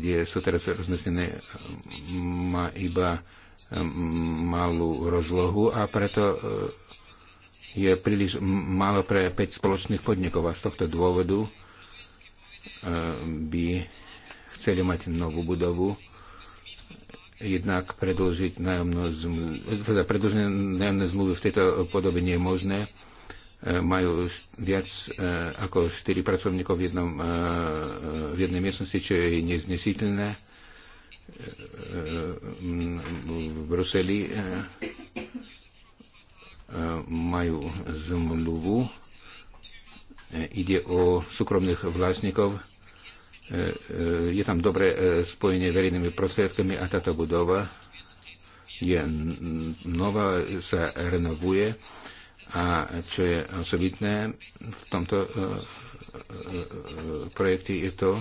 kde sú teraz rozmyslené, um, má iba um, malú rozlohu a preto uh, je príliš málo pre 5 spoločných podnikov a z tohto dôvodu uh, by chceli mať novú budovu, jednak predlžiť nájomnú zmluvu, teda predlžiť nájomné zmluvy v tejto podobe nie je možné majú viac e, ako 4 pracovníkov v, jednom, e, e, v jednej miestnosti, čo je neznesiteľné v Bruseli majú zmluvu. Ide o súkromných vlastníkov. Je tam dobré spojenie verejnými prostriedkami a táto budova je nová, sa renovuje a čo je osobitné v tomto e, e, e, projekte je to,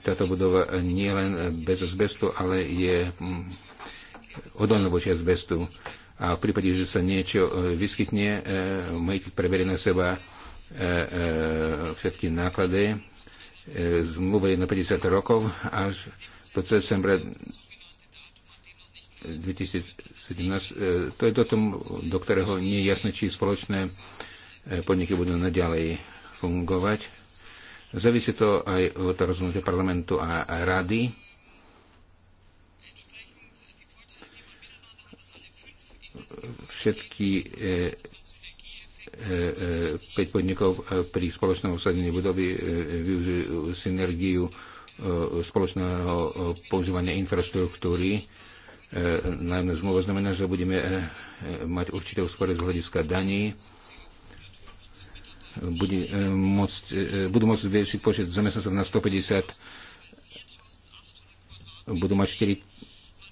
táto budova nie len bez zbestu, ale je odolná voči zbestu. A v prípade, že sa niečo vyskytne, majiteľ preberie na seba všetky náklady. Zmluva je na 50 rokov až do decembra 2017. E, to je tom, do ktorého nie je jasné, či spoločné e, podniky budú naďalej fungovať. Závisí to aj od rozhodnutia parlamentu a rady. Všetky 5 e, podnikov pri spoločnom usadení budovy využijú synergiu spoločného používania infraštruktúry E, najmä zmluva znamená, že budeme e, e, mať určité úspory z hľadiska daní, bude môcť, budú môcť zvýšiť počet zamestnancov na 150, budú mať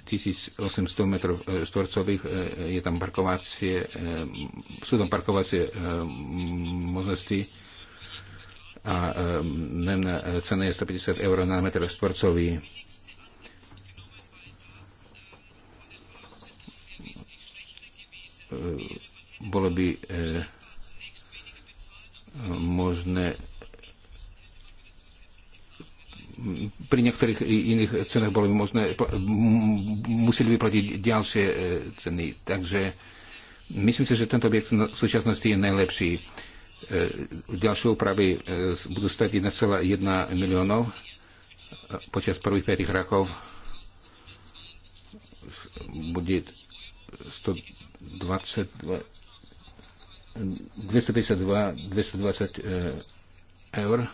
1800 metrov štvorcových, je tam parkovacie, sú tam parkovacie možnosti a najmä cena je 150 eur na metr štvorcový bolo by e, možné pri niektorých iných cenách bolo by možné, museli by platiť ďalšie e, ceny. Takže myslím si, že tento objekt v no- súčasnosti je najlepší. E, ďalšie úpravy budú stať 1,1 miliónov počas prvých 5 rokov bude 252, 220 eh, eur.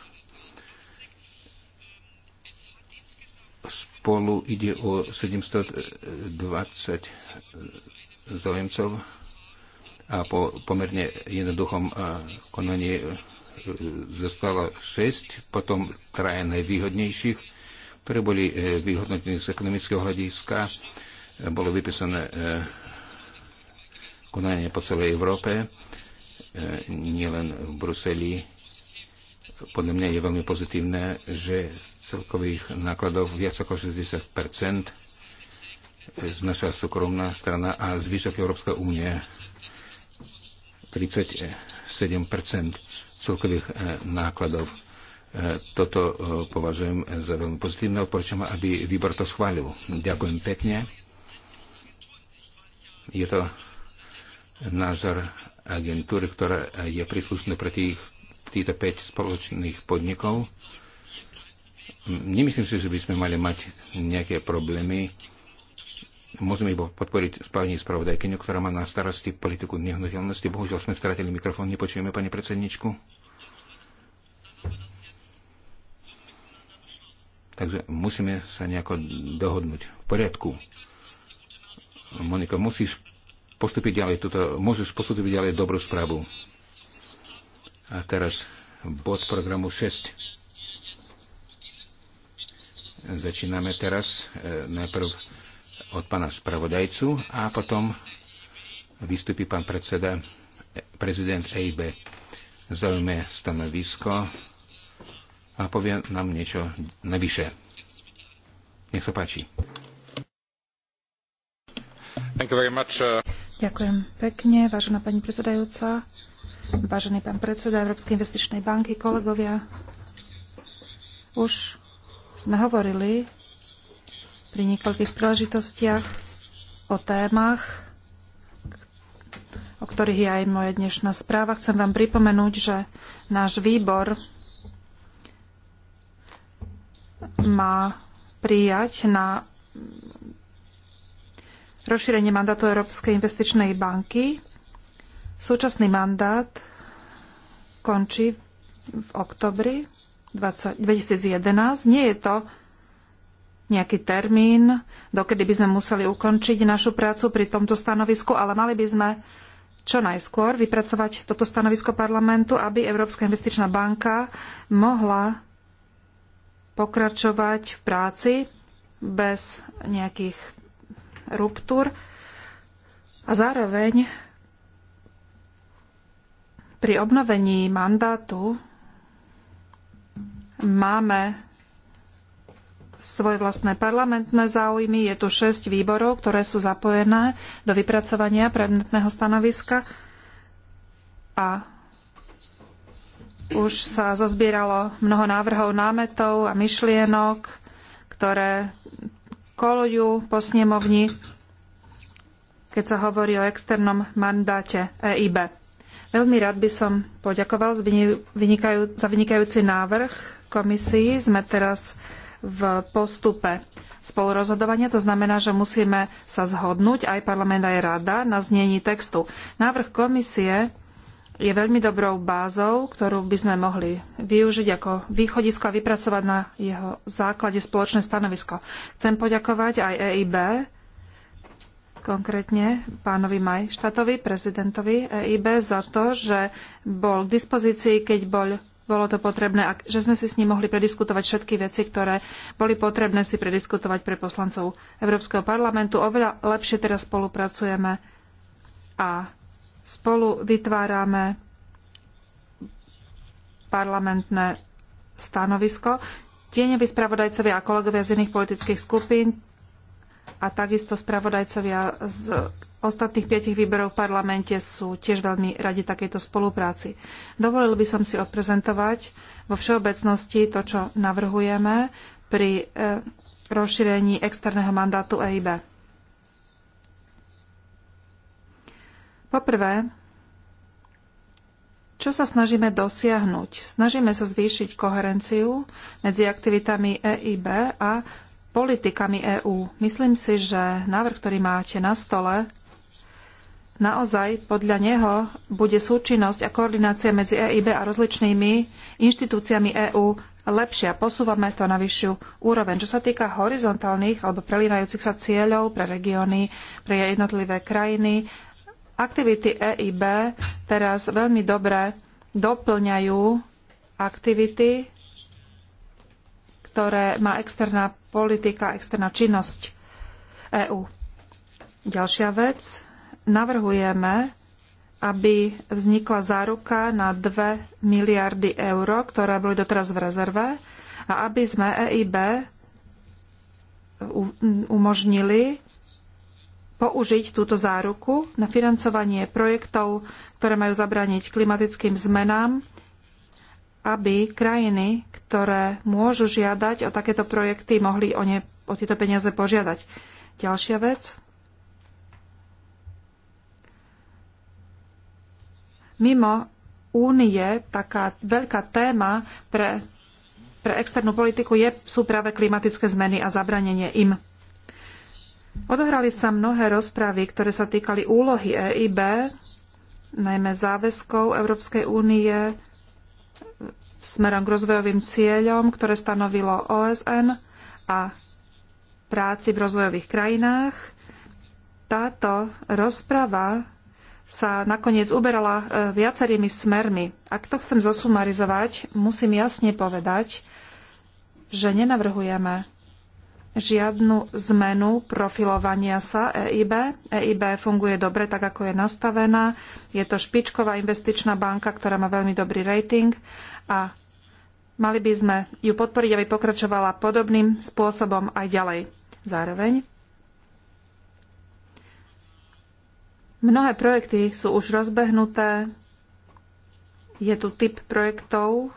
Spolu ide o 720 eh, záujemcov a po pomerne jednoduchom eh, konaní zostalo 6, potom traje najvýhodnejších, ktoré boli vyhodnotené z ekonomického hľadiska, bolo vypísané konanie po celej Európe, e, nielen v Bruseli. Podľa mňa je veľmi pozitívne, že celkových nákladov viac ako 60 naša súkromná strana a zvyšok Európska únie 37 celkových e, nákladov. E, toto považujem za veľmi pozitívne. Odporúčam, aby výbor to schválil. Ďakujem pekne. Je to názor agentúry, ktorá je príslušná pre tých, týchto 5 spoločných podnikov. Nemyslím si, že by sme mali mať nejaké problémy. Môžeme iba podporiť spájenie spravodajkyňu, ktorá má na starosti politiku nehnuteľnosti. Bohužiaľ sme stratili mikrofón, nepočujeme pani predsedničku. Takže musíme sa nejako dohodnúť. V poriadku. Monika, musíš postupiť ďalej, toto, môžu postupiť ďalej dobrú správu. A teraz bod programu 6. Začíname teraz e, najprv od pána spravodajcu a potom vystupí pán predseda, e, prezident EIB. Zaujme stanovisko a povie nám niečo navyše. Nech sa páči. Thank you very much. Uh... Ďakujem pekne, vážená pani predsedajúca, vážený pán predseda Európskej investičnej banky, kolegovia. Už sme hovorili pri niekoľkých príležitostiach o témach, o ktorých je aj moja dnešná správa. Chcem vám pripomenúť, že náš výbor má prijať na rozšírenie mandátu Európskej investičnej banky. Súčasný mandát končí v oktobri 2011. Nie je to nejaký termín, dokedy by sme museli ukončiť našu prácu pri tomto stanovisku, ale mali by sme čo najskôr vypracovať toto stanovisko parlamentu, aby Európska investičná banka mohla pokračovať v práci bez nejakých ruptúr a zároveň pri obnovení mandátu máme svoje vlastné parlamentné záujmy. Je tu šesť výborov, ktoré sú zapojené do vypracovania predmetného stanoviska a už sa zozbieralo mnoho návrhov, námetov a myšlienok, ktoré kolujú po snemovni, keď sa hovorí o externom mandáte EIB. Veľmi rád by som poďakoval za vynikajúci návrh komisii. Sme teraz v postupe spolurozhodovania. To znamená, že musíme sa zhodnúť aj parlament, aj rada na znení textu. Návrh komisie je veľmi dobrou bázou, ktorú by sme mohli využiť ako východisko a vypracovať na jeho základe spoločné stanovisko. Chcem poďakovať aj EIB, konkrétne pánovi Majštatovi, prezidentovi EIB, za to, že bol k dispozícii, keď bol, bolo to potrebné a že sme si s ním mohli prediskutovať všetky veci, ktoré boli potrebné si prediskutovať pre poslancov Európskeho parlamentu. Oveľa lepšie teraz spolupracujeme a Spolu vytvárame parlamentné stanovisko. Tieňoví spravodajcovia a kolegovia z iných politických skupín a takisto spravodajcovia z ostatných piatich výberov v parlamente sú tiež veľmi radi takejto spolupráci. Dovolil by som si odprezentovať vo všeobecnosti to, čo navrhujeme pri eh, rozšírení externého mandátu EIB. Poprvé, čo sa snažíme dosiahnuť? Snažíme sa zvýšiť koherenciu medzi aktivitami EIB a politikami EÚ. Myslím si, že návrh, ktorý máte na stole, naozaj podľa neho bude súčinnosť a koordinácia medzi EIB a rozličnými inštitúciami EÚ lepšia. Posúvame to na vyššiu úroveň. Čo sa týka horizontálnych alebo prelínajúcich sa cieľov pre regióny, pre jednotlivé krajiny, Aktivity EIB teraz veľmi dobre doplňajú aktivity, ktoré má externá politika, externá činnosť EÚ. Ďalšia vec. Navrhujeme, aby vznikla záruka na 2 miliardy eur, ktoré boli doteraz v rezerve, a aby sme EIB umožnili použiť túto záruku na financovanie projektov, ktoré majú zabrániť klimatickým zmenám, aby krajiny, ktoré môžu žiadať o takéto projekty, mohli o, ne, o tieto peniaze požiadať. Ďalšia vec. Mimo únie taká veľká téma pre, pre externú politiku je, sú práve klimatické zmeny a zabranenie im. Odohrali sa mnohé rozpravy, ktoré sa týkali úlohy EIB, najmä záväzkov Európskej únie smerom k rozvojovým cieľom, ktoré stanovilo OSN a práci v rozvojových krajinách. Táto rozprava sa nakoniec uberala e, viacerými smermi. Ak to chcem zosumarizovať, musím jasne povedať, že nenavrhujeme žiadnu zmenu profilovania sa EIB. EIB funguje dobre, tak ako je nastavená. Je to špičková investičná banka, ktorá má veľmi dobrý rating a mali by sme ju podporiť, aby pokračovala podobným spôsobom aj ďalej. Zároveň mnohé projekty sú už rozbehnuté. Je tu typ projektov,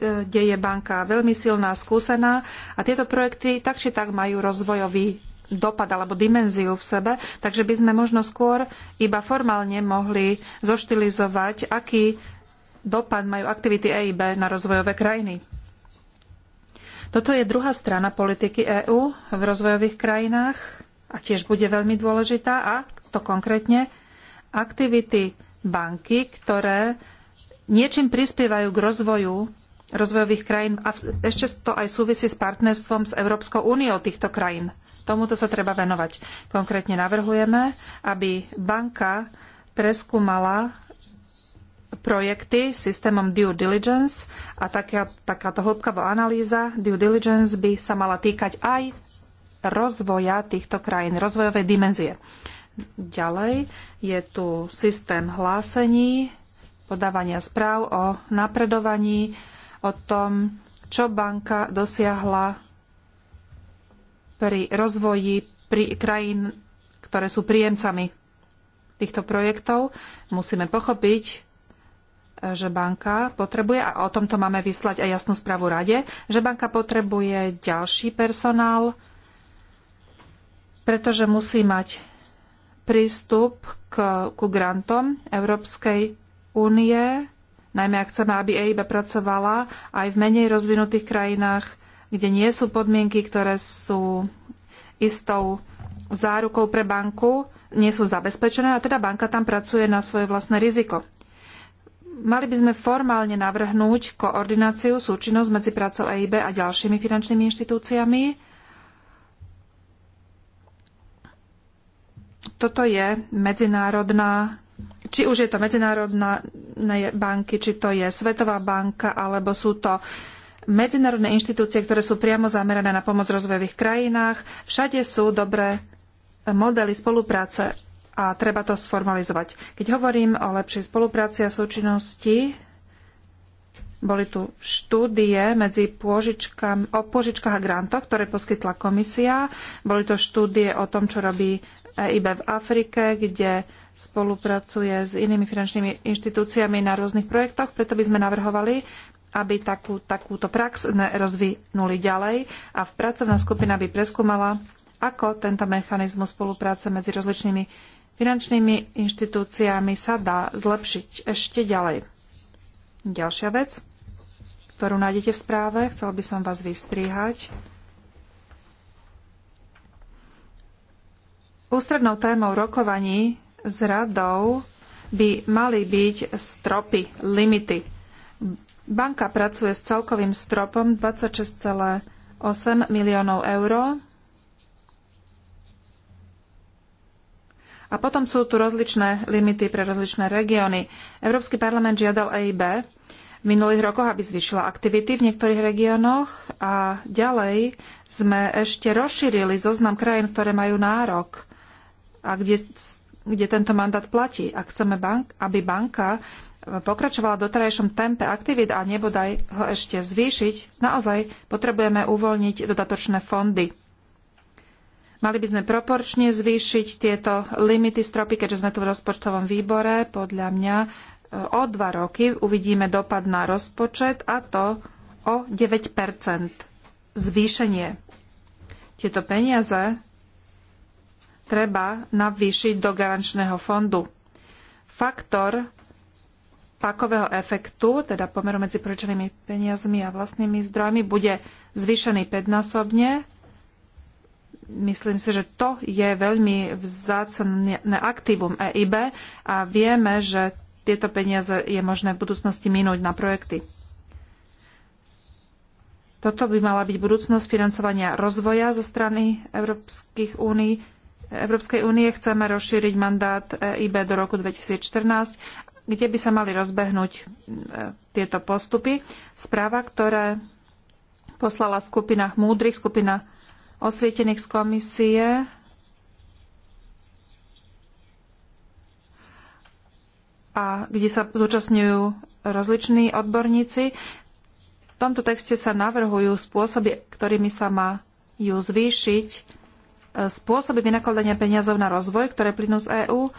kde je banka veľmi silná, skúsená a tieto projekty tak či tak majú rozvojový dopad alebo dimenziu v sebe, takže by sme možno skôr iba formálne mohli zoštilizovať, aký dopad majú aktivity EIB na rozvojové krajiny. Toto je druhá strana politiky EÚ v rozvojových krajinách a tiež bude veľmi dôležitá a to konkrétne aktivity banky, ktoré niečím prispievajú k rozvoju rozvojových krajín a ešte to aj súvisí s partnerstvom s Európskou úniou týchto krajín. Tomuto sa treba venovať. Konkrétne navrhujeme, aby banka preskúmala projekty systémom due diligence a taká, takáto hĺbkavá analýza due diligence by sa mala týkať aj rozvoja týchto krajín, rozvojovej dimenzie. Ďalej je tu systém hlásení, podávania správ o napredovaní, o tom, čo banka dosiahla pri rozvoji pri krajín, ktoré sú príjemcami týchto projektov. Musíme pochopiť, že banka potrebuje, a o tomto máme vyslať aj jasnú správu rade, že banka potrebuje ďalší personál, pretože musí mať prístup k, ku grantom Európskej únie najmä ak chceme, aby EIB pracovala aj v menej rozvinutých krajinách, kde nie sú podmienky, ktoré sú istou zárukou pre banku, nie sú zabezpečené a teda banka tam pracuje na svoje vlastné riziko. Mali by sme formálne navrhnúť koordináciu, súčinnosť medzi prácou EIB a ďalšími finančnými inštitúciami. Toto je medzinárodná či už je to medzinárodné banky, či to je Svetová banka, alebo sú to medzinárodné inštitúcie, ktoré sú priamo zamerané na pomoc v rozvojových krajinách. Všade sú dobré modely spolupráce a treba to sformalizovať. Keď hovorím o lepšej spolupráci a súčinnosti, boli tu štúdie medzi pôžičkám, o pôžičkách a grantoch, ktoré poskytla komisia. Boli to štúdie o tom, čo robí EIB v Afrike, kde spolupracuje s inými finančnými inštitúciami na rôznych projektoch, preto by sme navrhovali, aby takú, takúto prax rozvinuli ďalej a v pracovná skupina by preskúmala, ako tento mechanizmus spolupráce medzi rozličnými finančnými inštitúciami sa dá zlepšiť ešte ďalej. Ďalšia vec, ktorú nájdete v správe, chcel by som vás vystriehať, Ústrednou témou rokovaní s radou by mali byť stropy, limity. Banka pracuje s celkovým stropom 26,8 miliónov eur. A potom sú tu rozličné limity pre rozličné regióny. Európsky parlament žiadal EIB v minulých rokoch, aby zvýšila aktivity v niektorých regiónoch a ďalej sme ešte rozšírili zoznam krajín, ktoré majú nárok a kde kde tento mandát platí. Ak chceme, bank, aby banka e, pokračovala v doterajšom tempe aktivít a nebodaj ho ešte zvýšiť, naozaj potrebujeme uvoľniť dodatočné fondy. Mali by sme proporčne zvýšiť tieto limity stropy, keďže sme tu v rozpočtovom výbore. Podľa mňa e, o dva roky uvidíme dopad na rozpočet a to o 9 zvýšenie. Tieto peniaze treba navýšiť do garančného fondu. Faktor pakového efektu, teda pomeru medzi prečenými peniazmi a vlastnými zdrojmi, bude zvýšený 5-násobne. Myslím si, že to je veľmi vzácne aktívum EIB a vieme, že tieto peniaze je možné v budúcnosti minúť na projekty. Toto by mala byť budúcnosť financovania rozvoja zo strany Európskych únií Európskej únie chceme rozšíriť mandát EIB do roku 2014, kde by sa mali rozbehnúť e, tieto postupy. Správa, ktoré poslala skupina múdrych, skupina osvietených z komisie, a kde sa zúčastňujú rozliční odborníci. V tomto texte sa navrhujú spôsoby, ktorými sa má ju zvýšiť spôsoby vynakladania peniazov na rozvoj, ktoré plynú z EÚ,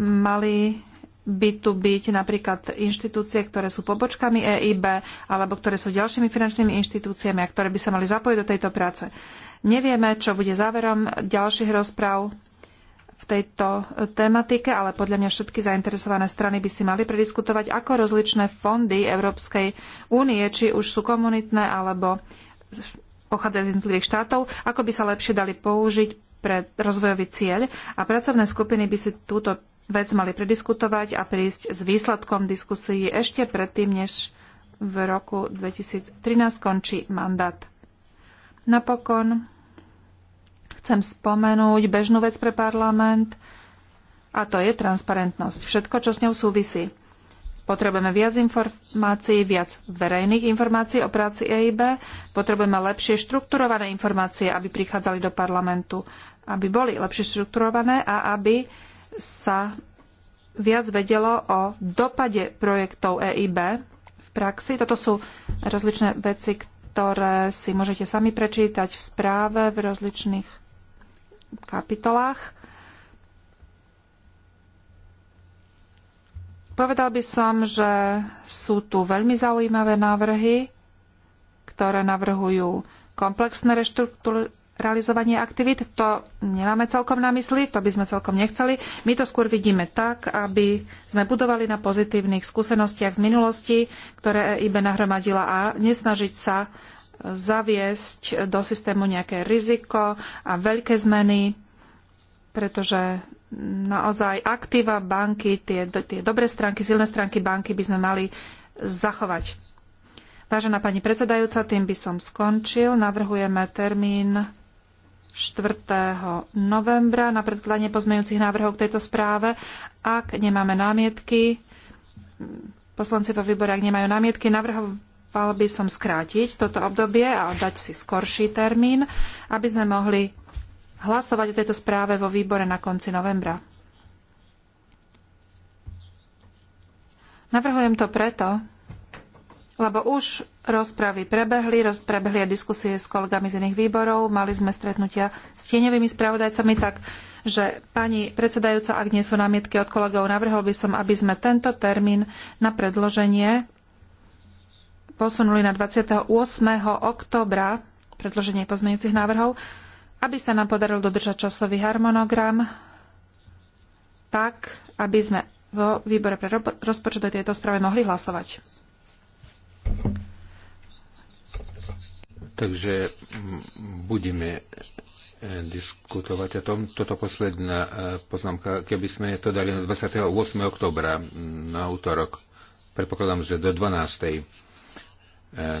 mali by tu byť napríklad inštitúcie, ktoré sú pobočkami EIB alebo ktoré sú ďalšími finančnými inštitúciami a ktoré by sa mali zapojiť do tejto práce. Nevieme, čo bude záverom ďalších rozpráv v tejto tematike, ale podľa mňa všetky zainteresované strany by si mali prediskutovať, ako rozličné fondy Európskej únie, či už sú komunitné alebo pochádzajú z jednotlivých štátov, ako by sa lepšie dali použiť pre rozvojový cieľ a pracovné skupiny by si túto vec mali prediskutovať a prísť s výsledkom diskusie ešte predtým, než v roku 2013 končí mandát. Napokon chcem spomenúť bežnú vec pre parlament a to je transparentnosť. Všetko, čo s ňou súvisí. Potrebujeme viac informácií, viac verejných informácií o práci EIB, potrebujeme lepšie štrukturované informácie, aby prichádzali do parlamentu, aby boli lepšie štrukturované a aby sa viac vedelo o dopade projektov EIB v praxi. Toto sú rozličné veci, ktoré si môžete sami prečítať v správe v rozličných kapitolách Povedal by som, že sú tu veľmi zaujímavé návrhy, ktoré navrhujú komplexné reštrukturalizovanie aktivít. To nemáme celkom na mysli, to by sme celkom nechceli. My to skôr vidíme tak, aby sme budovali na pozitívnych skúsenostiach z minulosti, ktoré e IB nahromadila a nesnažiť sa zaviesť do systému nejaké riziko a veľké zmeny, pretože naozaj aktíva banky, tie, tie dobré stránky, silné stránky banky by sme mali zachovať. Vážená pani predsedajúca, tým by som skončil. Navrhujeme termín 4. novembra na predkladanie pozmejúcich návrhov k tejto správe. Ak nemáme námietky, poslanci vo výbore, ak nemajú námietky, navrhoval by som skrátiť toto obdobie a dať si skorší termín, aby sme mohli hlasovať o tejto správe vo výbore na konci novembra. Navrhujem to preto, lebo už rozpravy prebehli, prebehli aj diskusie s kolegami z iných výborov, mali sme stretnutia s tieňovými spravodajcami, tak že pani predsedajúca, ak nie sú námietky od kolegov, navrhol by som, aby sme tento termín na predloženie posunuli na 28. oktobra predloženie pozmeňujúcich návrhov aby sa nám podarilo dodržať časový harmonogram tak, aby sme vo výbore pre rozpočet do tejto správe mohli hlasovať. Takže budeme e, diskutovať o tom. Toto posledná e, poznámka, keby sme to dali 28. oktobra na útorok, predpokladám, že do 12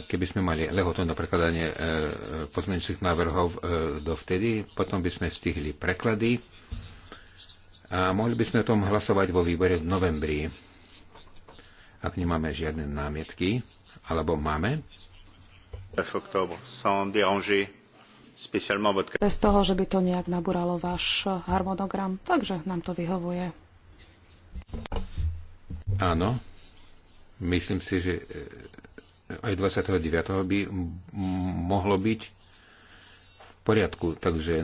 keby sme mali lehotu na prekladanie e, e, pozmeňujúcich návrhov e, dovtedy, potom by sme stihli preklady a mohli by sme o tom hlasovať vo výbore v novembri. Ak nemáme žiadne námietky, alebo máme? Bez toho, že by to nejak nabúralo váš harmonogram, takže nám to vyhovuje. Áno, myslím si, že aj 29. by mohlo byť v poriadku. Takže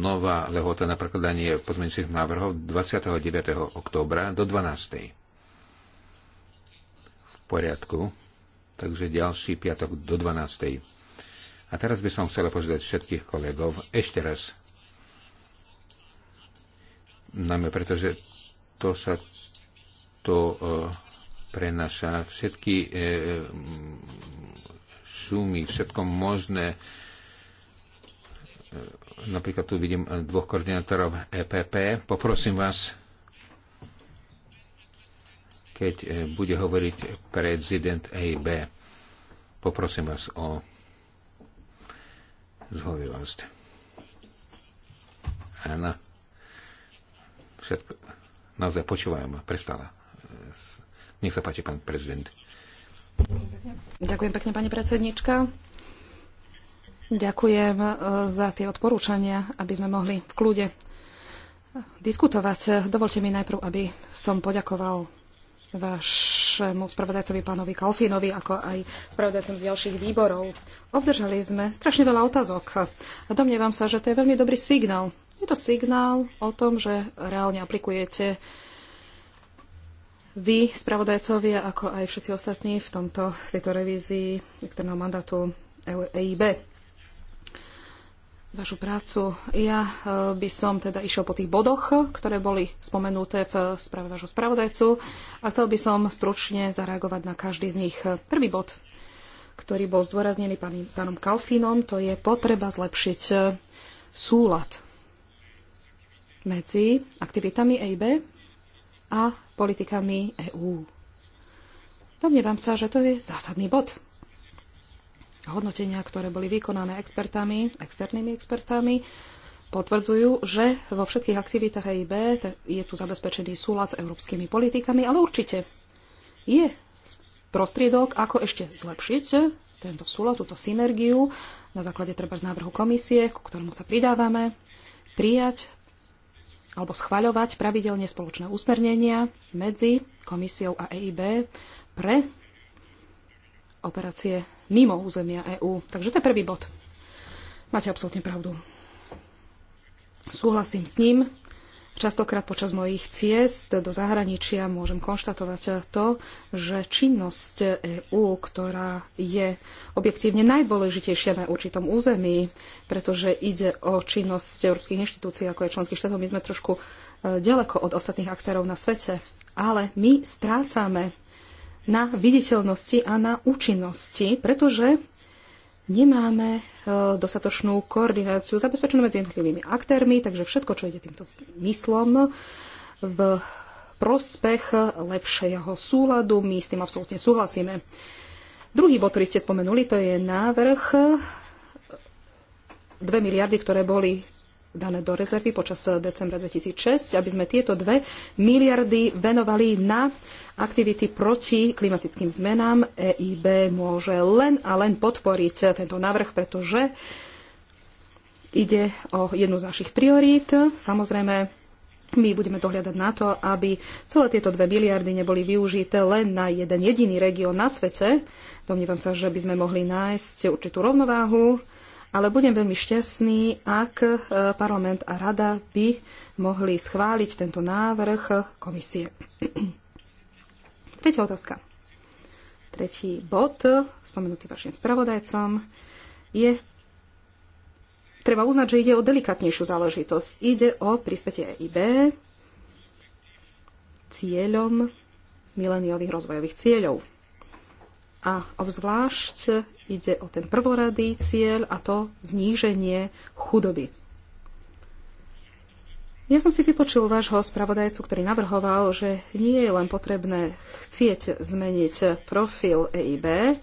nová lehota na prekladanie pozmeňujúcich návrhov 29. októbra do 12. V poriadku. Takže ďalší piatok do 12. A teraz by som chcela požiadať všetkých kolegov ešte raz. Najmä pretože to sa to uh, prenaša všetky šumy, e, všetko možné. E, napríklad tu vidím dvoch koordinátorov EPP. Poprosím vás, keď e, bude hovoriť prezident EIB, poprosím vás o zhovilosť. Áno. Všetko. Naozaj počúvajem. Prestala nech sa páči, pán prezident. Ďakujem pekne, pani predsednička. Ďakujem e, za tie odporúčania, aby sme mohli v kľude diskutovať. Dovolte mi najprv, aby som poďakoval vašemu spravodajcovi pánovi Kalfinovi, ako aj spravodajcom z ďalších výborov. Obdržali sme strašne veľa otázok a domnievam sa, že to je veľmi dobrý signál. Je to signál o tom, že reálne aplikujete vy, spravodajcovia, ako aj všetci ostatní v tomto, tejto revízii externého mandátu EIB e vašu prácu. Ja eh, by som teda išiel po tých bodoch, ktoré boli spomenuté v správe vášho spravodajcu a chcel by som stručne zareagovať na každý z nich. Prvý bod, ktorý bol zdôraznený pán, pánom Kalfínom, to je potreba zlepšiť eh, súlad medzi aktivitami EIB a politikami EÚ. Domnievam sa, že to je zásadný bod. Hodnotenia, ktoré boli vykonané expertami, externými expertami, potvrdzujú, že vo všetkých aktivitách EIB je tu zabezpečený súlad s európskymi politikami, ale určite je prostriedok, ako ešte zlepšiť tento súlad, túto synergiu na základe treba z návrhu komisie, ku ktorému sa pridávame, prijať alebo schvaľovať pravidelne spoločné usmernenia medzi komisiou a EIB pre operácie mimo územia EÚ. Takže to je prvý bod. Máte absolútne pravdu. Súhlasím s ním, Častokrát počas mojich ciest do zahraničia môžem konštatovať to, že činnosť EÚ, ktorá je objektívne najdôležitejšia na určitom území, pretože ide o činnosť európskych inštitúcií, ako je členských štátov, my sme trošku e, ďaleko od ostatných aktérov na svete. Ale my strácame na viditeľnosti a na účinnosti, pretože nemáme e, dostatočnú koordináciu zabezpečenú medzi jednotlivými aktérmi, takže všetko, čo ide týmto myslom v prospech lepšieho súladu, my s tým absolútne súhlasíme. Druhý bod, ktorý ste spomenuli, to je návrh 2 e, miliardy, ktoré boli dané do rezervy počas decembra 2006, aby sme tieto dve miliardy venovali na aktivity proti klimatickým zmenám. EIB môže len a len podporiť tento návrh, pretože ide o jednu z našich priorít. Samozrejme, my budeme dohľadať na to, aby celé tieto dve miliardy neboli využité len na jeden jediný región na svete. Domnívam sa, že by sme mohli nájsť určitú rovnováhu ale budem veľmi šťastný, ak e, parlament a rada by mohli schváliť tento návrh e, komisie. Tretia otázka. Tretí bod, e, spomenutý vašim spravodajcom, je treba uznať, že ide o delikatnejšiu záležitosť. Ide o prispätie EIB cieľom mileniových rozvojových cieľov. A obzvlášť Ide o ten prvoradý cieľ a to zníženie chudoby. Ja som si vypočul vášho spravodajcu, ktorý navrhoval, že nie je len potrebné chcieť zmeniť profil EIB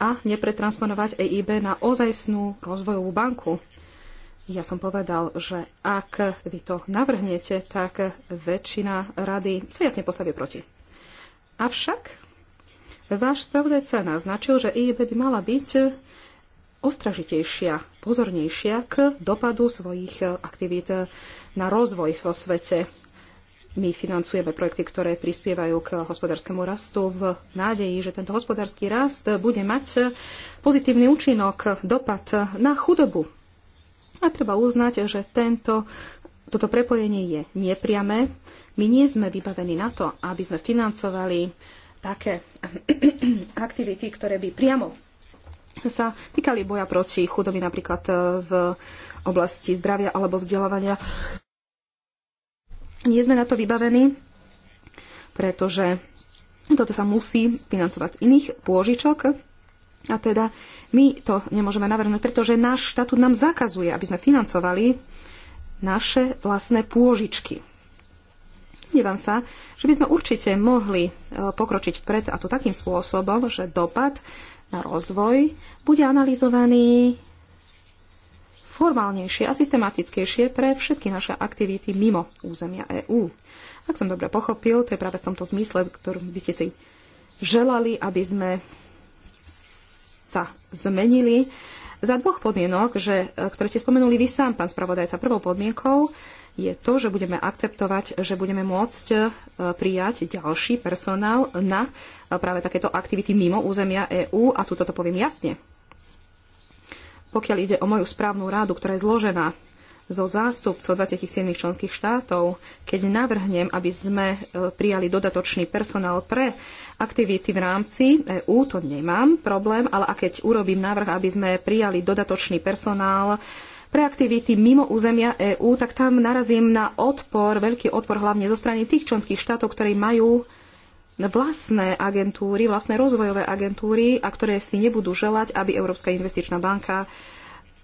a nepretransponovať EIB na ozajstnú rozvojovú banku. Ja som povedal, že ak vy to navrhnete, tak väčšina rady sa jasne postaví proti. Avšak Váš spravodajca naznačil, že EIB by mala byť ostražitejšia, pozornejšia k dopadu svojich aktivít na rozvoj vo svete. My financujeme projekty, ktoré prispievajú k hospodárskému rastu v nádeji, že tento hospodársky rast bude mať pozitívny účinok, dopad na chudobu. A treba uznať, že tento, toto prepojenie je nepriame. My nie sme vybavení na to, aby sme financovali také aktivity, ktoré by priamo sa týkali boja proti chudoby napríklad e, v oblasti zdravia alebo vzdelávania. Nie sme na to vybavení, pretože toto sa musí financovať z iných pôžičok a teda my to nemôžeme navrhnúť, pretože náš štatút nám zakazuje, aby sme financovali naše vlastné pôžičky. Domnievam sa, že by sme určite mohli e, pokročiť vpred a to takým spôsobom, že dopad na rozvoj bude analyzovaný formálnejšie a systematickejšie pre všetky naše aktivity mimo územia EÚ. Ak som dobre pochopil, to je práve v tomto zmysle, ktorom by ste si želali, aby sme sa zmenili za dvoch podmienok, že, e, ktoré ste spomenuli vy sám, pán spravodajca. Prvou podmienkou je to, že budeme akceptovať, že budeme môcť e, prijať ďalší personál na e, práve takéto aktivity mimo územia EÚ a tuto to poviem jasne. Pokiaľ ide o moju správnu rádu, ktorá je zložená zo zástupcov 27 členských štátov, keď navrhnem, aby sme e, prijali dodatočný personál pre aktivity v rámci EÚ, to nemám problém, ale a keď urobím návrh, aby sme prijali dodatočný personál pre aktivity mimo územia EÚ, tak tam narazím na odpor, veľký odpor hlavne zo strany tých členských štátov, ktorí majú vlastné agentúry, vlastné rozvojové agentúry a ktoré si nebudú želať, aby Európska investičná banka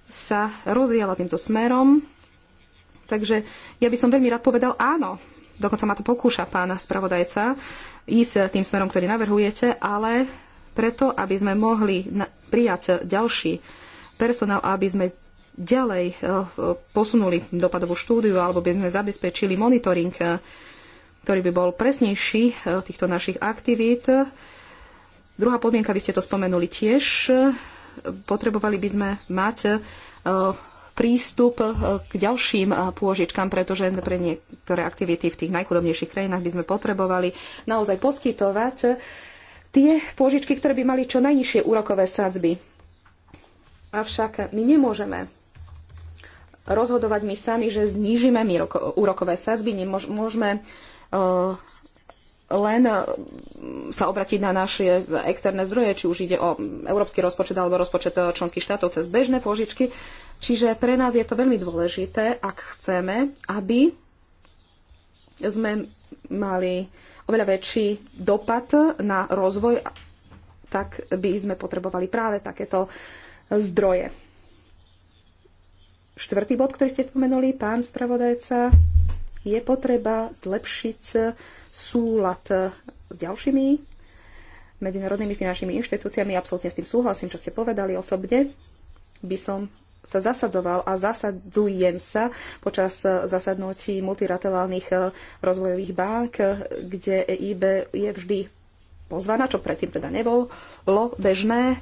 sa rozvíjala týmto smerom. Takže ja by som veľmi rád povedal áno. Dokonca ma to pokúša pán spravodajca ísť tým smerom, ktorý navrhujete, ale preto, aby sme mohli prijať ďalší personál, aby sme ďalej eh, posunuli dopadovú štúdiu alebo by sme zabezpečili monitoring, eh, ktorý by bol presnejší eh, týchto našich aktivít. Druhá podmienka, vy ste to spomenuli tiež, potrebovali by sme mať prístup k ďalším pôžičkám, pretože pre niektoré aktivity v tých najchudobnejších krajinách by sme potrebovali naozaj poskytovať tie pôžičky, ktoré by mali čo najnižšie úrokové sadzby. Avšak my nemôžeme rozhodovať my sami, že znížime my úrokové sadzby, nemôžeme e, len e, sa obratiť na naše externé zdroje, či už ide o európsky rozpočet alebo rozpočet e, členských štátov cez bežné požičky. Čiže pre nás je to veľmi dôležité, ak chceme, aby sme mali oveľa väčší dopad na rozvoj, tak by sme potrebovali práve takéto zdroje štvrtý bod, ktorý ste spomenuli, pán spravodajca, je potreba zlepšiť súlad s ďalšími medzinárodnými finančnými inštitúciami. Absolútne s tým súhlasím, čo ste povedali osobne. By som sa zasadzoval a zasadzujem sa počas zasadnutí multilaterálnych rozvojových bank, kde EIB je vždy pozvaná, čo predtým teda nebolo bežné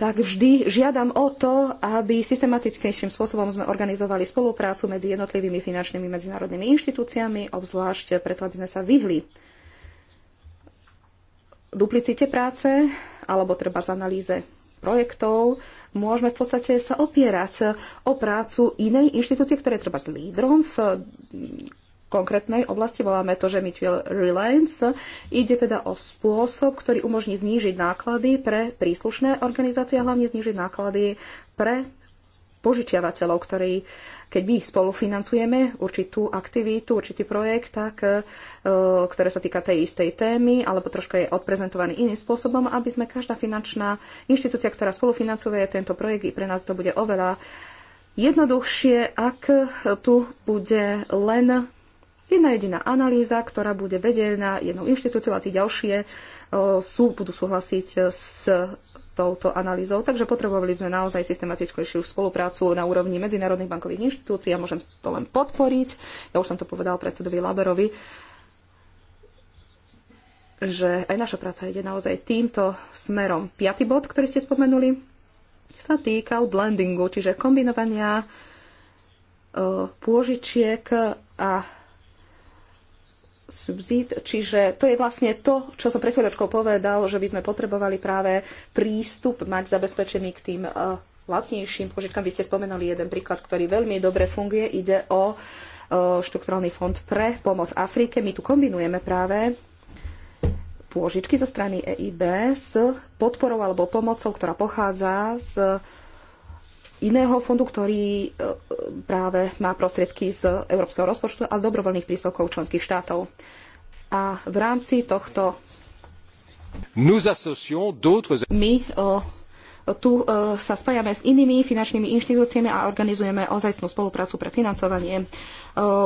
tak vždy žiadam o to, aby systematickejším spôsobom sme organizovali spoluprácu medzi jednotlivými finančnými medzinárodnými inštitúciami, obzvlášť preto, aby sme sa vyhli duplicite práce alebo treba z analýze projektov, môžeme v podstate sa opierať o prácu inej inštitúcie, ktorá je treba s lídrom v konkrétnej oblasti, voláme to, že Mutual Reliance. Ide teda o spôsob, ktorý umožní znížiť náklady pre príslušné organizácie a hlavne znížiť náklady pre požičiavateľov, ktorí, keď my spolufinancujeme určitú aktivitu, určitý projekt, tak, e, ktoré sa týka tej istej témy, alebo troška je odprezentovaný iným spôsobom, aby sme každá finančná inštitúcia, ktorá spolufinancuje tento projekt, i pre nás to bude oveľa jednoduchšie, ak tu bude len jedna jediná analýza, ktorá bude vedená jednou inštitúciou a tie ďalšie e, sú, budú súhlasiť e, s touto analýzou. Takže potrebovali sme naozaj systematickejšiu spoluprácu na úrovni medzinárodných bankových inštitúcií. Ja môžem to len podporiť. Ja už som to povedal predsedovi Laberovi že aj naša práca ide naozaj týmto smerom. Piatý bod, ktorý ste spomenuli, sa týkal blendingu, čiže kombinovania e, pôžičiek a subzid, čiže to je vlastne to, čo som pred chvíľočkou povedal, že by sme potrebovali práve prístup mať zabezpečený k tým eh, lacnejším požičkám. Vy ste spomenuli jeden príklad, ktorý veľmi dobre funguje. Ide o eh, štrukturálny fond pre pomoc Afrike. My tu kombinujeme práve pôžičky zo strany EIB s podporou alebo pomocou, ktorá pochádza z iného fondu, ktorý e, práve má prostriedky z európskeho rozpočtu a z dobrovoľných príspevkov členských štátov. A v rámci tohto my e, tu e, sa spájame s inými finančnými inštitúciami a organizujeme ozajstnú spoluprácu pre financovanie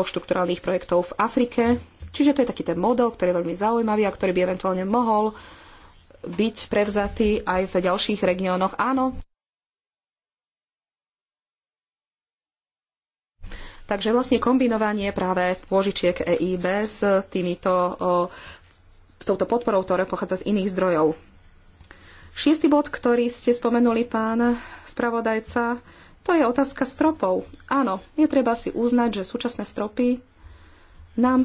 štrukturálnych projektov v Afrike. Čiže to je taký ten model, ktorý je veľmi zaujímavý a ktorý by eventuálne mohol byť prevzatý aj v ďalších regiónoch. Áno, Takže vlastne kombinovanie práve pôžičiek EIB s týmito, s touto podporou, ktoré pochádza z iných zdrojov. Šiestý bod, ktorý ste spomenuli, pán spravodajca, to je otázka stropov. Áno, je treba si uznať, že súčasné stropy nám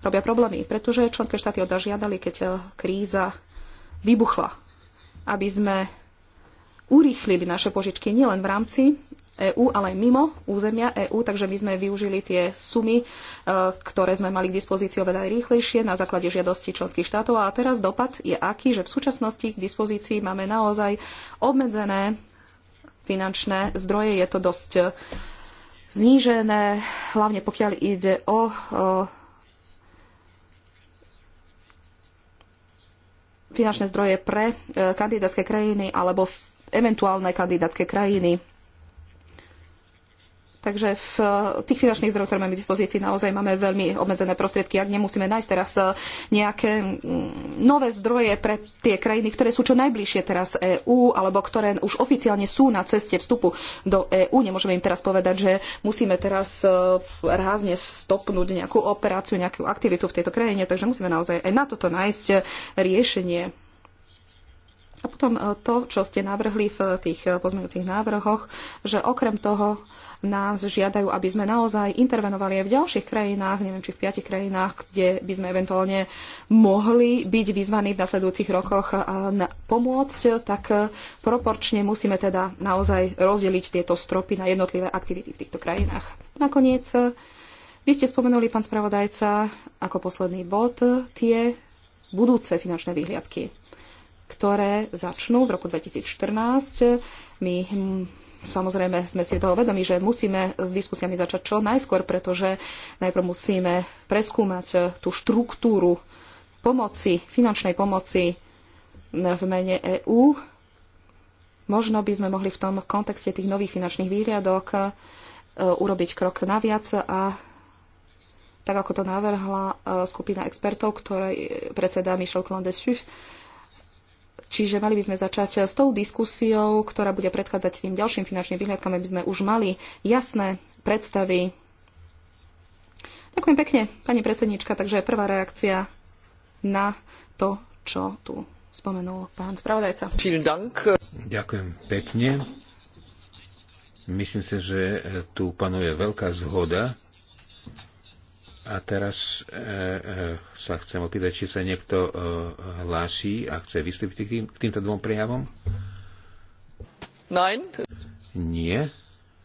robia problémy, pretože členské štáty od žiadali, keď e, kríza vybuchla, aby sme urýchlili naše požičky nielen v rámci EÚ, ale aj mimo územia EÚ, takže my sme využili tie sumy, e, ktoré sme mali k dispozícii oveľa aj rýchlejšie na základe žiadosti členských štátov. A teraz dopad je aký, že v súčasnosti k dispozícii máme naozaj obmedzené finančné zdroje. Je to dosť e, znížené, hlavne pokiaľ ide o, o e, finančné zdroje pre kandidátske krajiny alebo eventuálne kandidátske krajiny Takže v eh, tých finančných zdrojoch, ktoré máme k dispozícii, naozaj máme veľmi obmedzené prostriedky. Ak nemusíme nájsť teraz eh, nejaké mm, nové zdroje pre tie krajiny, ktoré sú čo najbližšie teraz EÚ, alebo ktoré už oficiálne sú na ceste vstupu do EÚ, nemôžeme im teraz povedať, že musíme teraz eh, rázne stopnúť nejakú operáciu, nejakú aktivitu v tejto krajine. Takže musíme naozaj aj na toto nájsť riešenie a potom e, to, čo ste navrhli v tých e, pozmeňujúcich návrhoch, že okrem toho nás žiadajú, aby sme naozaj intervenovali aj v ďalších krajinách, neviem či v piatich krajinách, kde by sme eventuálne mohli byť vyzvaní v nasledujúcich rokoch e, na pomôcť, tak proporčne musíme teda naozaj rozdeliť tieto stropy na jednotlivé aktivity v týchto krajinách. Nakoniec, vy ste spomenuli, pán spravodajca, ako posledný bod tie budúce finančné vyhliadky ktoré začnú v roku 2014. My hm, samozrejme sme si toho vedomi, že musíme s diskusiami začať čo najskôr, pretože najprv musíme preskúmať eh, tú štruktúru pomoci, finančnej pomoci v mene EÚ. Možno by sme mohli v tom kontexte tých nových finančných výriadok eh, urobiť krok naviac a tak ako to navrhla eh, skupina expertov, ktorej predseda Michel Clondessus, Čiže mali by sme začať s tou diskusiou, ktorá bude predchádzať tým ďalším finančným vyhľadkám, aby sme už mali jasné predstavy. Ďakujem pekne, pani predsednička. Takže prvá reakcia na to, čo tu spomenul pán spravodajca. Ďakujem pekne. Myslím si, že tu panuje veľká zhoda a teraz e, e, sa chcem opýtať, či sa niekto e, hlási a chce vystúpiť k, tým, k týmto dvom prejavom. Nein. Nie,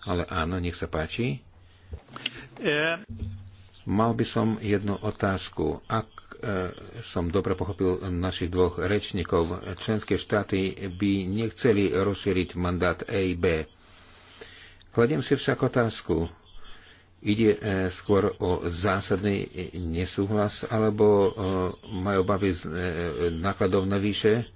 ale áno, nech sa páči. Yeah. Mal by som jednu otázku. Ak e, som dobre pochopil našich dvoch rečníkov, členské štáty by nechceli rozšíriť mandát EIB. Kladiem si však otázku, Ide e, skôr o zásadný nesúhlas alebo e, majú obavy z e, nákladov vyše,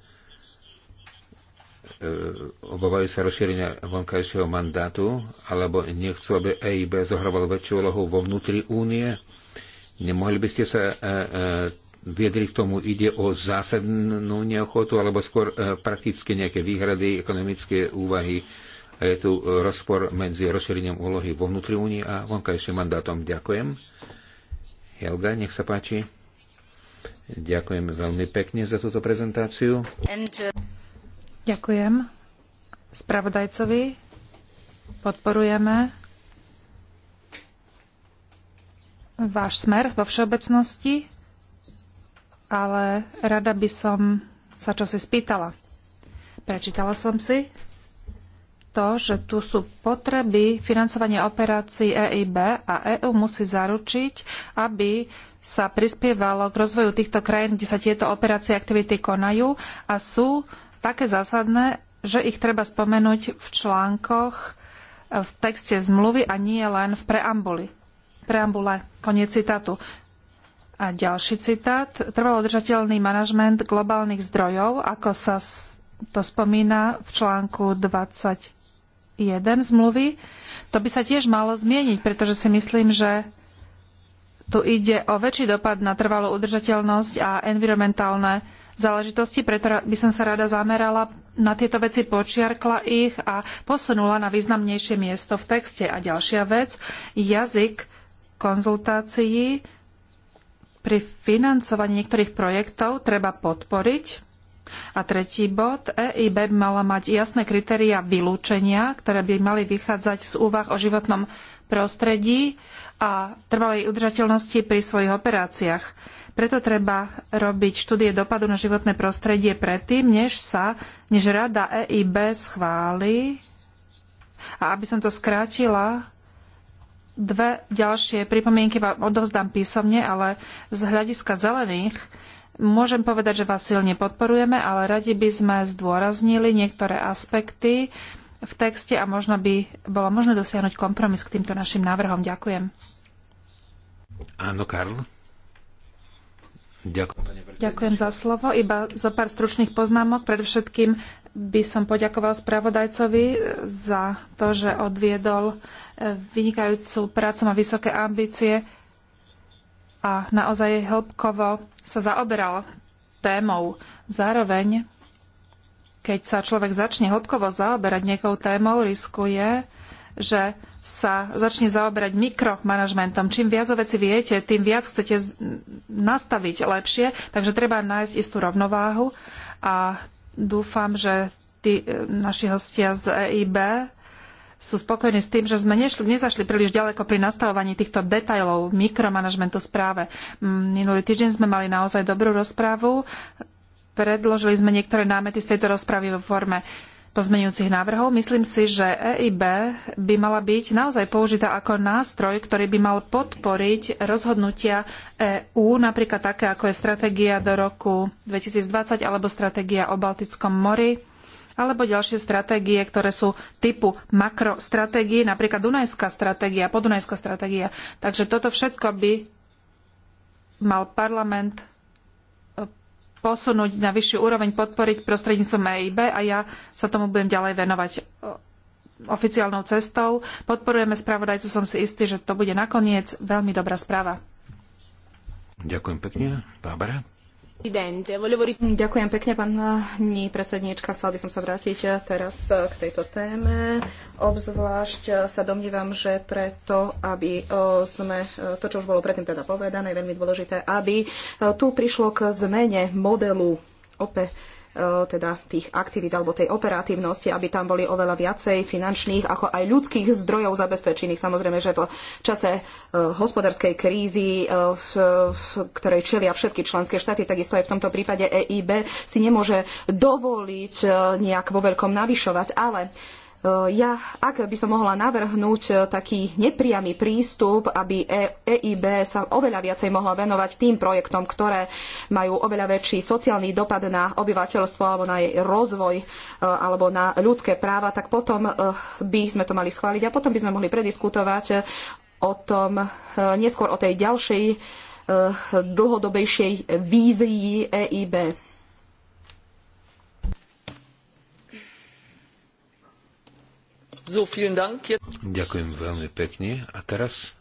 obávajú sa rozšírenia vonkajšieho mandátu, alebo nechcú, aby EIB zohrával väčšiu úlohu vo vnútri únie. Nemohli by ste sa viedli k tomu, ide o zásadnú neochotu, alebo skôr prakticky nejaké výhrady, ekonomické úvahy, a je tu e, rozpor medzi rozšírením úlohy vo vnútri únie a vonkajším mandátom. Ďakujem. Helga, nech sa páči. Ďakujem veľmi pekne za túto prezentáciu. Uh, Ďakujem spravodajcovi. Podporujeme váš smer vo všeobecnosti, ale rada by som sa čosi spýtala. Prečítala som si to, že tu sú potreby financovania operácií EIB a EÚ musí zaručiť, aby sa prispievalo k rozvoju týchto krajín, kde sa tieto operácie a aktivity konajú a sú také zásadné, že ich treba spomenúť v článkoch v texte zmluvy a nie len v preambuli. Preambule. Koniec citátu. A ďalší citát. Trvalo udržateľný manažment globálnych zdrojov, ako sa to spomína v článku 20 zmluvy. To by sa tiež malo zmieniť, pretože si myslím, že tu ide o väčší dopad na trvalú udržateľnosť a environmentálne záležitosti, preto by som sa rada zamerala na tieto veci, počiarkla ich a posunula na významnejšie miesto v texte. A ďalšia vec, jazyk konzultácií pri financovaní niektorých projektov treba podporiť a tretí bod, EIB by mala mať jasné kritéria vylúčenia, ktoré by mali vychádzať z úvah o životnom prostredí a trvalej udržateľnosti pri svojich operáciách. Preto treba robiť štúdie dopadu na životné prostredie predtým, než sa, než rada EIB schváli. A aby som to skrátila, dve ďalšie pripomienky vám odovzdám písomne, ale z hľadiska zelených Môžem povedať, že vás silne podporujeme, ale radi by sme zdôraznili niektoré aspekty v texte a možno by bolo možné dosiahnuť kompromis k týmto našim návrhom. Ďakujem. Áno, Karl. Ďakujem. Ďakujem za slovo. Iba zo pár stručných poznámok. Predovšetkým by som poďakoval spravodajcovi za to, že odviedol vynikajúcu prácu, a vysoké ambície a naozaj hĺbkovo sa zaoberal témou. Zároveň, keď sa človek začne hĺbkovo zaoberať nejakou témou, riskuje, že sa začne zaoberať mikromanažmentom. Čím viac o veci viete, tým viac chcete nastaviť lepšie, takže treba nájsť istú rovnováhu a dúfam, že tí, eh, naši hostia z EIB sú spokojní s tým, že sme nešli, nezašli príliš ďaleko pri nastavovaní týchto detajlov mikromanagementu správe. Minulý týždeň sme mali naozaj dobrú rozprávu. Predložili sme niektoré námety z tejto rozpravy vo forme pozmeňujúcich návrhov. Myslím si, že EIB by mala byť naozaj použitá ako nástroj, ktorý by mal podporiť rozhodnutia EÚ, napríklad také, ako je stratégia do roku 2020 alebo stratégia o Baltickom mori alebo ďalšie stratégie, ktoré sú typu makrostratégie, napríklad Dunajská stratégia, Podunajská stratégia. Takže toto všetko by mal parlament e, posunúť na vyššiu úroveň, podporiť prostredníctvom EIB a ja sa tomu budem ďalej venovať e, oficiálnou cestou. Podporujeme spravodajcu, som si istý, že to bude nakoniec veľmi dobrá správa. Ďakujem pekne, Ďakujem pekne, pani predsedníčka. Chcela by som sa vrátiť eh, teraz eh, k tejto téme. Obzvlášť eh, sa domnívam, že preto, aby sme, to čo už bolo predtým teda povedané, je veľmi dôležité, aby tu prišlo k zmene modelu OPE E, teda tých aktivít alebo tej operatívnosti, aby tam boli oveľa viacej finančných ako aj ľudských zdrojov zabezpečených. Samozrejme, že v čase e, hospodárskej krízy, e, v ktorej čelia všetky členské štáty, takisto aj v tomto prípade EIB si nemôže dovoliť nejak vo veľkom navyšovať, ale Eh, ja, ak by som mohla navrhnúť eh, taký nepriamy prístup, aby EIB e sa oveľa viacej mohla venovať tým projektom, ktoré majú oveľa väčší sociálny dopad na obyvateľstvo alebo na jej rozvoj eh, alebo na ľudské práva, tak potom by sme to mali schváliť a potom by sme mohli prediskutovať o tom, neskôr o tej ďalšej dlhodobejšej vízii EIB. Ďakujem veľmi pekne. A teraz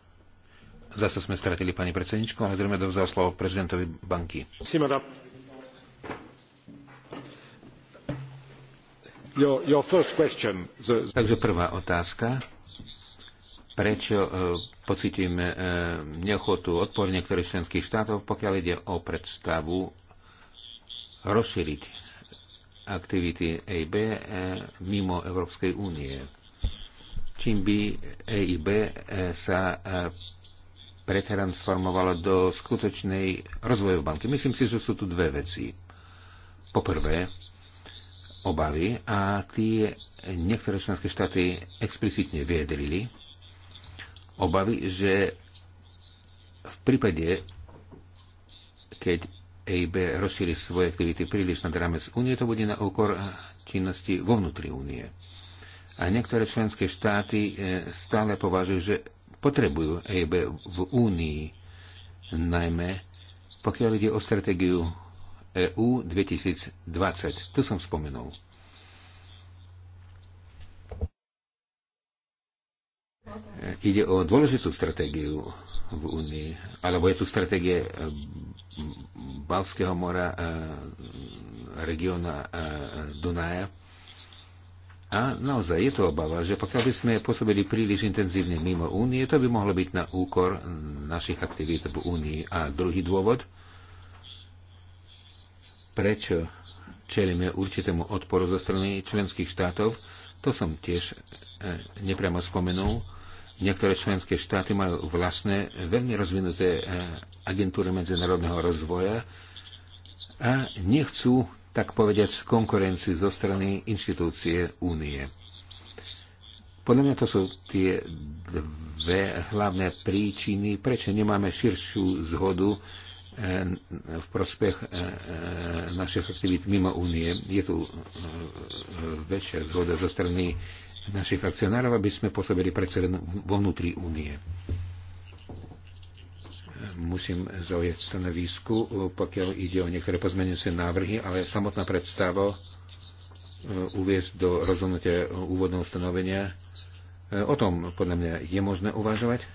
zase sme stratili pani predsedničku, ale zrejme dovzdal slovo prezidentovi banky. Si, Your, your The... Takže prvá otázka. Prečo e, pocitujeme e, neochotu odpor niektorých členských štátov, pokiaľ ide o predstavu rozšíriť aktivity EIB e, mimo Európskej únie? čím by EIB e, sa e, pretransformovalo do skutočnej rozvojovej banky. Myslím si, že sú tu dve veci. Poprvé, obavy a tie niektoré členské štáty explicitne vyjadrili obavy, že v prípade, keď EIB rozšíri svoje aktivity príliš nad rámec únie, to bude na úkor činnosti vo vnútri únie. A niektoré členské štáty e, stále považujú, že potrebujú EIB v Únii, najmä pokiaľ ide o stratégiu EU 2020. Tu som spomenul. E, ide o dôležitú stratégiu v Únii, alebo je tu stratégie e, Balského mora, regióna Dunaja. A naozaj je to obava, že pokiaľ by sme pôsobili príliš intenzívne mimo únie, to by mohlo byť na úkor našich aktivít v únii. A druhý dôvod, prečo čelíme určitému odporu zo strany členských štátov, to som tiež e, nepriamo spomenul. Niektoré členské štáty majú vlastné, veľmi rozvinuté e, agentúry medzinárodného rozvoja a nechcú tak povediať, konkurencii zo strany inštitúcie únie. Podľa mňa to sú tie dve hlavné príčiny, prečo nemáme širšiu zhodu e, v prospech e, e, našich aktivít mimo únie. Je tu väčšia zhoda zo strany našich akcionárov, aby sme pôsobili predsa vo vnútri únie musím zaujať stanovisku, pokiaľ ide o niektoré pozmenujúce návrhy, ale samotná predstava e, uviezť do rozhodnutia úvodného ustanovenia. E, o tom podľa mňa je možné uvažovať.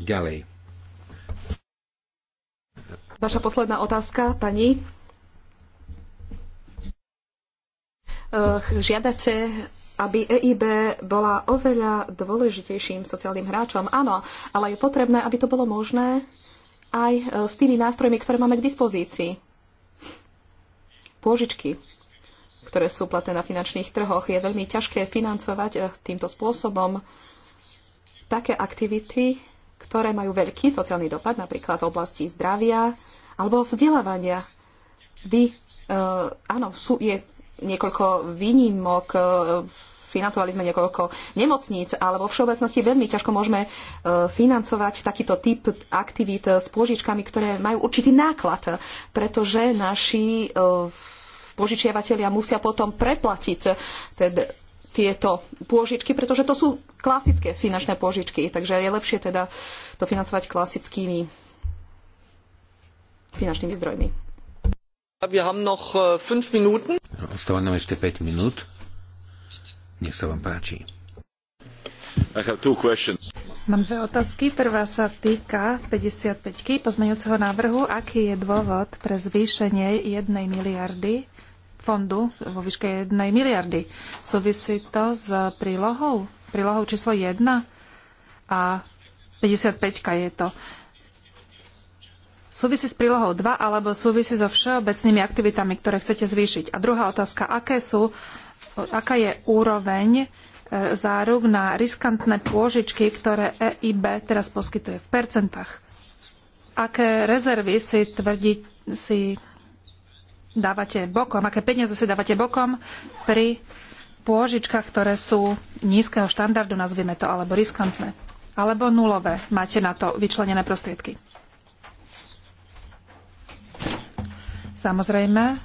Ďalej. Vaša posledná otázka, pani. E, žiadate aby EIB bola oveľa dôležitejším sociálnym hráčom. Áno, ale je potrebné, aby to bolo možné aj e, s tými nástrojmi, ktoré máme k dispozícii. Pôžičky, ktoré sú platné na finančných trhoch, je veľmi ťažké financovať e, týmto spôsobom také aktivity, ktoré majú veľký sociálny dopad, napríklad v oblasti zdravia alebo vzdelávania. Vy, uh, áno, sú, je niekoľko výnimok v financovali sme niekoľko nemocníc, ale vo všeobecnosti veľmi ťažko môžeme e, financovať takýto typ aktivít s pôžičkami, ktoré majú určitý náklad, pretože naši e, požičiavatelia musia potom preplatiť teda tieto pôžičky, pretože to sú klasické finančné pôžičky, takže je lepšie teda to financovať klasickými finančnými zdrojmi. Äh, Ostáva nám ešte 5 minút. Nech sa vám páči. Mám dve otázky. Prvá sa týka 55 pozmeňujúceho návrhu. Aký je dôvod pre zvýšenie 1 miliardy fondu vo výške 1 miliardy? Súvisí to s prílohou? Prílohou číslo 1 a 55 je to súvisí s prílohou 2 alebo súvisí so všeobecnými aktivitami, ktoré chcete zvýšiť? A druhá otázka, aké sú, aká je úroveň e, záruk na riskantné pôžičky, ktoré EIB teraz poskytuje v percentách? Aké rezervy si tvrdí, si dávate bokom, aké peniaze si dávate bokom pri pôžičkách, ktoré sú nízkeho štandardu, nazvime to, alebo riskantné, alebo nulové máte na to vyčlenené prostriedky? Samozrejme,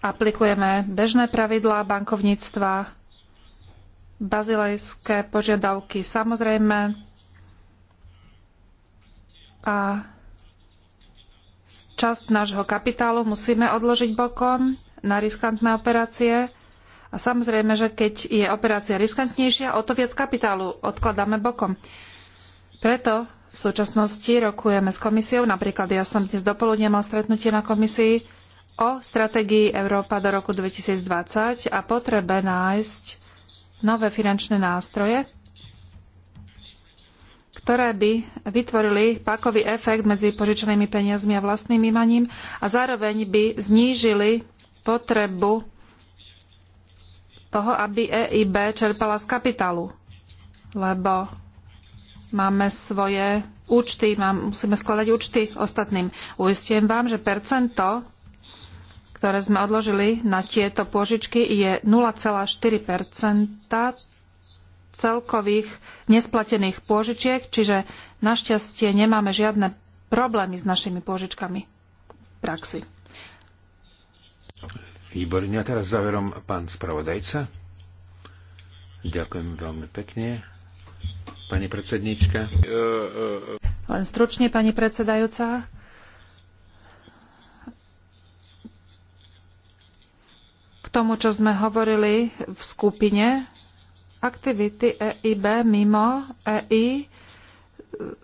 aplikujeme bežné pravidlá bankovníctva, bazilejské požiadavky samozrejme a časť nášho kapitálu musíme odložiť bokom na riskantné operácie a samozrejme, že keď je operácia riskantnejšia, o to viac kapitálu odkladáme bokom. Preto v súčasnosti rokujeme s komisiou, napríklad ja som dnes dopoludne mal stretnutie na komisii, o stratégii Európa do roku 2020 a potrebe nájsť nové finančné nástroje, ktoré by vytvorili pákový efekt medzi požičanými peniazmi a vlastným imaním a zároveň by znížili potrebu toho, aby EIB čerpala z kapitálu, lebo máme svoje účty, mám, musíme skladať účty ostatným. Uistím vám, že percento ktoré sme odložili na tieto pôžičky, je 0,4 celkových nesplatených pôžičiek, čiže našťastie nemáme žiadne problémy s našimi pôžičkami v praxi. Výborne. A teraz záverom pán spravodajca. Ďakujem veľmi pekne. Pani predsednička. E, e, e. Len stručne, pani predsedajúca. k tomu, čo sme hovorili v skupine. Aktivity EIB mimo EI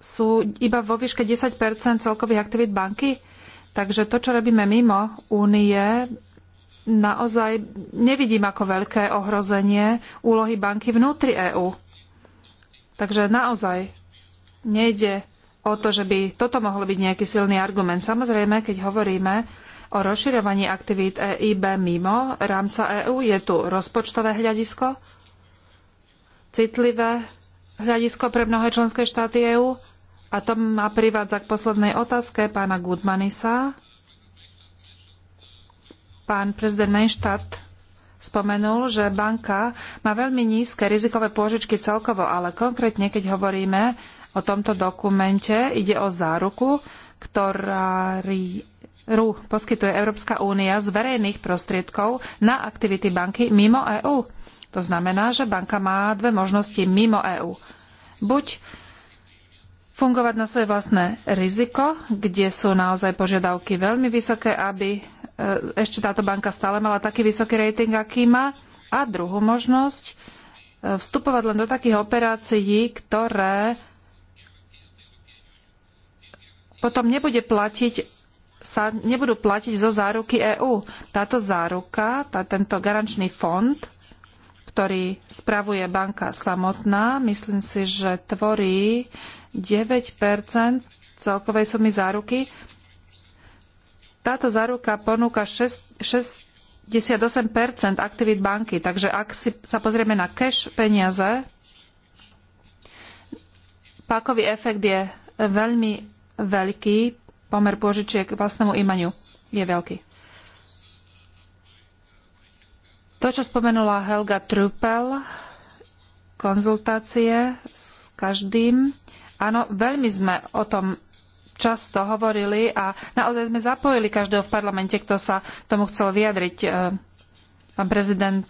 sú iba vo výške 10 celkových aktivít banky. Takže to, čo robíme mimo únie, naozaj nevidím ako veľké ohrozenie úlohy banky vnútri EÚ. Takže naozaj nejde o to, že by toto mohol byť nejaký silný argument. Samozrejme, keď hovoríme o rozširovaní aktivít EIB mimo rámca EÚ. Je tu rozpočtové hľadisko, citlivé hľadisko pre mnohé členské štáty EÚ. A to ma privádza k poslednej otázke pána Gudmanisa. Pán prezident Menštát spomenul, že banka má veľmi nízke rizikové pôžičky celkovo, ale konkrétne, keď hovoríme o tomto dokumente, ide o záruku, ktorá, ktorú poskytuje Európska únia z verejných prostriedkov na aktivity banky mimo EÚ. To znamená, že banka má dve možnosti mimo EÚ. Buď fungovať na svoje vlastné riziko, kde sú naozaj požiadavky veľmi vysoké, aby e, ešte táto banka stále mala taký vysoký rating, aký má. A druhú možnosť, e, vstupovať len do takých operácií, ktoré potom nebude platiť sa nebudú platiť zo záruky EÚ. Táto záruka, tá, tento garančný fond, ktorý spravuje banka samotná, myslím si, že tvorí 9 celkovej sumy záruky. Táto záruka ponúka 6, 68 aktivít banky. Takže ak si sa pozrieme na cash peniaze, pákový efekt je veľmi veľký pomer pôžičiek k vlastnému imaniu je veľký. To, čo spomenula Helga Trupel, konzultácie s každým. Áno, veľmi sme o tom často hovorili a naozaj sme zapojili každého v parlamente, kto sa tomu chcel vyjadriť. E, pán prezident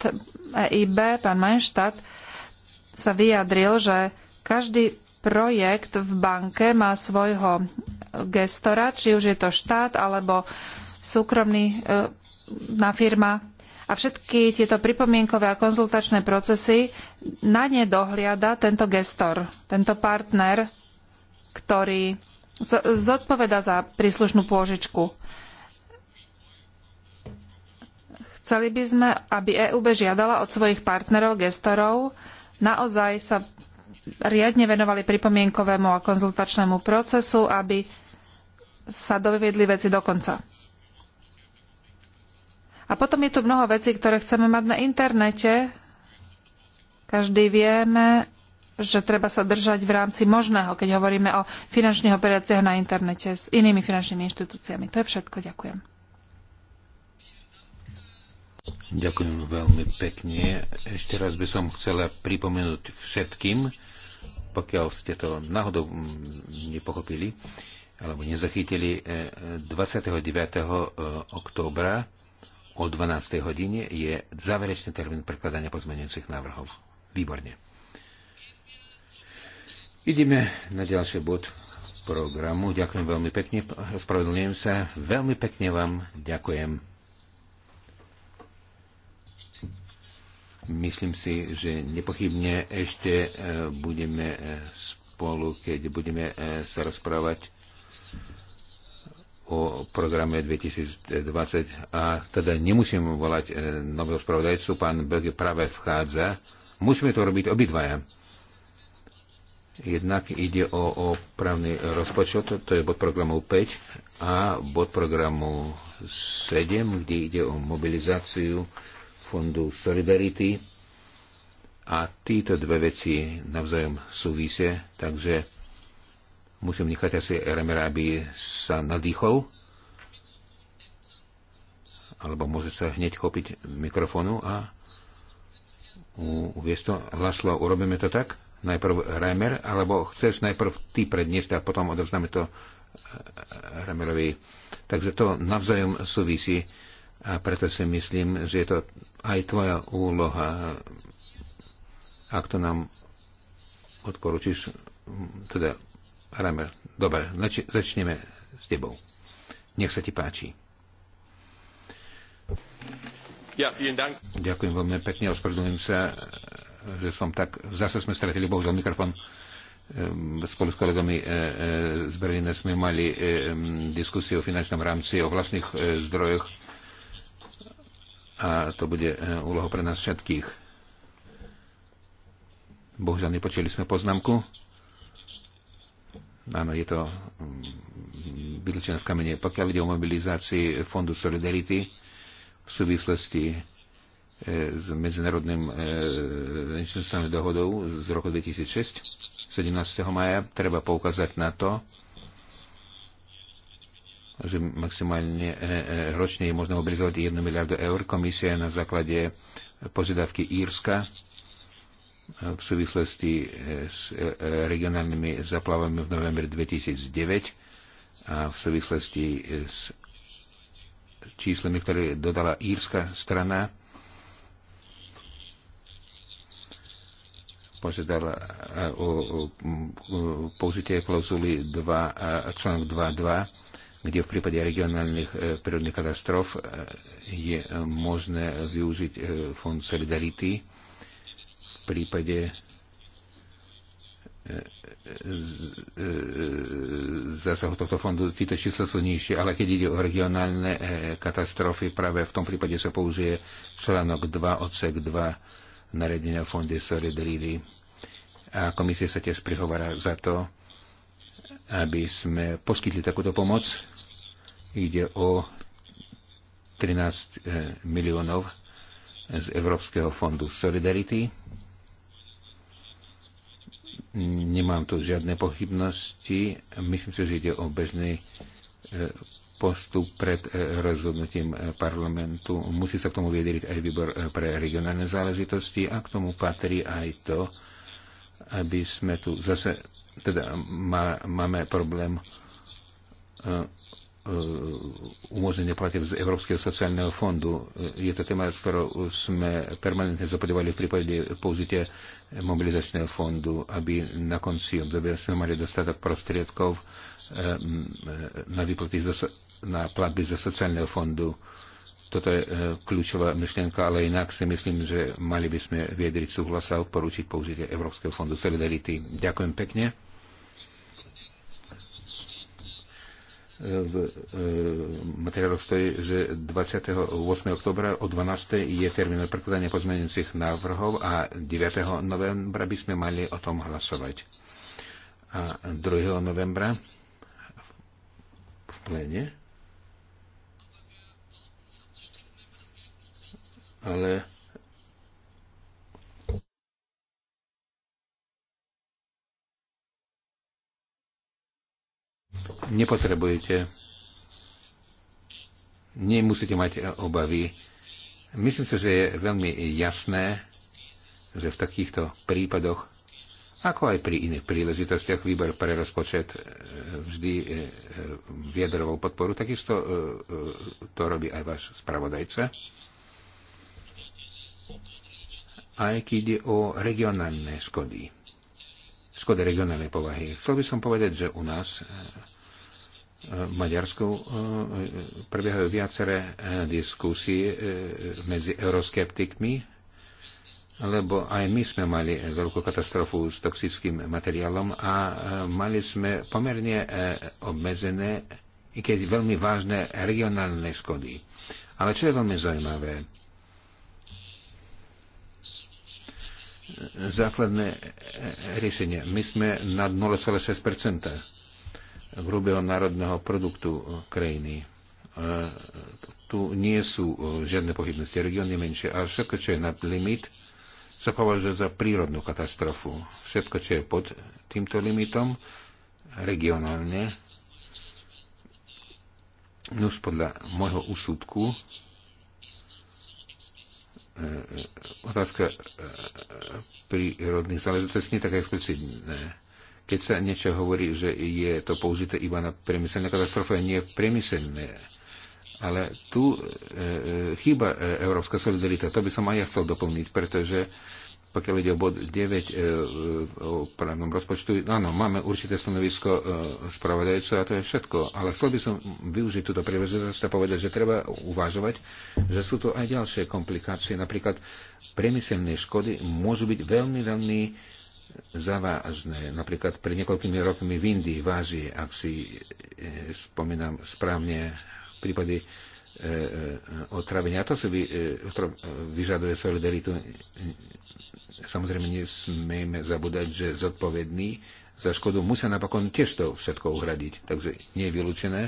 EIB, pán Manštát, sa vyjadril, že každý projekt v banke má svojho gestora, či už je to štát alebo súkromný e, na firma. A všetky tieto pripomienkové a konzultačné procesy na ne dohliada tento gestor, tento partner, ktorý zodpoveda za príslušnú pôžičku. Chceli by sme, aby EUB žiadala od svojich partnerov, gestorov, naozaj sa riadne venovali pripomienkovému a konzultačnému procesu, aby sa doviedli veci do konca. A potom je tu mnoho vecí, ktoré chceme mať na internete. Každý vieme, že treba sa držať v rámci možného, keď hovoríme o finančných operáciách na internete s inými finančnými inštitúciami. To je všetko. Ďakujem. Ďakujem veľmi pekne. Ešte raz by som chcela pripomenúť všetkým, pokiaľ ste to náhodou nepochopili, alebo nezachytili 29. E, e, októbra o 12. hodine je záverečný termín prekladania pozmeňujúcich návrhov. Výborne. Ideme na ďalší bod programu. Ďakujem veľmi pekne. Spravedlňujem sa. Veľmi pekne vám ďakujem. Myslím si, že nepochybne ešte e, budeme spolu, keď budeme sa rozprávať o programe 2020 a teda nemusím volať e, nového spravodajcu, pán Belge práve vchádza. Musíme to robiť obidvaja. Jednak ide o, o právny rozpočet, to, to je bod programu 5 a bod programu 7, kde ide o mobilizáciu fondu Solidarity a títo dve veci navzájom súvisia, takže Musím nechať asi Remera, aby sa nadýchol. Alebo môže sa hneď kopiť mikrofónu a uviesť to. Laslo, urobíme to tak? Najprv Remer, alebo chceš najprv ty predniesť a potom odovzdáme to eh, Remerovi. Takže to navzájom súvisí a preto si myslím, že je to aj tvoja úloha, ak to nám odporučíš, teda Rambert. Dobre, zač- začneme s tebou. Nech sa ti páči. Ja, dank. Ďakujem veľmi pekne, ospravedlňujem sa, že som tak... Zase sme stratili, bohužiaľ, mikrofón ehm, spolu s kolegami e, e, z Berlína sme mali ehm, diskusiu o finančnom rámci, o vlastných e, zdrojoch a to bude úloha pre nás všetkých. Bohužiaľ, nepočuli sme poznámku. Áno, je to mm, vytlčené v kamene. Pokiaľ ide o mobilizácii Fondu Solidarity v súvislosti e, s medzinárodným e, inštitucionálnou dohodou z roku 2006, 17. maja, treba poukázať na to, že maximálne e, ročne je možno mobilizovať 1 miliardu eur. Komisia na základe požiadavky Írska v súvislosti s e, e, regionálnymi zaplavami v novembri 2009 a v súvislosti s číslami, ktoré dodala írska strana, požiadala e, o, použitie klauzuly článok 2.2, kde v prípade regionálnych prírodných katastrof je možné využiť fond Solidarity prípade e, e, e, zásahu tohto fondu tieto čísla sú nižšie, ale keď ide o regionálne katastrofy, práve v tom prípade sa použije článok 2, odsek 2 naredenia fondy Solidarity. A komisia sa tiež prihovára za to, aby sme poskytli takúto pomoc. Ide o 13 miliónov z Európskeho fondu Solidarity Nemám tu žiadne pochybnosti. Myslím si, že ide o bežný e, postup pred e, rozhodnutím e, parlamentu. Musí sa k tomu vyjadriť aj výbor pre regionálne záležitosti a k tomu patrí aj to, aby sme tu zase, teda má, máme problém E, umožnenie platieb z Európskeho sociálneho fondu. E, je to téma, s ktorou sme permanentne zapodívali v prípade použitia mobilizačného fondu, aby na konci obdobia sme mali dostatok prostriedkov e, na výplaty na platby zo sociálneho fondu. Toto je kľúčová myšlienka, ale inak si myslím, že mali by sme viedriť súhlas a odporučiť použitie Európskeho fondu Solidarity. Ďakujem pekne. E, v materiáloch stojí, že 28. oktobra o 12. je termín prekladania pozmeňujúcich návrhov a 9. novembra by sme mali o tom hlasovať. A 2. novembra v plene ale nepotrebujete. Nemusíte mať obavy. Myslím si, že je veľmi jasné, že v takýchto prípadoch, ako aj pri iných príležitostiach, výber pre rozpočet e, vždy e, e, vyjadroval podporu. Takisto to robí aj váš spravodajca. Aj keď ide o regionálne škody škody regionálnej povahy. Chcel by som povedať, že u nás Maďarsku e, e, prebiehajú viaceré e, diskusie medzi euroskeptikmi, lebo aj my sme mali veľkú katastrofu s toxickým materiálom a mali sme pomerne obmedzené, i keď veľmi vážne regionálne škody. Ale čo je veľmi zaujímavé, základné riešenie. My sme nad 0,6 hrubého národného produktu e, krajiny. E, tu nie sú e, žiadne pochybnosti. Región je menšie. ale všetko, čo je nad limit, sa považuje za prírodnú katastrofu. Všetko, čo je pod týmto limitom, regionálne, no už podľa môjho úsudku, otázka prírodných záležitostí nie tak explicitná. Keď sa niečo hovorí, že je to použité iba na priemyselné katastrofy nie priemyselné, ale tu e, e, chýba e, európska solidarita. To by som aj ja chcel doplniť, pretože pokiaľ ide o bod 9 e, e, o právnom rozpočtu, áno, máme určité stanovisko e, spravodajcov a to je všetko. Ale chcel by som využiť túto príležitosť a povedať, že treba uvažovať, že sú to aj ďalšie komplikácie. Napríklad priemyselné škody môžu byť veľmi, veľmi závažné. Napríklad pred niekoľkými rokmi v Indii, v Ázii, ak si e, spomínam správne, prípady e, e, otravenia. A to si vy, e, otrav, vyžaduje solidaritu. Samozrejme, nesmieme zabúdať, že zodpovední za škodu musia napokon tiež to všetko uhradiť. Takže nie je vylúčené,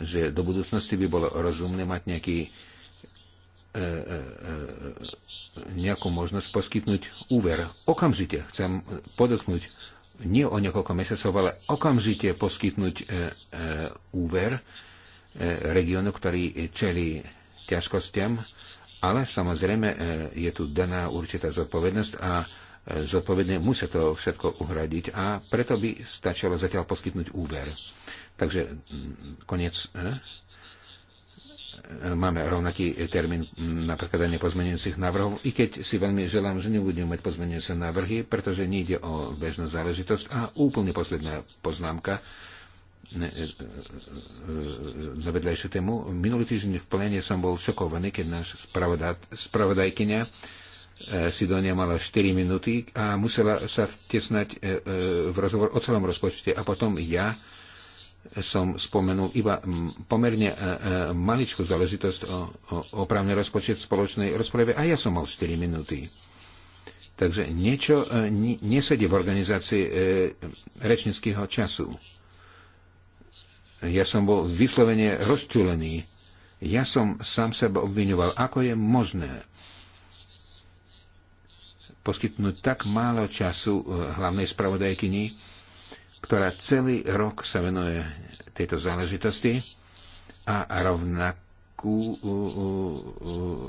že do budúcnosti by bolo rozumné mať nejaký E, e, e, nejakú možnosť poskytnúť úver. Okamžite chcem podotknúť, nie o niekoľko mesiacov, ale okamžite poskytnúť úver regiónu, ktorý čeli ťažkostiam, ale samozrejme je tu daná určitá zodpovednosť a zodpovedne musia to všetko uhradiť a preto by stačilo zatiaľ poskytnúť úver. Takže koniec máme rovnaký termín na prekladanie pozmenujúcich návrhov, i keď si veľmi želám, že nebudem mať pozmenujúce návrhy, pretože nejde o bežnú záležitosť. A úplne posledná poznámka e, e, e, na vedľajšiu tému. Minulý týždeň v plene som bol šokovaný, keď náš spravodajkynia Sidonia mala 4 minúty a musela sa vtesnať v rozhovor o celom rozpočte. A potom ja som spomenul iba pomerne e, e, maličkú záležitosť o, o, o právny rozpočet v spoločnej rozprave a ja som mal 4 minúty. Takže niečo e, nesedí v organizácii e, rečnického času. Ja som bol vyslovene rozčulený. Ja som sám seba obviňoval, ako je možné poskytnúť tak málo času hlavnej spravodajkyni, ktorá celý rok sa venuje tejto záležitosti a rovnakú,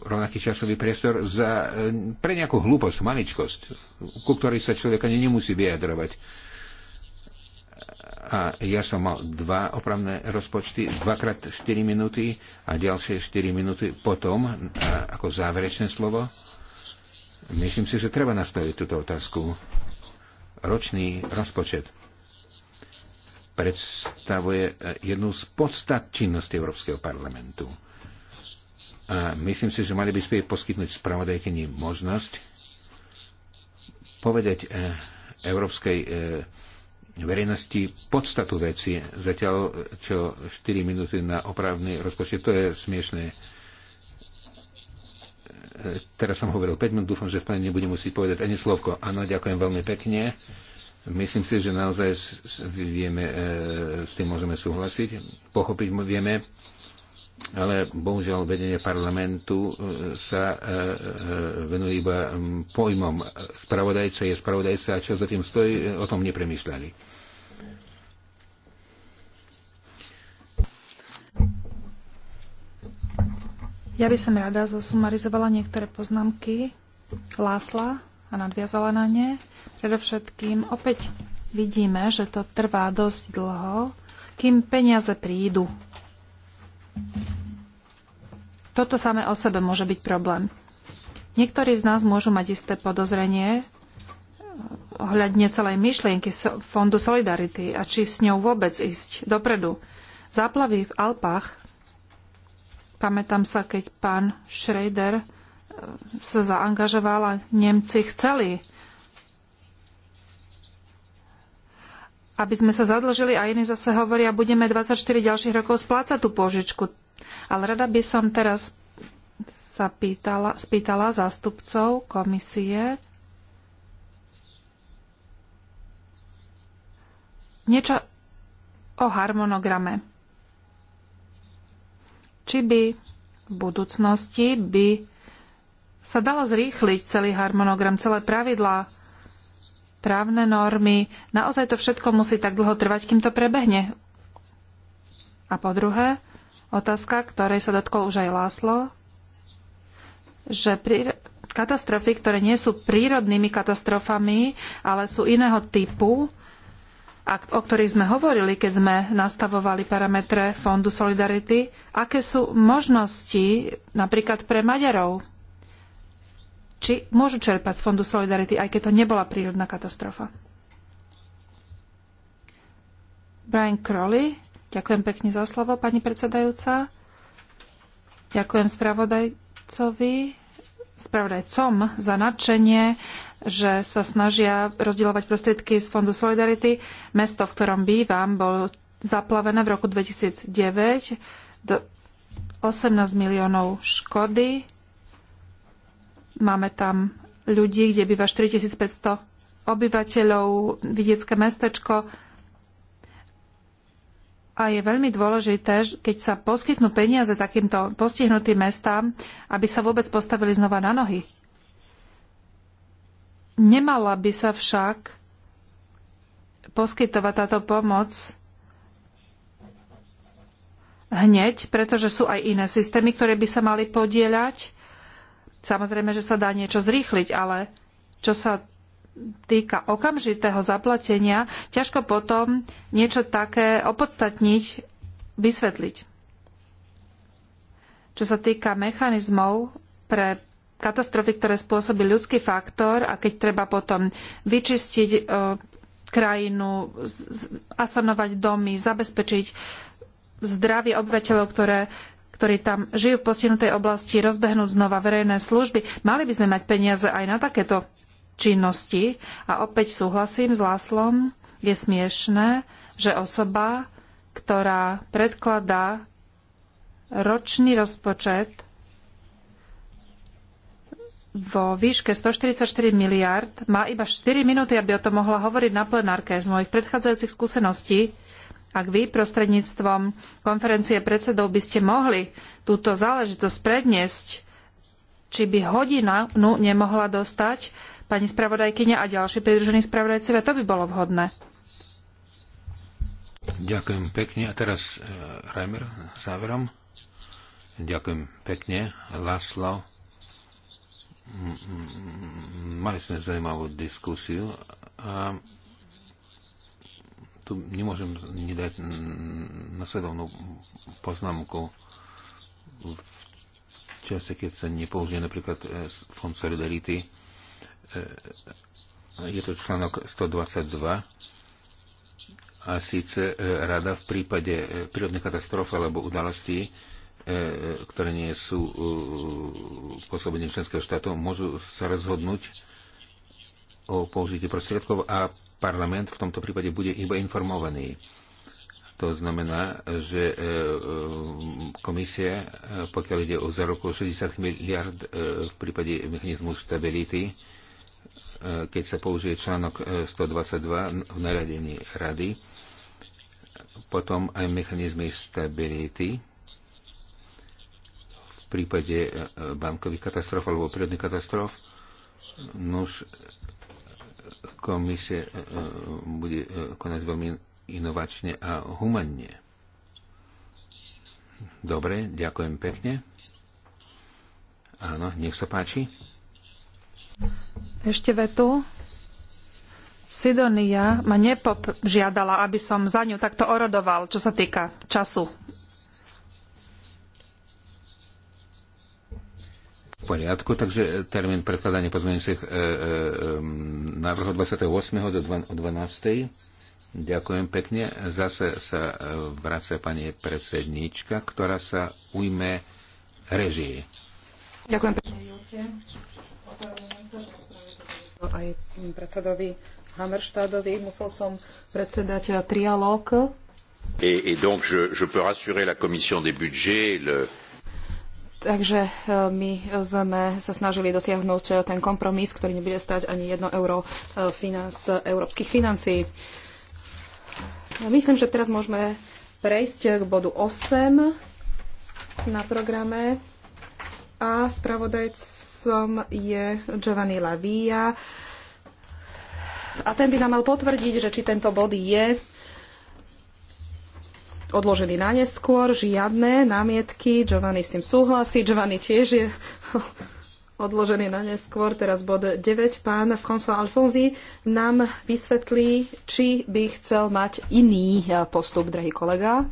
rovnaký časový priestor za, e, pre nejakú hlúposť, maličkosť, ku ktorej sa človek ani nemusí vyjadrovať. A ja som mal dva opravné rozpočty, dvakrát 4 minúty a ďalšie 4 minúty potom ako záverečné slovo. Myslím si, že treba nastaviť túto otázku. Ročný rozpočet predstavuje eh, jednu z podstat činnosti Európskeho parlamentu. A myslím si, že mali by sme poskytnúť spravodajkyni možnosť povedať eh, európskej eh, verejnosti podstatu veci. Zatiaľ, čo 4 minúty na opravný rozpočet, to je smiešné. Teraz som hovoril 5 minút, dúfam, že v plne nebudem musieť povedať ani slovko. Áno, ďakujem veľmi pekne. Myslím si, že naozaj vieme, e, s tým môžeme súhlasiť, pochopiť mu vieme, ale bohužiaľ vedenie parlamentu e, sa e, venuje iba pojmom spravodajca je spravodajca a čo za tým stojí, o tom nepremýšľali. Ja by som rada zosumarizovala niektoré poznámky Lásla a nadviazala na ne. Predovšetkým opäť vidíme, že to trvá dosť dlho, kým peniaze prídu. Toto samé o sebe môže byť problém. Niektorí z nás môžu mať isté podozrenie eh, ohľadne celej myšlienky Fondu Solidarity a či s ňou vôbec ísť dopredu. Záplavy v Alpách, pamätám sa, keď pán Schrader sa zaangažovala, Nemci chceli, aby sme sa zadlžili a iní zase hovoria, budeme 24 ďalších rokov splácať tú požičku. Ale rada by som teraz sa pýtala, spýtala zástupcov komisie. Niečo o harmonograme. Či by v budúcnosti by sa dalo zrýchliť celý harmonogram, celé pravidlá, právne normy. Naozaj to všetko musí tak dlho trvať, kým to prebehne. A po druhé, otázka, ktorej sa dotkol už aj Láslo, že pri, katastrofy, ktoré nie sú prírodnými katastrofami, ale sú iného typu, a o ktorých sme hovorili, keď sme nastavovali parametre Fondu Solidarity, aké sú možnosti napríklad pre Maďarov, či môžu čerpať z Fondu Solidarity, aj keď to nebola prírodná katastrofa. Brian Crowley, ďakujem pekne za slovo, pani predsedajúca. Ďakujem spravodajcovi, spravodajcom za nadšenie, že sa snažia rozdielovať prostriedky z Fondu Solidarity. Mesto, v ktorom bývam, bolo zaplavené v roku 2009 do 18 miliónov škody, Máme tam ľudí, kde býva 4500 obyvateľov, vidiecké mestečko. A je veľmi dôležité, keď sa poskytnú peniaze takýmto postihnutým mestám, aby sa vôbec postavili znova na nohy. Nemala by sa však poskytovať táto pomoc hneď, pretože sú aj iné systémy, ktoré by sa mali podieľať Samozrejme, že sa dá niečo zrýchliť, ale čo sa týka okamžitého zaplatenia, ťažko potom niečo také opodstatniť, vysvetliť. Čo sa týka mechanizmov pre katastrofy, ktoré spôsobí ľudský faktor a keď treba potom vyčistiť e, krajinu, asanovať domy, zabezpečiť zdravie obyvateľov, ktoré ktorí tam žijú v postihnutej oblasti, rozbehnúť znova verejné služby. Mali by sme mať peniaze aj na takéto činnosti. A opäť súhlasím s Láslom, je smiešné, že osoba, ktorá predkladá ročný rozpočet vo výške 144 miliard, má iba 4 minúty, aby o tom mohla hovoriť na plenárke. Z mojich predchádzajúcich skúseností ak vy prostredníctvom konferencie predsedov by ste mohli túto záležitosť predniesť, či by hodinu nemohla dostať pani spravodajkyňa a ďalší pridružení spravodajcovia, to by bolo vhodné. Ďakujem pekne. A teraz e, Reimer záverom. Ďakujem pekne. Laslo. Mali sme zaujímavú diskusiu a tu nemôžem nedať nasledovnú poznámku. V čase, keď sa nepoužije napríklad e, Fond Solidarity, e, e, je to článok 122, a síce rada v prípade prírodnej katastrofy alebo udalostí, ktoré nie sú pôsobením členského štátu, môžu sa rozhodnúť o použití prostriedkov a parlament v tomto prípade bude iba informovaný. To znamená, že e, e, komisia, e, pokiaľ ide o za roku 60 miliard v prípade mechanizmu stability, keď sa použije článok 122 v naradení rady, potom aj mechanizmy stability v prípade bankových katastrof alebo prírodných katastrof, nož komisie e, e, bude e, konať veľmi inovačne a humanne. Dobre, ďakujem pekne. Áno, nech sa páči. Ešte vetu. Sidonia ma nepožiadala, aby som za ňu takto orodoval, čo sa týka času poriadku, takže termín predkladania pozmeňujúcich e, e, e návrhov 28. do 12. Ďakujem pekne. Zase sa e, vracia pani predsedníčka, ktorá sa ujme režii. Ďakujem pekne, Jurte. Aj predsedovi Hammerštádovi. Musel som predsedať e, trialóg. Et, et donc je, je peux rassurer la commission des budgets, le, euh, Takže e, my sme sa snažili dosiahnuť e, ten kompromis, ktorý nebude stať ani jedno euro z e, európskych financií. Myslím, že teraz môžeme prejsť k bodu 8 na programe. A spravodajcom je Giovanni Lavia. A ten by nám mal potvrdiť, že či tento bod je odložený na neskôr, žiadne námietky, Giovanni s tým súhlasí, Giovanni tiež je odložený na neskôr, teraz bod 9, pán François Alfonzi nám vysvetlí, či by chcel mať iný eh, postup, drahý kolega.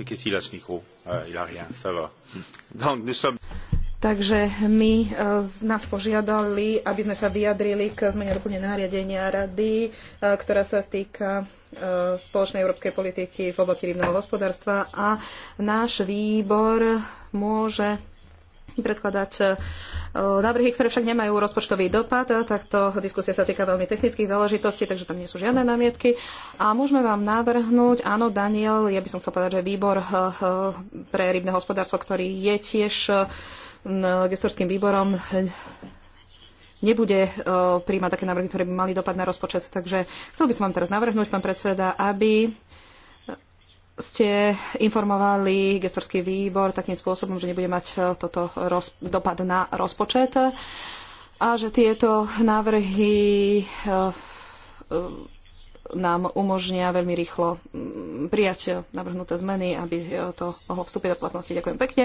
quest micro euh, Il a rien, ça va. Donc nous sommes. Takže my e, nás požiadali, aby sme sa vyjadrili k zmene doplneného nariadenia rady, e, ktorá sa týka e, spoločnej európskej politiky v oblasti rybného hospodárstva a náš výbor môže predkladať návrhy, ktoré však nemajú rozpočtový dopad. Takto diskusia sa týka veľmi technických záležitostí, takže tam nie sú žiadne námietky. A môžeme vám navrhnúť, áno, Daniel, ja by som chcel povedať, že výbor pre rybné hospodárstvo, ktorý je tiež gestorským výborom nebude e, príjmať také návrhy, ktoré by mali dopad na rozpočet. Takže chcel by som vám teraz navrhnúť, pán predseda, aby ste informovali gestorský výbor takým spôsobom, že nebude mať e, toto roz, dopad na rozpočet a že tieto návrhy e, nám umožnia veľmi rýchlo prijať navrhnuté zmeny, aby to mohlo vstúpiť do platnosti. Ďakujem pekne.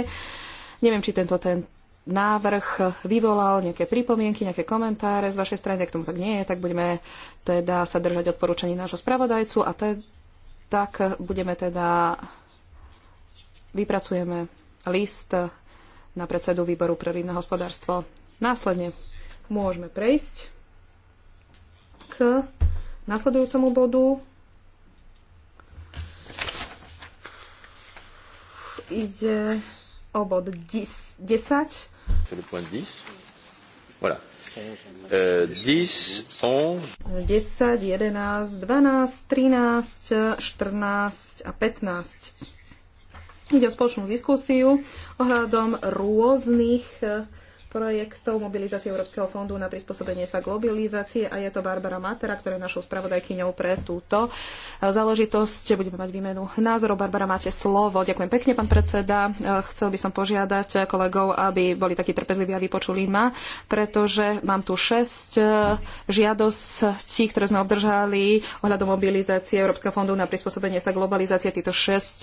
Neviem, či tento ten návrh vyvolal nejaké pripomienky, nejaké komentáre z vašej strany, ak tomu tak nie je, tak budeme teda sa držať odporúčaní nášho spravodajcu a te, tak budeme teda vypracujeme list na predsedu výboru pre rýmne hospodárstvo. Následne môžeme prejsť k nasledujúcemu bodu. Ide o bod 10. 10. C'est le point 10. Voilà. Uh, 10, 11. 10, 11, 12, 13, 14 a 15. Ide o spoločnú diskusiu ohľadom rôznych uh, projektov mobilizácie Európskeho fondu na prispôsobenie sa globalizácie a je to Barbara Matera, ktorá je našou spravodajkyňou pre túto záležitosť. Budeme mať výmenu názorov. Barbara, máte slovo. Ďakujem pekne, pán predseda. Chcel by som požiadať kolegov, aby boli takí trpezliví a vypočuli ma, pretože mám tu šesť žiadostí, ktoré sme obdržali ohľadom mobilizácie Európskeho fondu na prispôsobenie sa globalizácie. Týchto šesť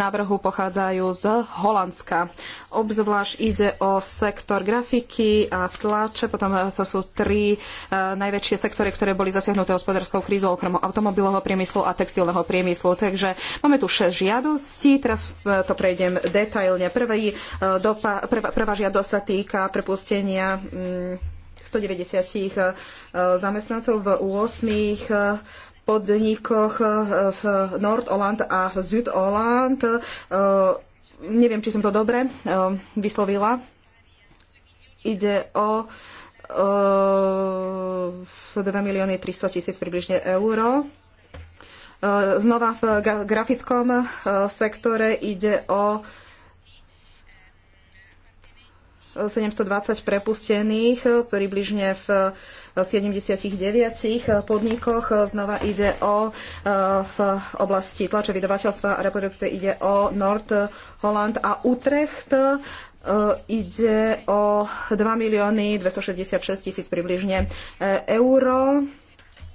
návrhov pochádzajú z Holandska. Obzvlášť ide o sektor grafiky grafiky a tlače. Potom e, to sú tri e, najväčšie sektory, ktoré boli zasiahnuté hospodárskou krízou, okrem automobilového priemyslu a textilného priemyslu. Takže máme tu 6 žiadostí. Teraz e, to prejdem detailne. Prvý, dopa, prvá, prvá žiadosť sa týka prepustenia 190 mm, zamestnancov v 8 podnikoch v Nord-Oland a Süd-Oland. Neviem, či som to dobre vyslovila ide o 2 milióny 300 tisíc približne eur. E, znova v grafickom e, sektore ide o 720 prepustených približne v 79 podnikoch. Znova ide o e, v oblasti tlače vydavateľstva a reprodukcie ide o Nord Holland a Utrecht. E, ide o 2 milióny 266 tisíc približne e, euro.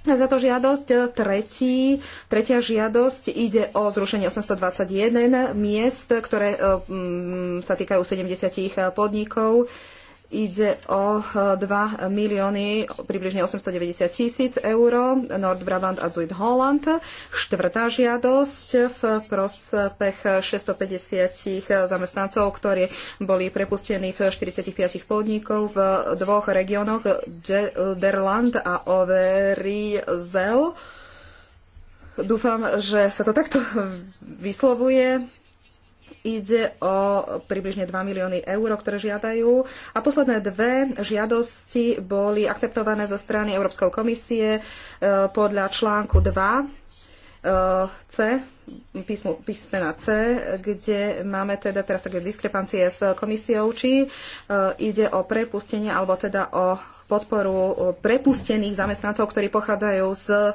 Za to žiadosť tretí, tretia žiadosť ide o zrušenie 821 miest, ktoré e, sa týkajú 70 podnikov. Ide o 2 eh, milióny, približne 890 tisíc eur, Brabant a Zuid-Holland. Štvrtá žiadosť v prospech 650 zamestnancov, ktorí boli prepustení v 45 podnikov v dvoch regiónoch, Gelderland a Overijssel. Dúfam, že sa to takto vyslovuje ide o približne 2 milióny eur, ktoré žiadajú. A posledné dve žiadosti boli akceptované zo strany Európskej komisie e, podľa článku 2 e, C písmu, písmena C, kde máme teda teraz také diskrepancie s komisiou, či e, ide o prepustenie alebo teda o podporu e, prepustených zamestnancov, ktorí pochádzajú z e,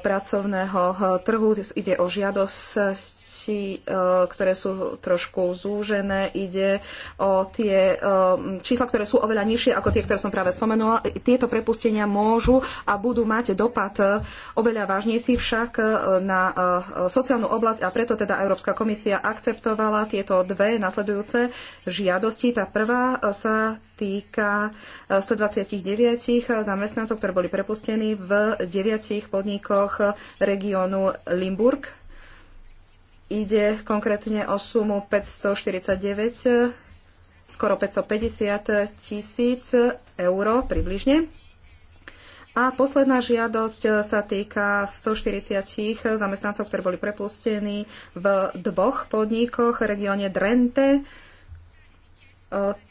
pracovného e, trhu. Ide o žiadosti, ktoré sú trošku zúžené. Ide o tie čísla, ktoré sú oveľa nižšie ako tie, ktoré som práve spomenula. Tieto prepustenia môžu a budú mať dopad oveľa vážnejší však na sociálnu oblasť a preto teda Európska komisia akceptovala tieto dve nasledujúce žiadosti. Tá prvá sa týka 129 eh, zamestnancov, ktorí boli prepustení v 9 podnikoch regiónu Limburg. Ide konkrétne o sumu 549, skoro 550 tisíc eur približne. A posledná žiadosť eh, sa týka 140 zamestnancov, ktorí boli prepustení v dvoch podnikoch v regióne Drente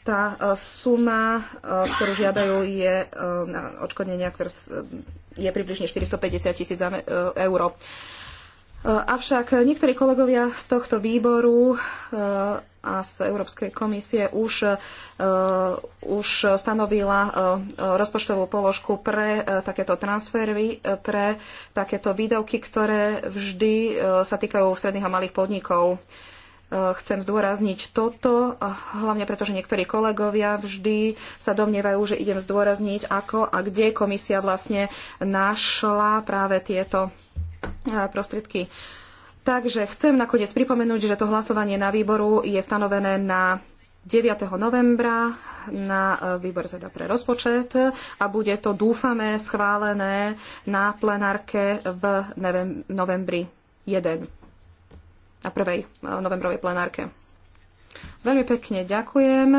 tá e, suma, e, ktorú žiadajú, je e, na odškodnenia, ktoré je približne 450 tisíc eur. Avšak niektorí kolegovia z tohto výboru a z Európskej komisie už, už stanovila rozpočtovú položku pre takéto transfery, pre takéto výdavky, ktoré vždy sa týkajú stredných a malých podnikov chcem zdôrazniť toto, hlavne preto, že niektorí kolegovia vždy sa domnievajú, že idem zdôrazniť, ako a kde komisia vlastne našla práve tieto e, prostriedky. Takže chcem nakoniec pripomenúť, že to hlasovanie na výboru je stanovené na 9. novembra na e, výbor teda pre rozpočet a bude to, dúfame, schválené na plenárke v novembri 1 na prvej eh, novembrovej plenárke. Veľmi pekne ďakujem.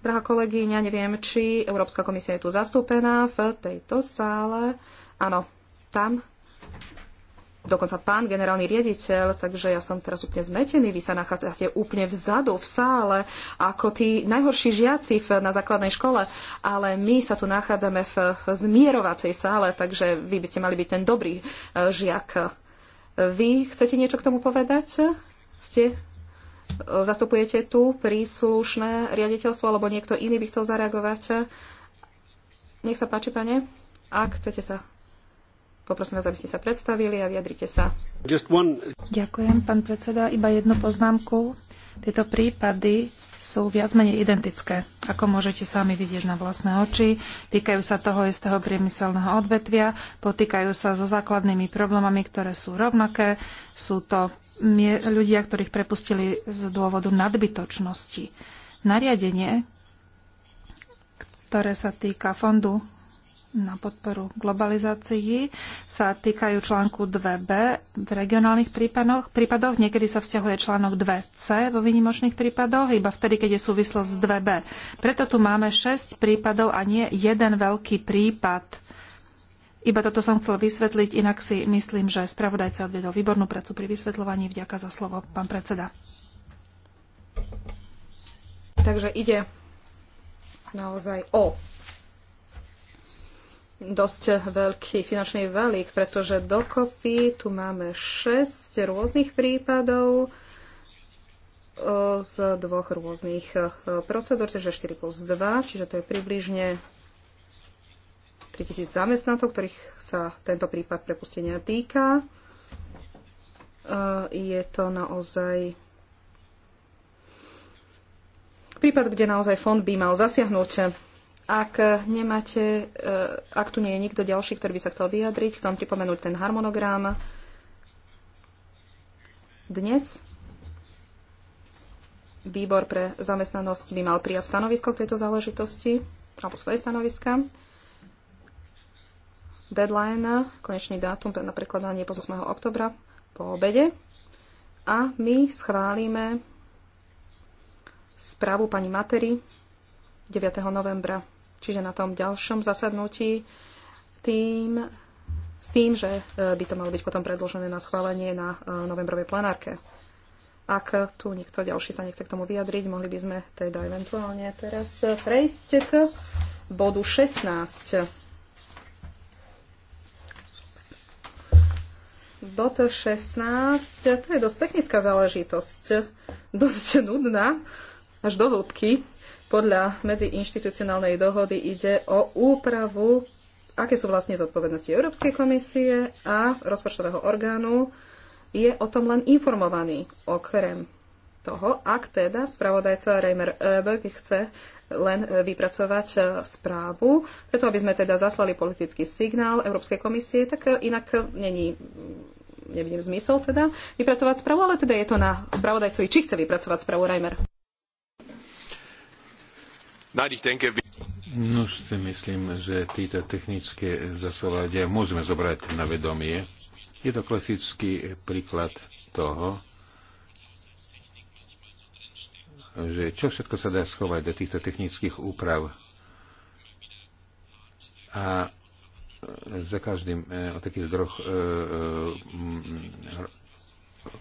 Drahá kolegyňa, neviem, či Európska komisia je tu zastúpená v tejto sále. Áno, tam. Dokonca pán generálny riaditeľ, takže ja som teraz úplne zmetený. Vy sa nachádzate úplne vzadu v sále, ako tí najhorší žiaci v, na základnej škole, ale my sa tu nachádzame v zmierovacej sále, takže vy by ste mali byť ten dobrý eh, žiak vy chcete niečo k tomu povedať? Ste, e, zastupujete tu príslušné riaditeľstvo, alebo niekto iný by chcel zareagovať? Nech sa páči, pane. Ak chcete sa Poprosím vás, aby ste sa predstavili a vyjadrite sa. One... Ďakujem, pán predseda. Iba jednu poznámku. Tieto prípady sú viac menej identické, ako môžete sami vidieť na vlastné oči. Týkajú sa toho istého priemyselného odvetvia, potýkajú sa so základnými problémami, ktoré sú rovnaké. Sú to ľudia, ktorých prepustili z dôvodu nadbytočnosti. Nariadenie, ktoré sa týka fondu na podporu globalizácii sa týkajú článku 2b v regionálnych prípadoch. prípadoch. Niekedy sa vzťahuje článok 2c vo výnimočných prípadoch, iba vtedy, keď je súvislosť s 2b. Preto tu máme 6 prípadov a nie jeden veľký prípad. Iba toto som chcel vysvetliť, inak si myslím, že spravodajca odvedol výbornú prácu pri vysvetľovaní. Vďaka za slovo, pán predseda. Takže ide naozaj o dosť veľký finančný valík, pretože dokopy tu máme 6 rôznych prípadov e, z dvoch rôznych e, procedúr, čiže 4 plus 2, čiže to je približne 3000 zamestnancov, ktorých sa tento prípad prepustenia týka. E, je to naozaj prípad, kde naozaj fond by mal zasiahnuť ak nemáte, eh, ak tu nie je nikto ďalší, ktorý by sa chcel vyjadriť, chcem pripomenúť ten harmonogram. Dnes výbor pre zamestnanosť by mal prijať stanovisko k tejto záležitosti, alebo svoje stanoviska. Deadline, konečný dátum na prekladanie po 8. oktobra po obede. A my schválime správu pani Matery 9. novembra čiže na tom ďalšom zasadnutí, tým, s tým, že e, by to malo byť potom predložené na schválenie na e, novembrovej plenárke. Ak tu niekto ďalší sa nechce k tomu vyjadriť, mohli by sme teda eventuálne teraz prejsť k bodu 16. Bod 16, to je dosť technická záležitosť, dosť nudná, až do hĺbky. Podľa medziinštitucionálnej dohody ide o úpravu, aké sú vlastne zodpovednosti Európskej komisie a rozpočtového orgánu. Je o tom len informovaný, okrem toho, ak teda spravodajca Reimer Öberg chce len vypracovať eh, správu, preto aby sme teda zaslali politický signál Európskej komisie, tak eh, inak eh, není mm, nevidím zmysel teda vypracovať správu, ale teda je to na spravodajcovi, či chce vypracovať správu Reimer. Nein, ich denke, No, ste, myslím, že títo technické zasolania môžeme zobrať na vedomie. Je to klasický príklad toho, že čo všetko sa dá schovať do týchto technických úprav. A za každým e, o takých druh e, e,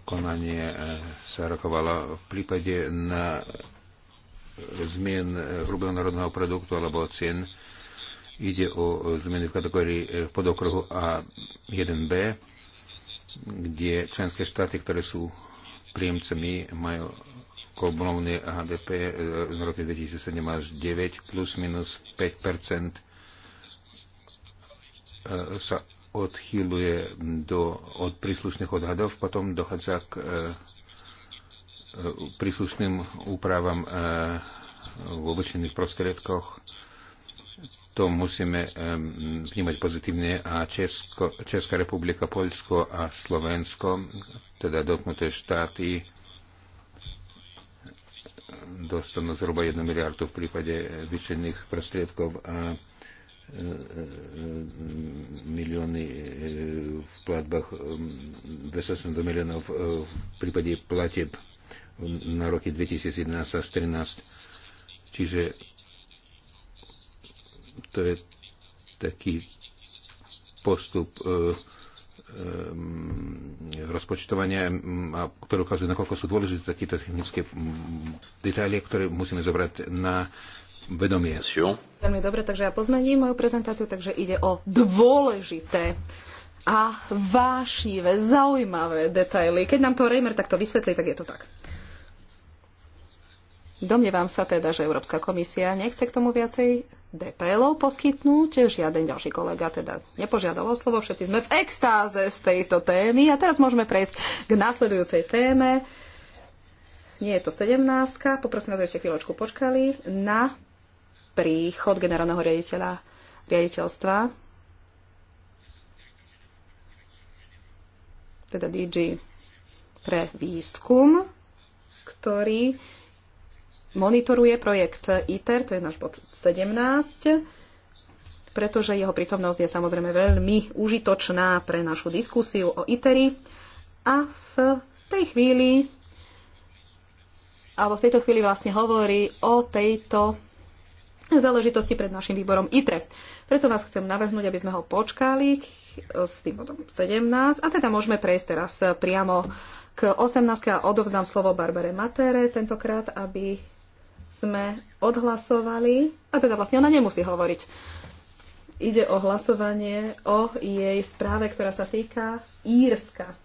konanie sa rokovalo v prípade na zmien eh, hrubého národného produktu alebo cien. Ide o eh, zmeny v kategórii eh, v podokruhu A1B, kde členské štáty, ktoré sú príjemcami, majú komunovné HDP z roku 2007 až 9 plus minus 5 sa odchýluje do, od príslušných odhadov, potom dochádza k príslušným úpravám e, v väčšiných prostriedkoch. To musíme e, vnímať pozitívne a Česko, Česká republika, Polsko a Slovensko, teda dotknuté štáty, dostanú zhruba 1 miliardu v prípade vyčených prostriedkov a e, milióny v platbách, 28 miliónov v prípade platieb na roky 2011 až 2013. Čiže to je taký postup e, e, rozpočtovania, a ktorý ukazuje, nakoľko sú dôležité takéto technické detaily, ktoré musíme zobrať na vedomie. Veľmi dobre, takže ja pozmením moju prezentáciu, takže ide o dôležité a vášivé, zaujímavé detaily. Keď nám to Reimer takto vysvetlí, tak je to tak. Domnievam sa teda, že Európska komisia nechce k tomu viacej detailov poskytnúť. Žiaden ďalší kolega teda nepožiadal o slovo. Všetci sme v extáze z tejto témy. A teraz môžeme prejsť k následujúcej téme. Nie je to 17. Poprosím vás, ešte chvíľočku počkali na príchod generálneho riaditeľa riaditeľstva, teda DG pre výskum, ktorý monitoruje projekt ITER, to je náš bod 17, pretože jeho prítomnosť je samozrejme veľmi užitočná pre našu diskusiu o ITERI. A v tej chvíli, alebo v tejto chvíli vlastne hovorí o tejto záležitosti pred našim výborom ITRE. Preto vás chcem navrhnúť, aby sme ho počkali s tým bodom 17 a teda môžeme prejsť teraz priamo k 18 a odovzdám slovo Barbare Matere tentokrát, aby sme odhlasovali, a teda vlastne ona nemusí hovoriť. Ide o hlasovanie o jej správe, ktorá sa týka Írska.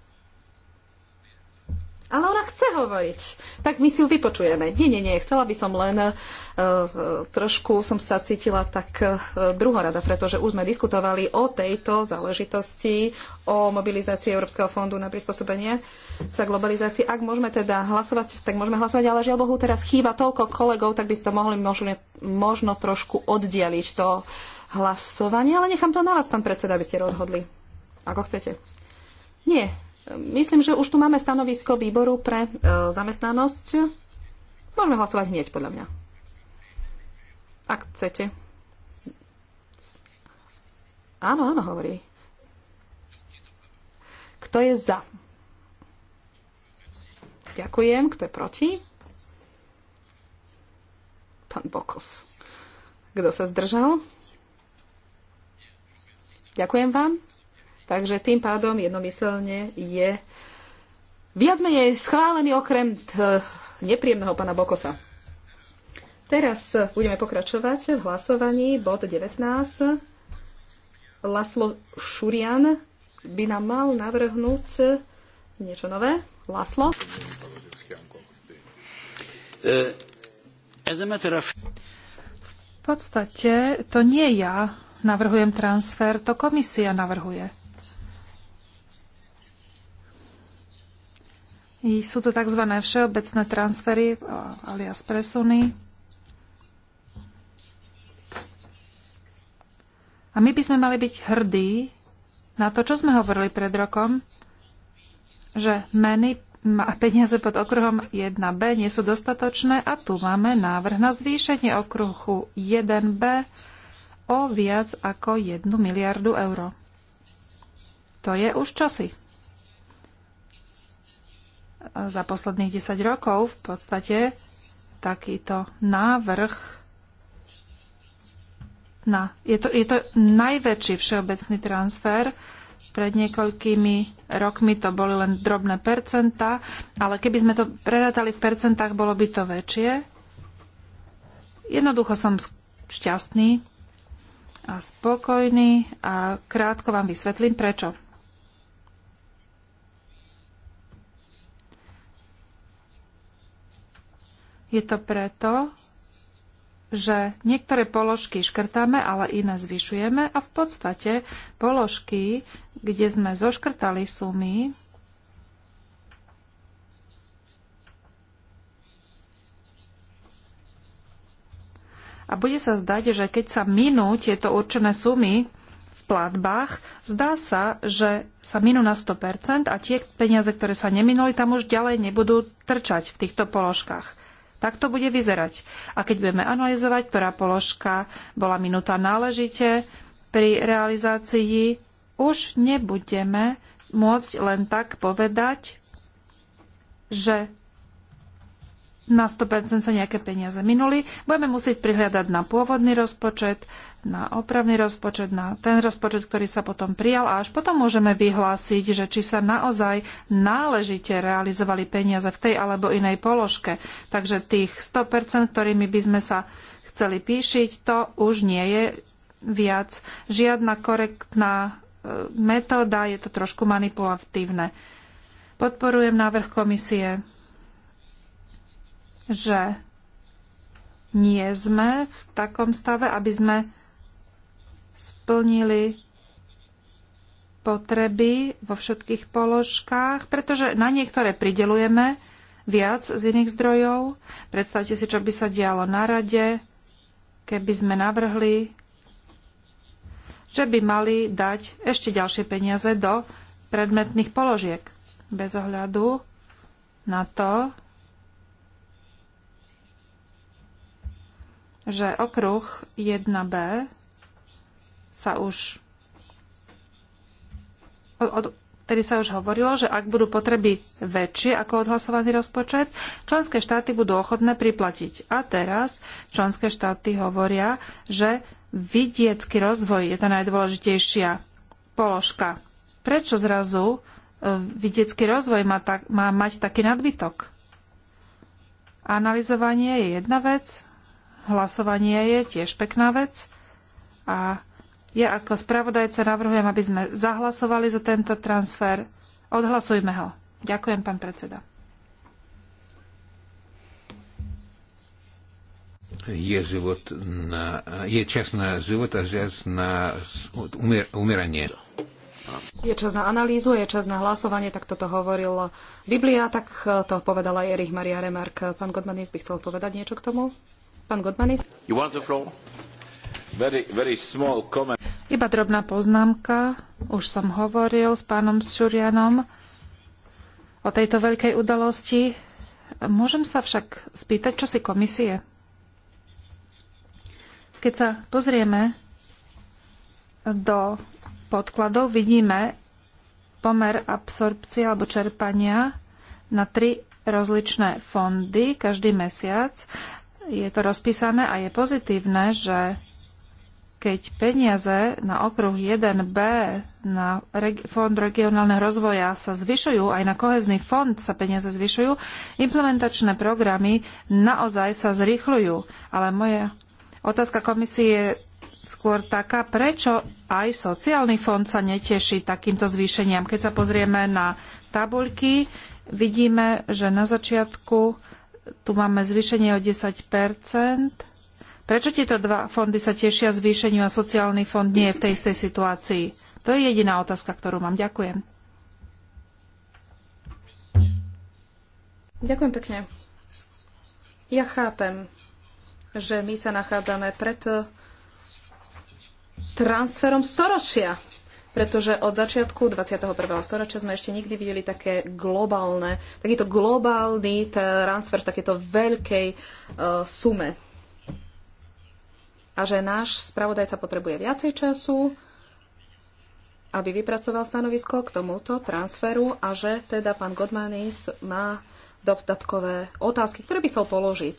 Ale ona chce hovoriť. Tak my si ju vypočujeme. Nie, nie, nie. Chcela by som len uh, trošku som sa cítila tak uh, druhorada, pretože už sme diskutovali o tejto záležitosti, o mobilizácii Európskeho fondu na prispôsobenie sa globalizácii. Ak môžeme teda hlasovať, tak môžeme hlasovať, ale žiaľ Bohu teraz chýba toľko kolegov, tak by ste to mohli možno, možno trošku oddialiť to hlasovanie, ale nechám to na vás, pán predseda, aby ste rozhodli. Ako chcete. Nie, Myslím, že už tu máme stanovisko výboru pre e, zamestnanosť. Môžeme hlasovať hneď, podľa mňa. Ak chcete. Áno, áno, hovorí. Kto je za? Ďakujem. Kto je proti? Pán Bokos. Kto sa zdržal? Ďakujem vám. Takže tým pádom jednomyselne je viac menej schválený okrem nepríjemného pána Bokosa. Teraz budeme pokračovať v hlasovaní. Bod 19. Laslo Šurian by nám mal navrhnúť niečo nové. Laslo? Eh, v podstate to nie ja navrhujem transfer, to komisia navrhuje. Sú to tzv. všeobecné transfery, alias presuny. A my by sme mali byť hrdí na to, čo sme hovorili pred rokom, že meny a peniaze pod okruhom 1b nie sú dostatočné a tu máme návrh na zvýšenie okruhu 1b o viac ako 1 miliardu eur. To je už čosi za posledných 10 rokov v podstate takýto návrh na, je, to, je to najväčší všeobecný transfer. Pred niekoľkými rokmi to boli len drobné percenta, ale keby sme to prerátali v percentách, bolo by to väčšie. Jednoducho som šťastný a spokojný a krátko vám vysvetlím prečo. Je to preto, že niektoré položky škrtáme, ale iné zvyšujeme a v podstate položky, kde sme zoškrtali sumy, A bude sa zdať, že keď sa minú tieto určené sumy v platbách, zdá sa, že sa minú na 100% a tie peniaze, ktoré sa neminuli, tam už ďalej nebudú trčať v týchto položkách. Tak to bude vyzerať. A keď budeme analyzovať, ktorá položka bola minúta náležite pri realizácii, už nebudeme môcť len tak povedať, že na 100% sa nejaké peniaze minuli. Budeme musieť prihľadať na pôvodný rozpočet, na opravný rozpočet, na ten rozpočet, ktorý sa potom prijal a až potom môžeme vyhlásiť, že či sa naozaj náležite realizovali peniaze v tej alebo inej položke. Takže tých 100%, ktorými by sme sa chceli píšiť, to už nie je viac žiadna korektná e, metóda, je to trošku manipulatívne. Podporujem návrh komisie, že nie sme v takom stave, aby sme splnili potreby vo všetkých položkách, pretože na niektoré pridelujeme viac z iných zdrojov. Predstavte si, čo by sa dialo na rade, keby sme navrhli, že by mali dať ešte ďalšie peniaze do predmetných položiek. Bez ohľadu na to, že okruh 1b sa už od, Tedy sa už hovorilo, že ak budú potreby väčšie ako odhlasovaný rozpočet, členské štáty budú ochotné priplatiť. A teraz členské štáty hovoria, že vidiecký rozvoj je tá najdôležitejšia položka. Prečo zrazu e, vidiecký rozvoj má, tak, má mať taký nadbytok? Analizovanie je jedna vec, hlasovanie je tiež pekná vec a ja ako spravodajca navrhujem, aby sme zahlasovali za tento transfer. Odhlasujme ho. Ďakujem, pán predseda. Je, život na, je čas na život a čas na umier, umieranie. Je čas na analýzu, je čas na hlasovanie, tak toto hovoril Biblia, tak to povedala Erich Maria Remark. Pán Godmanis by chcel povedať niečo k tomu? Pán Godmanis? You want the floor? Very, very Iba drobná poznámka. Už som hovoril s pánom Šurianom o tejto veľkej udalosti. Môžem sa však spýtať, čo si komisie? Keď sa pozrieme do podkladov, vidíme pomer absorpcie alebo čerpania na tri rozličné fondy každý mesiac. Je to rozpísané a je pozitívne, že keď peniaze na okruh 1B na reg- Fond regionálneho rozvoja sa zvyšujú, aj na kohezný fond sa peniaze zvyšujú, implementačné programy naozaj sa zrýchľujú. Ale moja otázka komisie je skôr taká, prečo aj sociálny fond sa neteší takýmto zvýšeniam. Keď sa pozrieme na tabuľky, vidíme, že na začiatku tu máme zvýšenie o 10 Prečo tieto dva fondy sa tešia zvýšeniu a sociálny fond nie je v tej istej situácii? To je jediná otázka, ktorú mám. Ďakujem. Ďakujem pekne. Ja chápem, že my sa nachádzame pred eh, transferom storočia, pretože od začiatku 21. storočia sme ešte nikdy videli také globálne, takýto globálny transfer v takéto veľkej uh, sume a že náš spravodajca potrebuje viacej času, aby vypracoval stanovisko k tomuto transferu a že teda pán Godmanis má dodatkové otázky, ktoré by chcel položiť.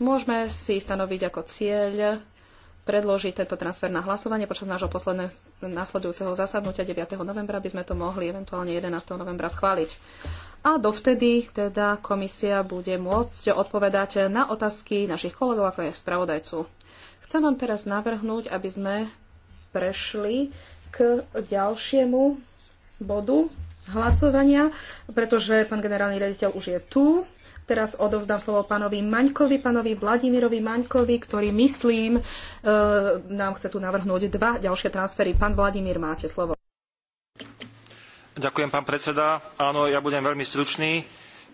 Môžeme si stanoviť ako cieľ predložiť tento transfer na hlasovanie počas nášho posledného nasledujúceho zasadnutia 9. novembra, aby sme to mohli eventuálne 11. novembra schváliť. A dovtedy teda komisia bude môcť odpovedať na otázky našich kolegov ako aj spravodajcu. Chcem vám teraz navrhnúť, aby sme prešli k ďalšiemu bodu hlasovania, pretože pán generálny riaditeľ už je tu teraz odovzdám slovo pánovi Maňkovi, pánovi Vladimirovi Maňkovi, ktorý, myslím, e, nám chce tu navrhnúť dva ďalšie transfery. Pán Vladimír, máte slovo. Ďakujem, pán predseda. Áno, ja budem veľmi stručný.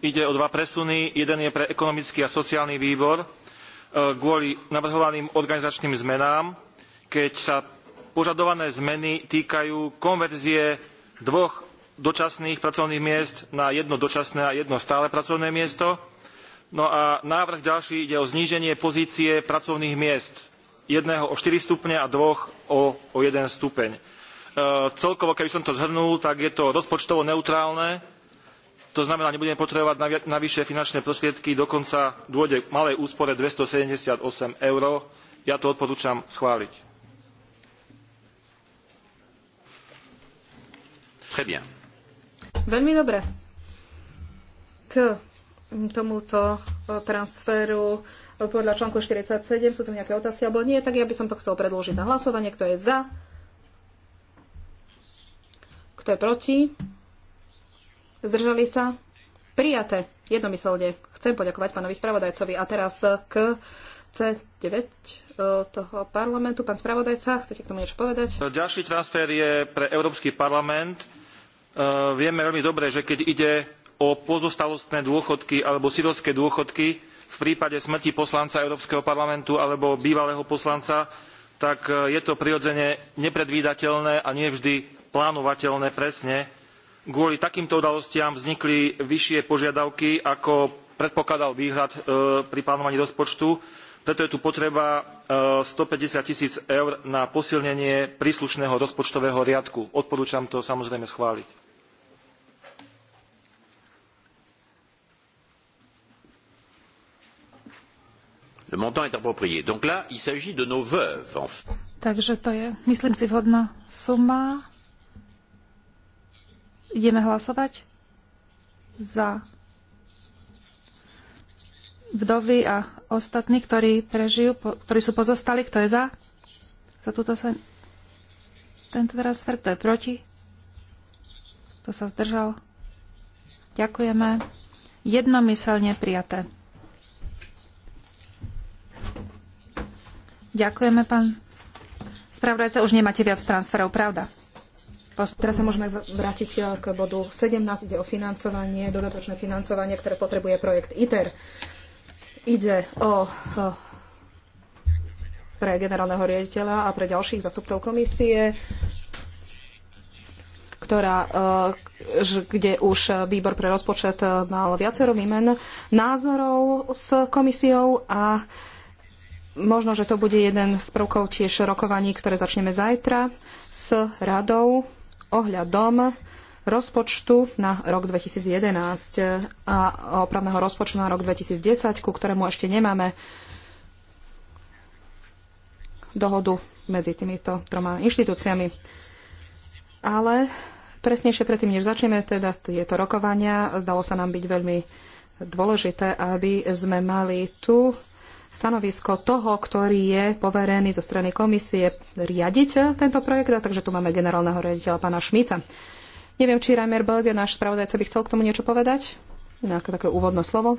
Ide o dva presuny. Jeden je pre ekonomický a sociálny výbor e, kvôli navrhovaným organizačným zmenám, keď sa požadované zmeny týkajú konverzie dvoch dočasných pracovných miest na jedno dočasné a jedno stále pracovné miesto. No a návrh ďalší ide o zníženie pozície pracovných miest jedného o 4 stupne a dvoch o, o 1 stupeň. E, celkovo, keby som to zhrnul, tak je to rozpočtovo neutrálne, to znamená, nebudeme potrebovať navyše finančné prostriedky, dokonca dôjde k malej úspore 278 eur. Ja to odporúčam schváliť. Très bien. Veľmi dobre. K tomuto e, transferu e, podľa článku 47 sú tu nejaké otázky alebo nie, tak ja by som to chcel predložiť na hlasovanie. Kto je za? Kto je proti? Zdržali sa? Prijaté. Jednomyselne. Chcem poďakovať pánovi spravodajcovi. A teraz e, k C9 toho parlamentu. Pán spravodajca, chcete k tomu niečo povedať? Ďalší transfer je pre Európsky parlament Eh, vieme veľmi dobre, že keď ide o pozostalostné dôchodky alebo sirotské dôchodky, v prípade smrti poslanca Európskeho parlamentu alebo bývalého poslanca, tak eh, je to prirodzene nepredvídateľné a nie vždy plánovateľné presne. Kvôli takýmto udalostiam vznikli vyššie požiadavky, ako predpokladal výhľad eh, pri plánovaní rozpočtu, preto je tu potreba 150 tisíc eur na posilnenie príslušného rozpočtového riadku. Odporúčam to samozrejme schváliť. le montant est approprié. Donc là, il s'agit de nos veuves. Enfin. Takže to je, myslím si, vhodná suma. Ideme hlasovať za vdovy a ostatní, ktorí prežijú, ktorí sú pozostali, kto je za? Za túto sa... Tento transfer, kto je proti? Kto sa zdržal? Ďakujeme. Jednomyselne prijaté. Ďakujeme, pán spravodajca. Už nemáte viac transferov, pravda? Post- Teraz sa môžeme vrátiť e, k bodu 17, ide o financovanie, dodatočné financovanie, ktoré potrebuje projekt ITER. Ide o, o e, pre generálneho riaditeľa a pre ďalších zastupcov komisie, ktorá, e, kde už výbor pre rozpočet mal viacero výmen názorov s komisiou a Možno, že to bude jeden z prvkov tiež rokovaní, ktoré začneme zajtra s radou ohľadom rozpočtu na rok 2011 a opravného rozpočtu na rok 2010, ku ktorému ešte nemáme dohodu medzi týmito troma inštitúciami. Ale presnejšie predtým, než začneme teda tieto rokovania, zdalo sa nám byť veľmi dôležité, aby sme mali tu stanovisko toho, ktorý je poverený zo strany komisie riadiť tento projekt, a takže tu máme generálneho riaditeľa pána Šmica. Neviem, či Reimer Belge, náš spravodajca, by chcel k tomu niečo povedať? Nejaké také úvodné slovo?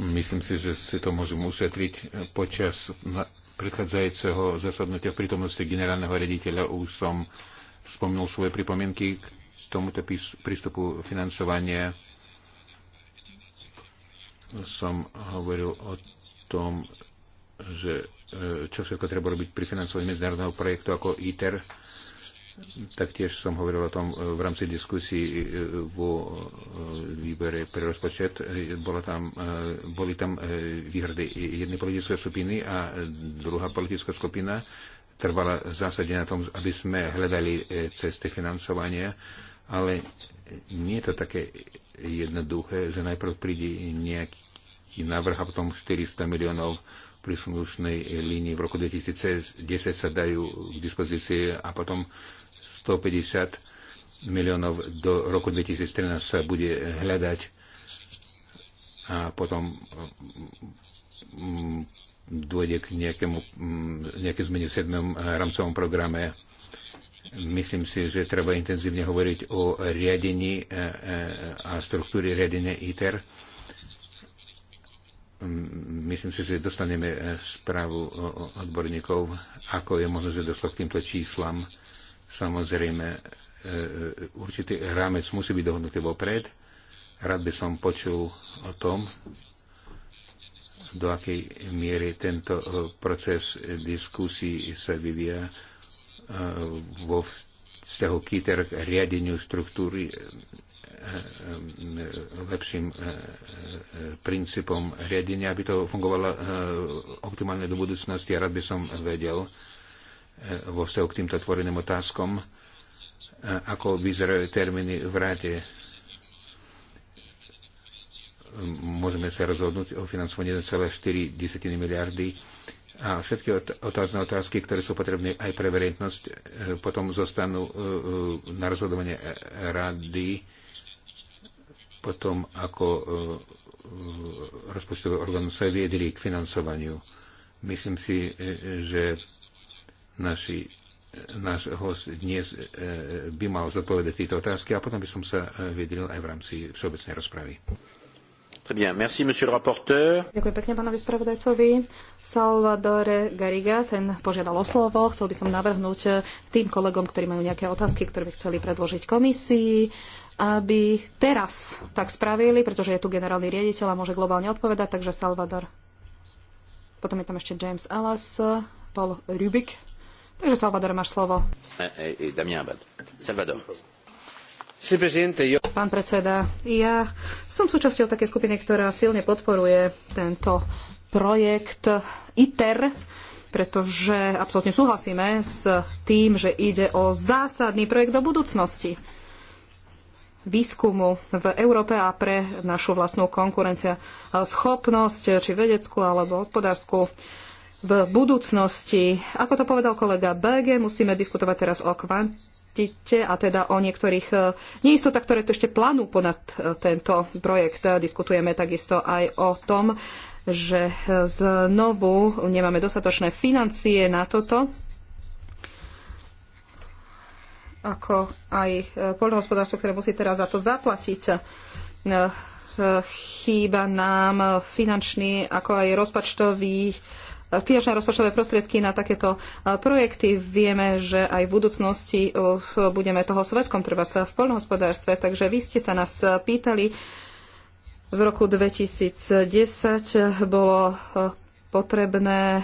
Myslím si, že si to môžem ušetriť počas predchádzajúceho zasadnutia v prítomnosti generálneho riaditeľa Už som spomnul svoje pripomienky k tomuto prístupu financovania som hovoril o tom, že e, čo všetko treba robiť pri financovaní medzinárodného projektu ako ITER. Taktiež som hovoril o tom e, v rámci diskusí e, vo výbere pre rozpočet. Bola tam, boli tam výhrady jednej politické skupiny a druhá politická skupina trvala zásade na tom, aby sme hľadali cesty financovania, ale nie je to také jednoduché, že najprv príde nejaký návrh a potom 400 miliónov príslušnej línii v roku 2010 sa dajú k dispozícii a potom 150 miliónov do roku 2013 sa bude hľadať a potom mm, dôjde k nejakému, mm, nejaké zmene v 7. rámcovom programe. Myslím si, že treba intenzívne hovoriť o riadení e, e, a štruktúre riadenia ITER Myslím si, že dostaneme e, správu odborníkov, ako je možné, že došlo k týmto číslam. Samozrejme, e, e, určitý rámec musí byť dohodnutý vopred. Rád by som počul o tom, do akej miery tento proces diskusí sa vyvíja vo vzťahu KITER k riadeniu štruktúry E, e, lepším e, princípom riadenia, aby to fungovalo optimálne do budúcnosti. A rád by som vedel vo vzťahu k týmto tvoreným otázkom, ako vyzerajú termíny v rade. Môžeme sa rozhodnúť o financovaní 1,4 miliardy a všetky otázne otázky, ktoré sú potrebné aj pre verejnosť, potom zostanú na rozhodovanie rady potom ako e, e, rozpočtový orgán sa viedli k financovaniu. Myslím si, e, že naši, náš host dnes by mal zodpovedať tieto otázky a potom by som sa vyjadril aj v rámci všeobecnej rozpravy. Merci, Ďakujem pekne pánovi spravodajcovi. Salvadore Gariga, ten požiadal o slovo. Chcel by som navrhnúť tým kolegom, ktorí majú nejaké otázky, ktoré by chceli predložiť komisii, aby teraz tak spravili, pretože je tu generálny riaditeľ a môže globálne odpovedať, takže Salvador. Potom je tam ešte James Ellis, Paul Rubik. Takže Salvador, máš slovo. Eh, eh, eh, Damian Abad. Salvador. Pán predseda, ja som súčasťou takej skupiny, ktorá silne podporuje tento projekt ITER, pretože absolútne súhlasíme s tým, že ide o zásadný projekt do budúcnosti výskumu v Európe a pre našu vlastnú konkurencia schopnosť, či vedeckú alebo hospodárskú v budúcnosti. Ako to povedal kolega BG, musíme diskutovať teraz o kvant zistíte a teda o niektorých e, neistotách, ktoré to ešte plánú ponad e, tento projekt. E, diskutujeme takisto aj o tom, že znovu nemáme dostatočné financie na toto, ako aj poľnohospodárstvo, ktoré musí teraz za to zaplatiť. Chýba nám finančný, ako aj rozpočtový finančné rozpočtové prostriedky na takéto e, projekty. Vieme, že aj v budúcnosti e, budeme toho svetkom, treba sa v poľnohospodárstve. Takže vy ste sa nás e, pýtali, v roku 2010 bolo potrebné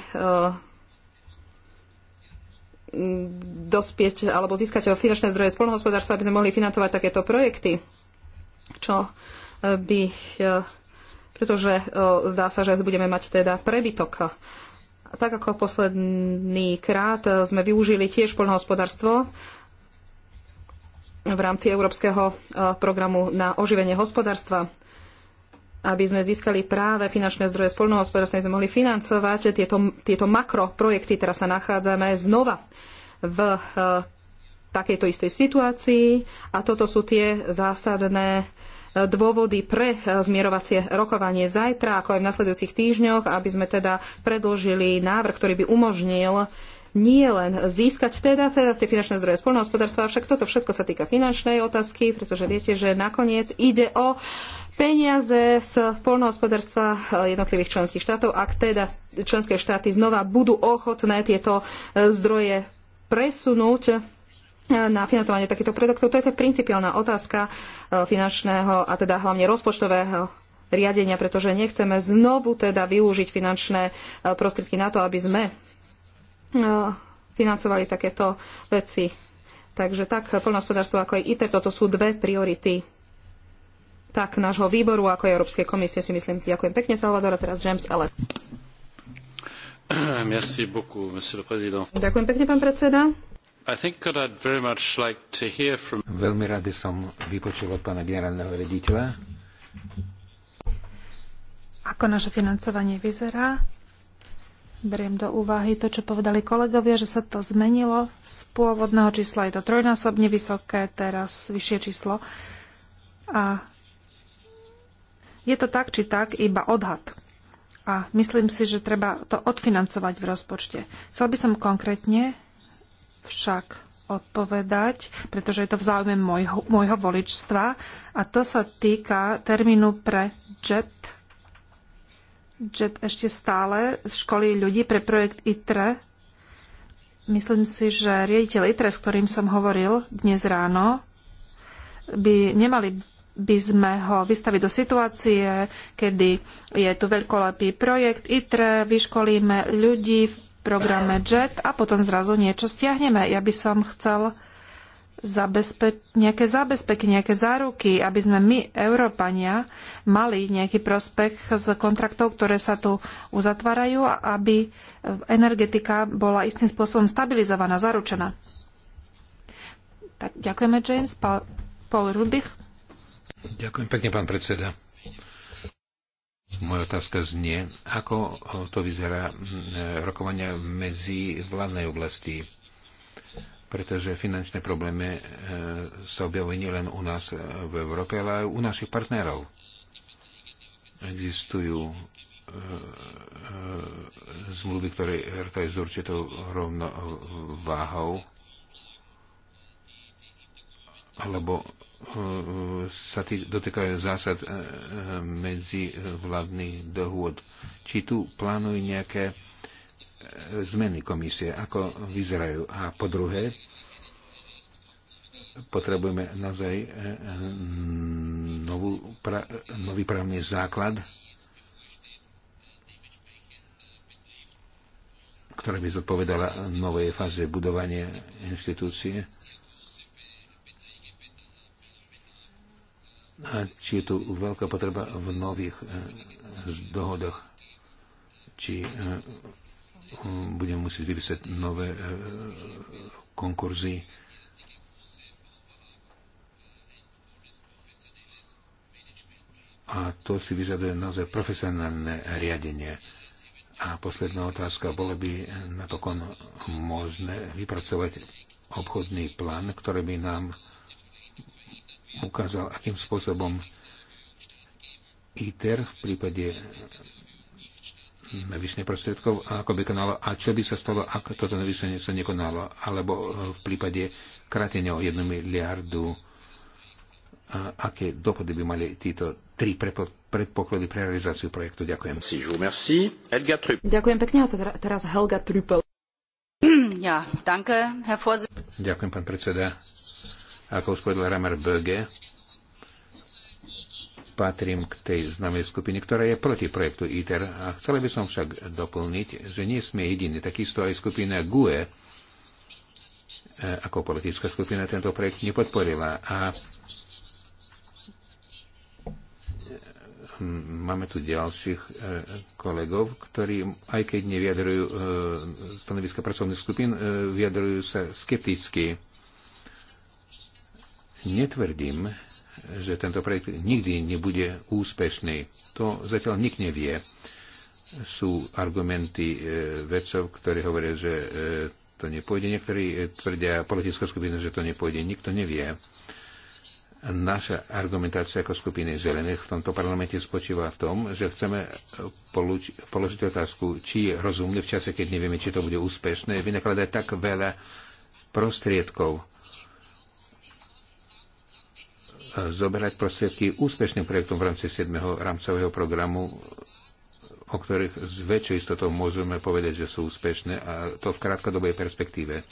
dospieť alebo získať finančné zdroje z poľnohospodárstva, aby sme mohli financovať takéto projekty, čo by pretože zdá sa, že budeme mať teda prebytok tak ako posledný krát eh, sme využili tiež poľnohospodárstvo v rámci Európskeho eh, programu na oživenie hospodárstva aby sme získali práve finančné zdroje aby sme mohli financovať tieto, tieto makroprojekty. Teraz sa nachádzame znova v eh, takejto istej situácii a toto sú tie zásadné dôvody pre eh, zmierovacie rokovanie zajtra, ako aj v nasledujúcich týždňoch, aby sme teda predložili návrh, ktorý by umožnil nie len získať teda, tie finančné zdroje spolnohospodárstva, avšak toto všetko sa týka finančnej otázky, pretože viete, že nakoniec ide o peniaze z poľnohospodárstva eh, jednotlivých členských štátov, ak teda členské štáty znova budú ochotné tieto eh, zdroje presunúť na financovanie takýchto produktov. To je tá principiálna otázka e, finančného a teda hlavne rozpočtového riadenia, pretože nechceme znovu teda využiť finančné e, prostriedky na to, aby sme e, financovali takéto veci. Takže tak poľnohospodárstvo ako aj ITER, toto sú dve priority tak nášho výboru, ako aj Európskej komisie si myslím. Ďakujem pekne, Salvador, a teraz James Ellis. Ďakujem pekne, pán predseda. Veľmi rád by som vypočul od pána generálneho rediteľa. Ako naše financovanie vyzerá? Beriem do úvahy to, čo povedali kolegovia, že sa to zmenilo. Z pôvodného čísla je to trojnásobne vysoké, teraz vyššie číslo. A je to tak či tak iba odhad. A myslím si, že treba to odfinancovať v rozpočte. Chcel by som konkrétne však odpovedať, pretože je to v záujme môjho, môjho voličstva a to sa týka termínu pre JET. JET ešte stále školí ľudí pre projekt ITRE. Myslím si, že riaditeľ ITRE, s ktorým som hovoril dnes ráno, by nemali by sme ho vystaviť do situácie, kedy je tu veľkolepý projekt ITRE, vyškolíme ľudí v programe JET a potom zrazu niečo stiahneme. Ja by som chcel zabezpe- nejaké zábezpeky, nejaké záruky, aby sme my, Európania, mali nejaký prospech z kontraktov, ktoré sa tu uzatvárajú a aby energetika bola istým spôsobom stabilizovaná, zaručená. Tak, ďakujeme, James. Paul Rubich. Ďakujem pekne, pán predseda. Moja otázka znie, ako to vyzerá rokovania medzi vládnej oblasti, pretože finančné problémy e, sa objavujú nielen u nás e, v Európe, ale aj u našich partnerov. Existujú e, zmluvy, ktoré rokajú s určitou rovnováhou alebo sa tý, dotýkajú zásad eh, medzi vládnych dohôd. Či tu plánujú nejaké eh, zmeny komisie, ako vyzerajú. A po druhé, potrebujeme naozaj eh, novú, pra, nový právny základ, ktorá by zodpovedala novej fáze budovania inštitúcie A či je tu veľká potreba v nových e, dohodách, či e, budeme musieť vypísať nové e, konkurzy. A to si vyžaduje naozaj profesionálne riadenie. A posledná otázka, bolo by napokon možné vypracovať obchodný plán, ktorý by nám ukázal, akým spôsobom ITER v prípade navýšenie prostriedkov, ako by konalo a čo by sa stalo, ak toto navýšenie sa nekonalo, alebo eh, v prípade krátenia o jednu miliardu, eh, aké dopady by mali títo tri predpoklady pre realizáciu projektu. Ďakujem. Ďakujem pekne a teda, teraz Helga Trüppel. Ja, danke, Herr Ďakujem, pán predseda. Ako už povedal Ramer Böge, patrím k tej známej skupine, ktorá je proti projektu ITER. A chcel by som však doplniť, že nie sme jediní. Takisto aj skupina GUE e, ako politická skupina tento projekt nepodporila. A e, máme tu ďalších e, kolegov, ktorí, aj keď nevyjadrujú stanoviska pracovných skupín, vyjadrujú sa skepticky Netvrdím, že tento projekt nikdy nebude úspešný. To zatiaľ nik nevie. Sú argumenty e, vedcov, ktorí hovoria, že e, to nepôjde. Niektorí e, tvrdia politická skupina, že to nepôjde. Nikto nevie. Naša argumentácia ako skupiny zelených v tomto parlamente spočíva v tom, že chceme položiť otázku, či je rozumné v čase, keď nevieme, či to bude úspešné, vynakladať tak veľa prostriedkov zoberať prostriedky úspešným projektom v rámci 7. rámcového programu, o ktorých s väčšou istotou môžeme povedať, že sú úspešné a to v krátkodobej perspektíve.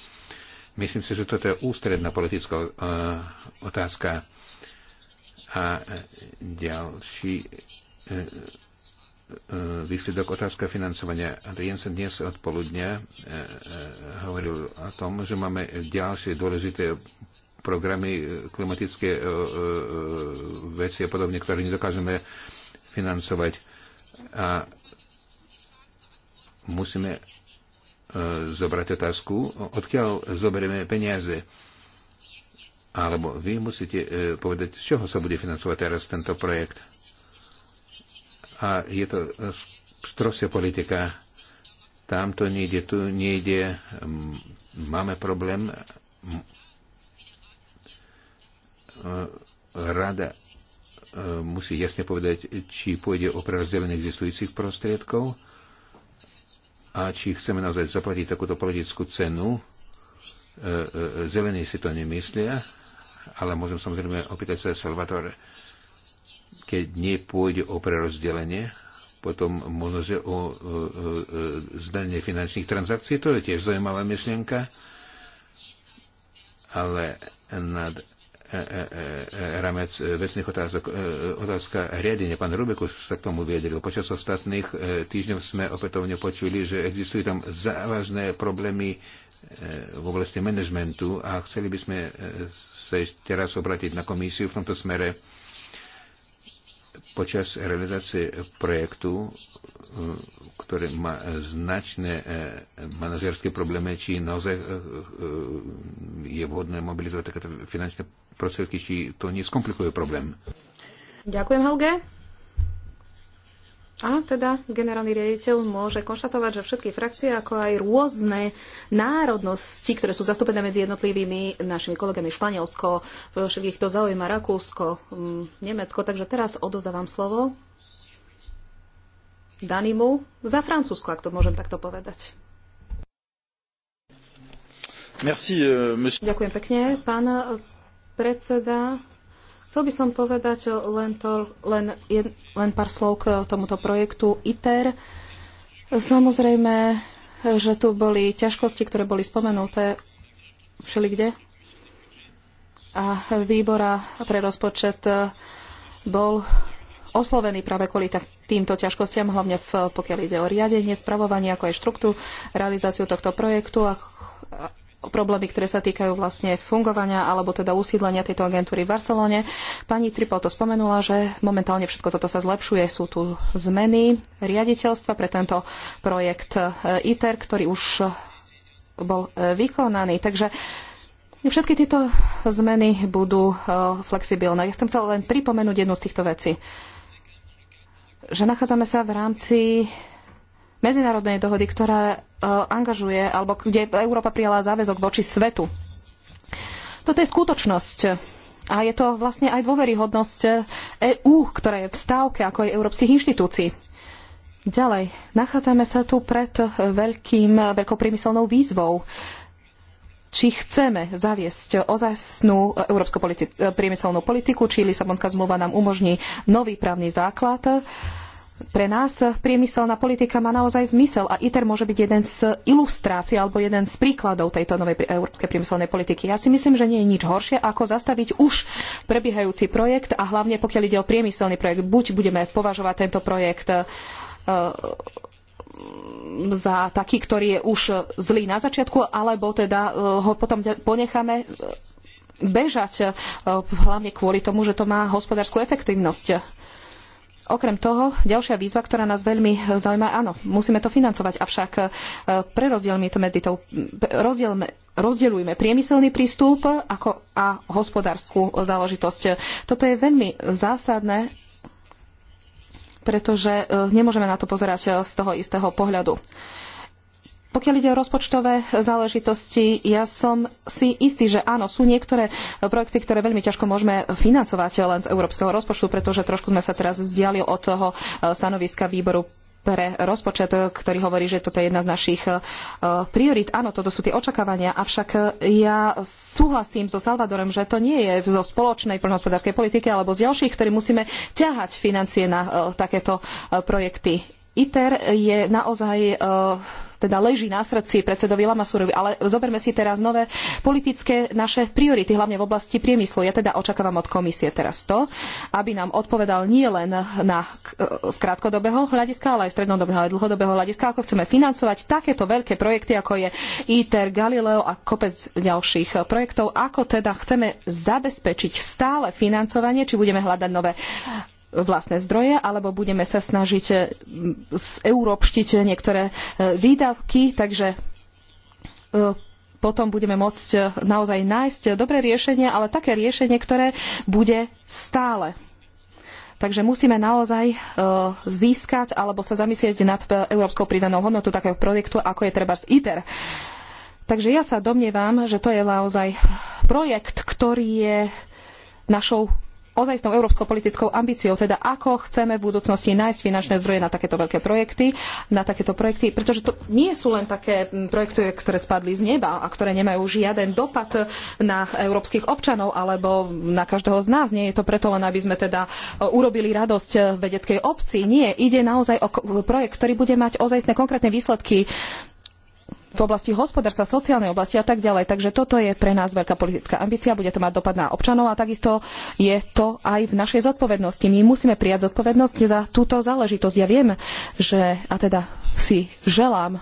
Myslím si, že toto je ústredná politická uh, otázka. A ďalší uh, výsledok otázka financovania. Jensen dnes odpoludne hovoril o tom, že máme ďalšie dôležité programy, e, klimatické e, e, veci a podobne, ktoré nedokážeme financovať. A musíme zobrať otázku, odkiaľ zoberieme peniaze. Alebo vy musíte povedať, z čoho sa bude financovať teraz tento projekt. A je to strosia politika. Tam to nejde, tu nejde. Máme problém, E, rada e, musí jasne povedať, či pôjde o prerozdelenie existujúcich prostriedkov a či chceme naozaj zaplatiť takúto politickú cenu. E, zelení si to nemyslia, ale môžem samozrejme opýtať sa Salvatore, keď nepôjde o prerozdelenie, potom možno, že o zdanie finančných transakcií, to je tiež zaujímavá myšlienka, ale nad E, e, e, rámec vecných otázok. Otázka riadenia. Pán Rubikus sa k tomu vyjadril. Počas ostatných týždňov sme opätovne počuli, že existujú tam závažné problémy v oblasti manažmentu a chceli by sme sa ešte raz obratiť na komisiu v tomto smere počas realizácie projektu, ktorý má značné e, manažerské problémy, či naozaj e, e, je vhodné mobilizovať takéto finančné prostriedky, či to neskomplikuje problém. Ďakujem, Helge. A teda generálny riaditeľ môže konštatovať, že všetky frakcie, ako aj rôzne národnosti, ktoré sú zastúpené medzi jednotlivými našimi kolegami Španielsko, všetkých to zaujíma Rakúsko, mm, Nemecko. Takže teraz odozdávam slovo Danimu za Francúzsko, ak to môžem takto povedať. Merci, euh, Ďakujem pekne, pán predseda. Chcel by som povedať len, to, len, jed, len pár slov k tomuto projektu ITER. Samozrejme, že tu boli ťažkosti, ktoré boli spomenuté všelikde. A výbora pre rozpočet bol oslovený práve kvôli týmto ťažkostiam, hlavne v, pokiaľ ide o riadenie, spravovanie, ako aj štruktúru, realizáciu tohto projektu a, problémy, ktoré sa týkajú vlastne fungovania alebo teda usídlenia tejto agentúry v Barcelone. Pani Tripol to spomenula, že momentálne všetko toto sa zlepšuje. Sú tu zmeny riaditeľstva pre tento projekt eh, ITER, ktorý už eh, bol eh, vykonaný. Takže všetky tieto zmeny budú flexibilné. Ja chcem chcela len pripomenúť jednu z týchto vecí že nachádzame sa v rámci medzinárodnej dohody, ktorá e, angažuje, alebo kde Európa prijala záväzok voči svetu. Toto je skutočnosť. A je to vlastne aj dôveryhodnosť EÚ, ktorá je v stávke, ako aj európskych inštitúcií. Ďalej, nachádzame sa tu pred veľkým, veľkou priemyselnou výzvou či chceme zaviesť ozajstnú európsku politi- priemyselnú politiku, či Lisabonská zmluva nám umožní nový právny základ pre nás priemyselná politika má naozaj zmysel a ITER môže byť jeden z ilustrácií alebo jeden z príkladov tejto novej európskej priemyselnej politiky. Ja si myslím, že nie je nič horšie, ako zastaviť už prebiehajúci projekt a hlavne pokiaľ ide o priemyselný projekt. Buď budeme považovať tento projekt eh, za taký, ktorý je už zlý na začiatku, alebo teda eh, ho potom ponecháme eh, bežať, hlavne kvôli tomu, že to má hospodárskú efektívnosť. Okrem toho, ďalšia výzva, ktorá nás veľmi zaujíma, áno, musíme to financovať, avšak e, prerozdielme to medzi tou, rozdielme, rozdeľujme priemyselný prístup ako a hospodárskú záležitosť. Toto je veľmi zásadné, pretože e, nemôžeme na to pozerať e, z toho istého pohľadu. Pokiaľ ide o rozpočtové záležitosti, ja som si istý, že áno, sú niektoré projekty, ktoré veľmi ťažko môžeme financovať len z európskeho rozpočtu, pretože trošku sme sa teraz vzdiali od toho e, stanoviska výboru pre rozpočet, ktorý hovorí, že toto je jedna z našich e, priorit. Áno, toto sú tie očakávania, avšak e, ja súhlasím so Salvadorom, že to nie je zo spoločnej plnohospodárskej politiky alebo z ďalších, ktorí musíme ťahať financie na takéto projekty. ITER je naozaj teda leží na srdci predsedovi Lamasurovi. Ale zoberme si teraz nové politické naše priority, hlavne v oblasti priemyslu. Ja teda očakávam od komisie teraz to, aby nám odpovedal nie len na z krátkodobého hľadiska, ale aj strednodobého aj dlhodobého hľadiska, ako chceme financovať takéto veľké projekty, ako je ITER, Galileo a kopec ďalších projektov, ako teda chceme zabezpečiť stále financovanie, či budeme hľadať nové vlastné zdroje, alebo budeme sa snažiť zeurópštiť e, niektoré e, výdavky, takže e, potom budeme môcť naozaj nájsť dobré riešenie, ale také riešenie, ktoré bude stále. Takže musíme naozaj získať alebo sa zamyslieť nad európskou pridanou hodnotou takého projektu, ako je treba z ITER. Takže ja sa domnievam, že to je naozaj projekt, ktorý je našou ozajstnou európskou politickou ambíciou, teda ako chceme v budúcnosti nájsť finančné zdroje na takéto veľké projekty, na takéto projekty, pretože to nie sú len také projekty, ktoré spadli z neba a ktoré nemajú žiaden dopad na európskych občanov alebo na každého z nás. Nie je to preto len, aby sme teda e, urobili radosť e, vedeckej obci. Nie, ide naozaj o projekt, ktorý bude mať ozajstné konkrétne výsledky v oblasti hospodárstva, sociálnej oblasti a tak ďalej. Takže toto je pre nás veľká politická ambícia, bude to mať dopad na občanov a takisto je to aj v našej zodpovednosti. My musíme prijať zodpovednosť za túto záležitosť. Ja viem, že, a teda si želám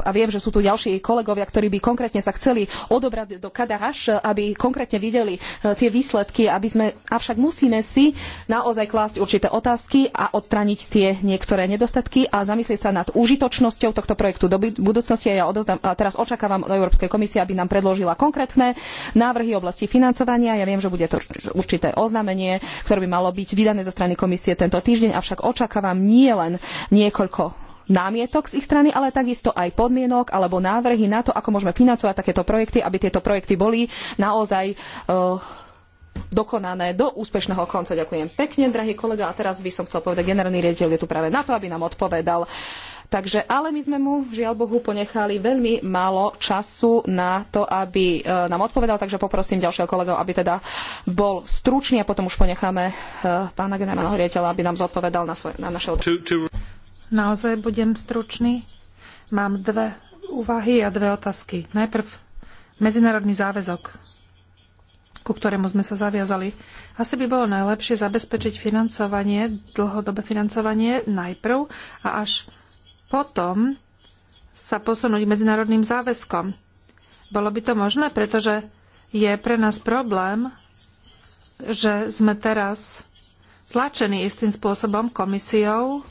a viem, že sú tu ďalší kolegovia, ktorí by konkrétne sa chceli odobrať do Kadaš, aby konkrétne videli e, tie výsledky, aby sme, avšak musíme si naozaj klásť určité otázky a odstrániť tie niektoré nedostatky a zamyslieť sa nad užitočnosťou tohto projektu do budúcnosti. A ja odozdám, a teraz očakávam od Európskej komisie, aby nám predložila konkrétne návrhy v oblasti financovania. Ja viem, že bude to určité oznámenie, ktoré by malo byť vydané zo strany komisie tento týždeň, avšak očakávam nielen niekoľko námietok z ich strany, ale takisto aj podmienok alebo návrhy na to, ako môžeme financovať takéto projekty, aby tieto projekty boli naozaj uh, dokonané do úspešného konca. Ďakujem pekne, drahý kolega. A teraz by som chcel povedať, generálny riaditeľ je tu práve na to, aby nám odpovedal. Takže, ale my sme mu, žiaľ Bohu, ponechali veľmi málo času na to, aby e, nám odpovedal, takže poprosím ďalšieho kolegov, aby teda bol stručný a potom už ponecháme e, pána generálneho riaditeľa, aby nám zodpovedal na, svoje, na naše otázky. Naozaj budem stručný. Mám dve úvahy a dve otázky. Najprv medzinárodný záväzok, ku ktorému sme sa zaviazali. Asi by bolo najlepšie zabezpečiť financovanie, dlhodobé financovanie najprv a až potom sa posunúť medzinárodným záväzkom. Bolo by to možné, pretože je pre nás problém, že sme teraz tlačení istým spôsobom komisiou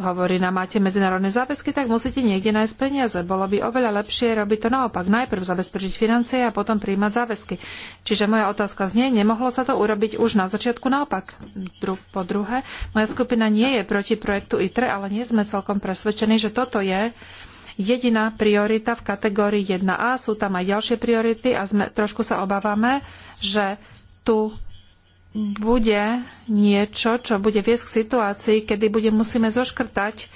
hovorí nám, máte medzinárodné záväzky, tak musíte niekde nájsť peniaze. Bolo by oveľa lepšie robiť to naopak. Najprv zabezpečiť financie a potom príjmať záväzky. Čiže moja otázka znie, nemohlo sa to urobiť už na začiatku naopak. Dru- po druhé, moja skupina nie je proti projektu ITRE, ale nie sme celkom presvedčení, že toto je jediná priorita v kategórii 1A. Sú tam aj ďalšie priority a sme, trošku sa obávame, že tu bude niečo, čo bude viesť k situácii, kedy bude musíme zoškrtať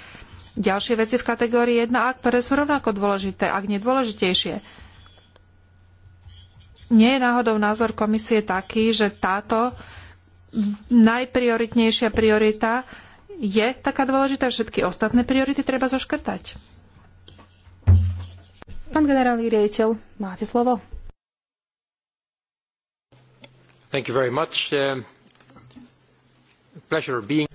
ďalšie veci v kategórii 1A, ktoré sú rovnako dôležité, ak nie dôležitejšie. Nie je náhodou názor komisie taký, že táto najprioritnejšia priorita je taká dôležitá, všetky ostatné priority treba zoškrtať. Pán generálny riaditeľ, máte slovo. Uh,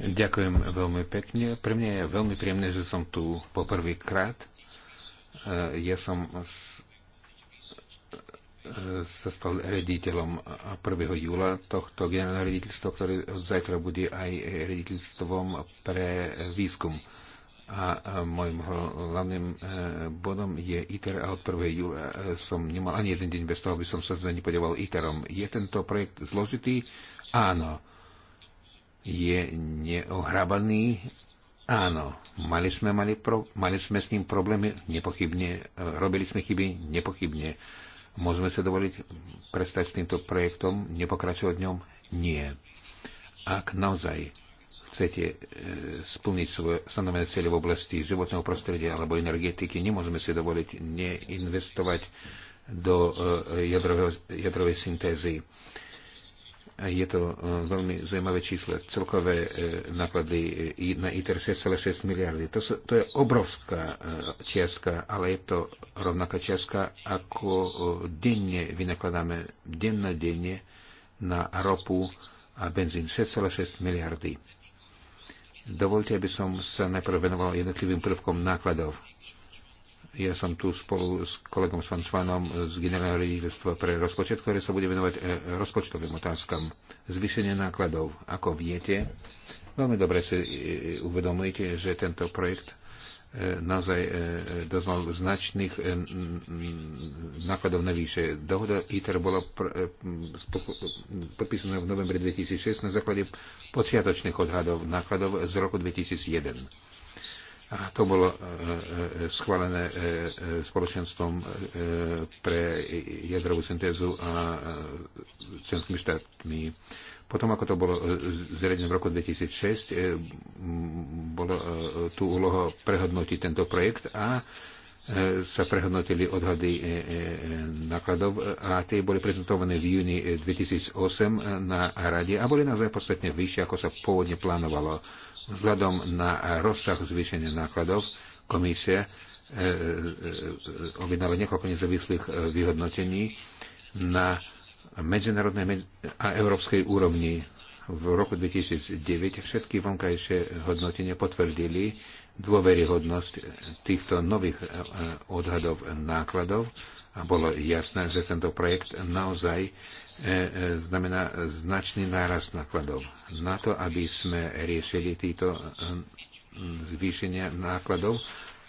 Ďakujem veľmi pekne. Pre mňa je veľmi príjemné, že som tu poprvýkrát. Uh, ja som uh, sa stal rediteľom 1. júla tohto generálneho rediteľstva, ktoré zajtra bude aj rediteľstvom pre výskum a môjim hlavným e, bodom je ITER a od 1. júla e, som nemal ani jeden deň bez toho, aby som sa nepodeval ITERom. Je tento projekt zložitý? Áno. Je neohrabaný? Áno. Mali sme, mali, pro, mali sme s ním problémy? Nepochybne. E, robili sme chyby? Nepochybne. Môžeme sa dovoliť prestať s týmto projektom? Nepokračovať v ňom? Nie. Ak naozaj chcete e, splniť svoje stanovené cieľe v oblasti životného prostredia alebo energetiky, nemôžeme si dovoliť neinvestovať do e, jadrového, jadrovej syntézy. Je to e, veľmi zaujímavé číslo. Celkové náklady na ITER 6,6 miliardy. To, sa, to je obrovská čiastka, ale je to rovnaká čiastka, ako denne vynakladáme denne na ropu a benzín 6,6 miliardy. Dovolte, aby som sa najprv venoval jednotlivým prvkom nákladov. Ja som tu spolu s kolegom Svansvanom z Generálneho riaditeľstva pre rozpočet, ktoré sa bude venovať e, rozpočtovým otázkam. Zvýšenie nákladov, ako viete, veľmi dobre si e, e, uvedomujete, že tento projekt naozaj e, doznal značných e, nákladov navýše. Dohoda ITER bola e, podpísaná v novembri 2006 na základe počiatočných odhadov nákladov z roku 2001. A to bolo schválené spoločenstvom pre jadrovú syntézu a členskými štátmi. Potom, ako to bolo e, e, zredené v roku 2006, e, bolo tu úloho prehodnotiť tento projekt a sa prehodnotili odhady nákladov a tie boli prezentované v júni 2008 na rade a boli naozaj podstatne vyššie, ako sa pôvodne plánovalo. Vzhľadom na rozsah zvýšenia nákladov komisia objednala niekoľko nezávislých vyhodnotení na medzinárodnej a európskej úrovni. V roku 2009 všetky vonkajšie hodnotenia potvrdili dôveryhodnosť týchto nových e, e, odhadov nákladov a bolo jasné, že tento projekt naozaj e, znamená značný nárast nákladov. Na to, aby sme riešili týto zvýšenia nákladov,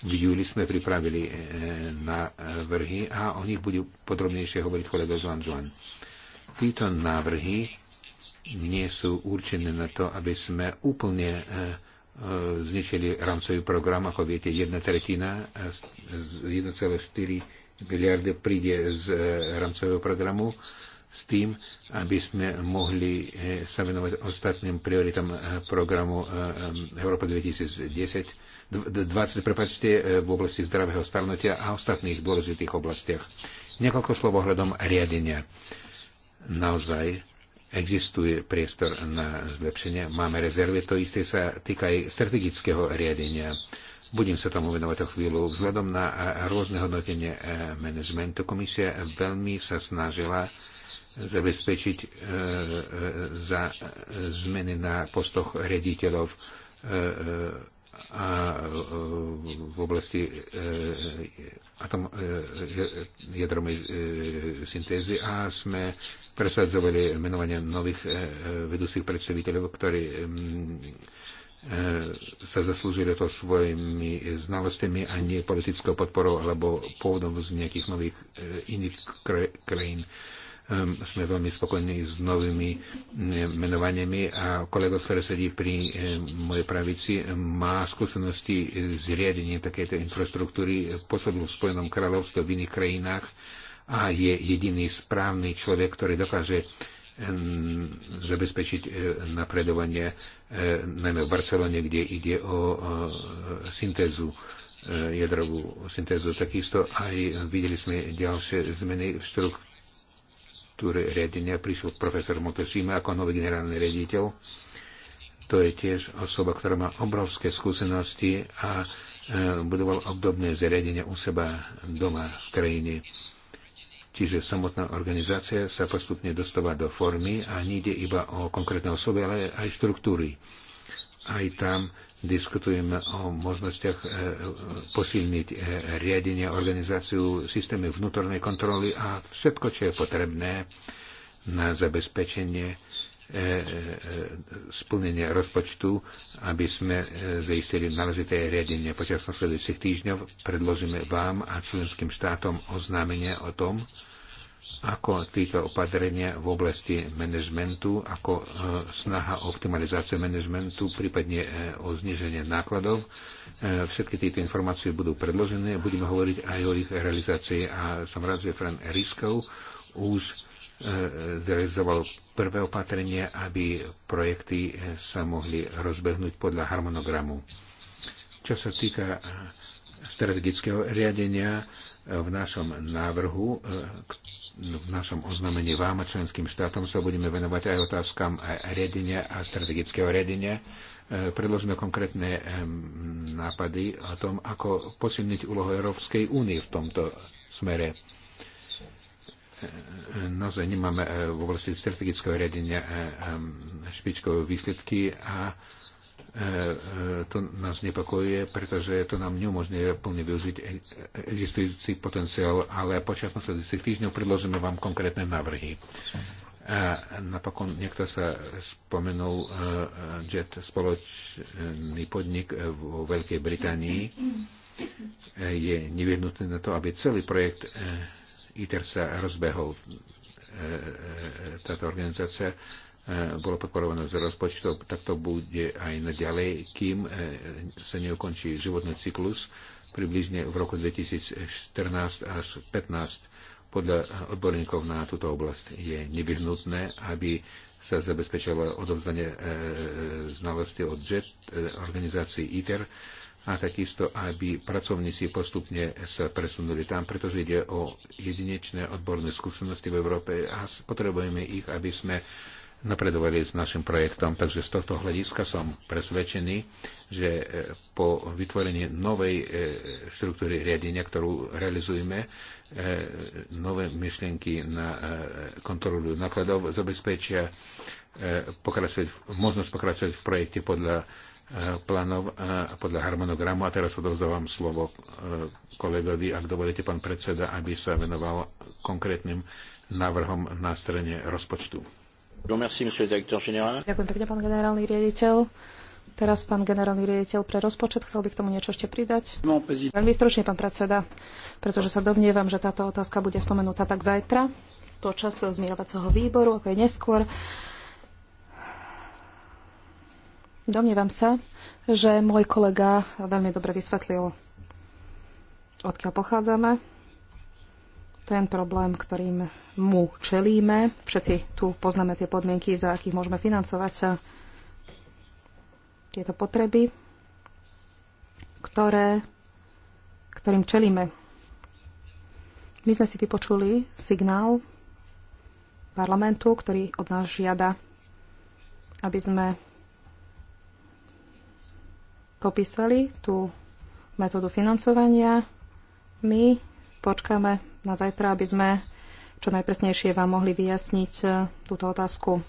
v júli sme pripravili návrhy a o nich bude podrobnejšie hovoriť kolega Zuan Zuan. Títo návrhy nie sú určené na to, aby sme úplne e, e, zničili rámcový program. Ako viete, jedna tretina z 1,4 miliardy príde z e, rámcového programu s tým, aby sme mohli sa venovať ostatným prioritám programu Európa 2010, 20, prepačte, v oblasti zdravého starnutia a ostatných dôležitých oblastiach. Niekoľko slov ohľadom riadenia naozaj existuje priestor na zlepšenie. Máme rezervy, to isté sa týka aj strategického riadenia. Budem sa tomu venovať o chvíľu. Vzhľadom na rôzne hodnotenie eh, managementu komisia veľmi sa snažila zabezpečiť eh, eh, za zmeny na postoch rediteľov a v oblasti atom, syntézy a sme presadzovali menovanie nových eh, eh, vedúcich predstaviteľov, ktorí mm, eh, sa zaslúžili to svojimi znalostiami a nie politickou podporou alebo pôvodom z nejakých nových iných krajín. Ehm, sme veľmi spokojní s novými menovaniami a kolega, ktorý sedí pri mojej pravici, má skúsenosti s riadením takéto infraštruktúry, pôsobil v Spojenom kráľovstve v iných krajinách a je jediný správny človek, ktorý dokáže zabezpečiť e, napredovanie e, najmä v Barcelone, kde ide o e, syntézu jadrovú syntézu. Takisto aj videli sme ďalšie zmeny v štruktúre riadenia. Prišiel profesor Motosima ako nový generálny riaditeľ. To je tiež osoba, ktorá má obrovské skúsenosti a budoval obdobné zariadenia u seba doma v krajine. Čiže samotná organizácia sa postupne dostáva do formy a nejde iba o konkrétne osoby, ale aj štruktúry. Aj tam diskutujeme o možnostiach e, posilniť e, riadenie, organizáciu, systémy vnútornej kontroly a všetko, čo je potrebné na zabezpečenie E, e, splnenie rozpočtu, aby sme e, zaistili náležité riadenie. Počas nasledujúcich týždňov predložíme vám a členským štátom oznámenie o tom, ako tieto opatrenia v oblasti manažmentu, ako snaha optimalizácie manažmentu, prípadne o zniženie nákladov. Všetky tieto informácie budú predložené, budeme hovoriť aj o ich realizácii a som rád, že Fran Riskov už E, zrealizovalo prvé opatrenie, aby projekty sa mohli rozbehnúť podľa harmonogramu. Čo sa týka strategického riadenia, e, v našom návrhu, e, v našom oznámení vám a členským štátom sa budeme venovať aj otázkam riadenia a strategického riadenia. Predložíme konkrétne nápady o tom, ako posilniť úlohu Európskej únie v tomto smere naozaj nemáme eh, v oblasti strategického riadenia eh, eh, špičkové výsledky a to nás nepokojuje, pretože to nám neumožňuje plne využiť e, existujúci potenciál, ale počas nasledujúcich týždňov predložíme vám konkrétne návrhy. A napokon niekto sa spomenul JET, spoločný podnik vo Veľkej Británii. Je nevyhnutné na to, aby celý projekt ITER sa rozbehol. E, e, e, táto organizácia bola podporovaná z rozpočtov, tak to bude aj naďalej, kým sa neukončí životný cyklus približne v roku 2014 až 2015. Podľa odborníkov na túto oblasť je nevyhnutné, aby sa zabezpečilo odovzdanie znalosti od JET organizácií ITER a takisto, aby pracovníci postupne sa presunuli tam, pretože ide o jedinečné odborné skúsenosti v Európe a potrebujeme ich, aby sme napredovali s našim projektom. Takže z tohto hľadiska som presvedčený, že e, po vytvorení novej e, štruktúry riadenia, ktorú realizujeme, e, nové myšlienky na kontrolu nákladov zabezpečia pokračovať, možnosť pokračovať v projekte podľa Eh, plánov eh, podľa harmonogramu. A teraz odovzdávam slovo eh, kolegovi, ak dovolíte, pán predseda, aby sa venoval konkrétnym návrhom na strane rozpočtu. Ďakujem pekne, pán generálny riaditeľ. Teraz pán generálny riaditeľ pre rozpočet, chcel by k tomu niečo ešte pridať? No, Veľmi stručne, pán predseda, pretože sa domnievam, že táto otázka bude spomenutá tak zajtra počas zmierovacieho výboru, ako je neskôr. Domnievam sa, že môj kolega veľmi dobre vysvetlil, odkiaľ pochádzame, ten problém, ktorým mu čelíme. Všetci tu poznáme tie podmienky, za akých môžeme financovať tieto potreby, ktoré, ktorým čelíme. My sme si vypočuli signál parlamentu, ktorý od nás žiada, aby sme popísali tú metódu financovania. My počkáme na zajtra, aby sme čo najpresnejšie vám mohli vyjasniť e, túto otázku.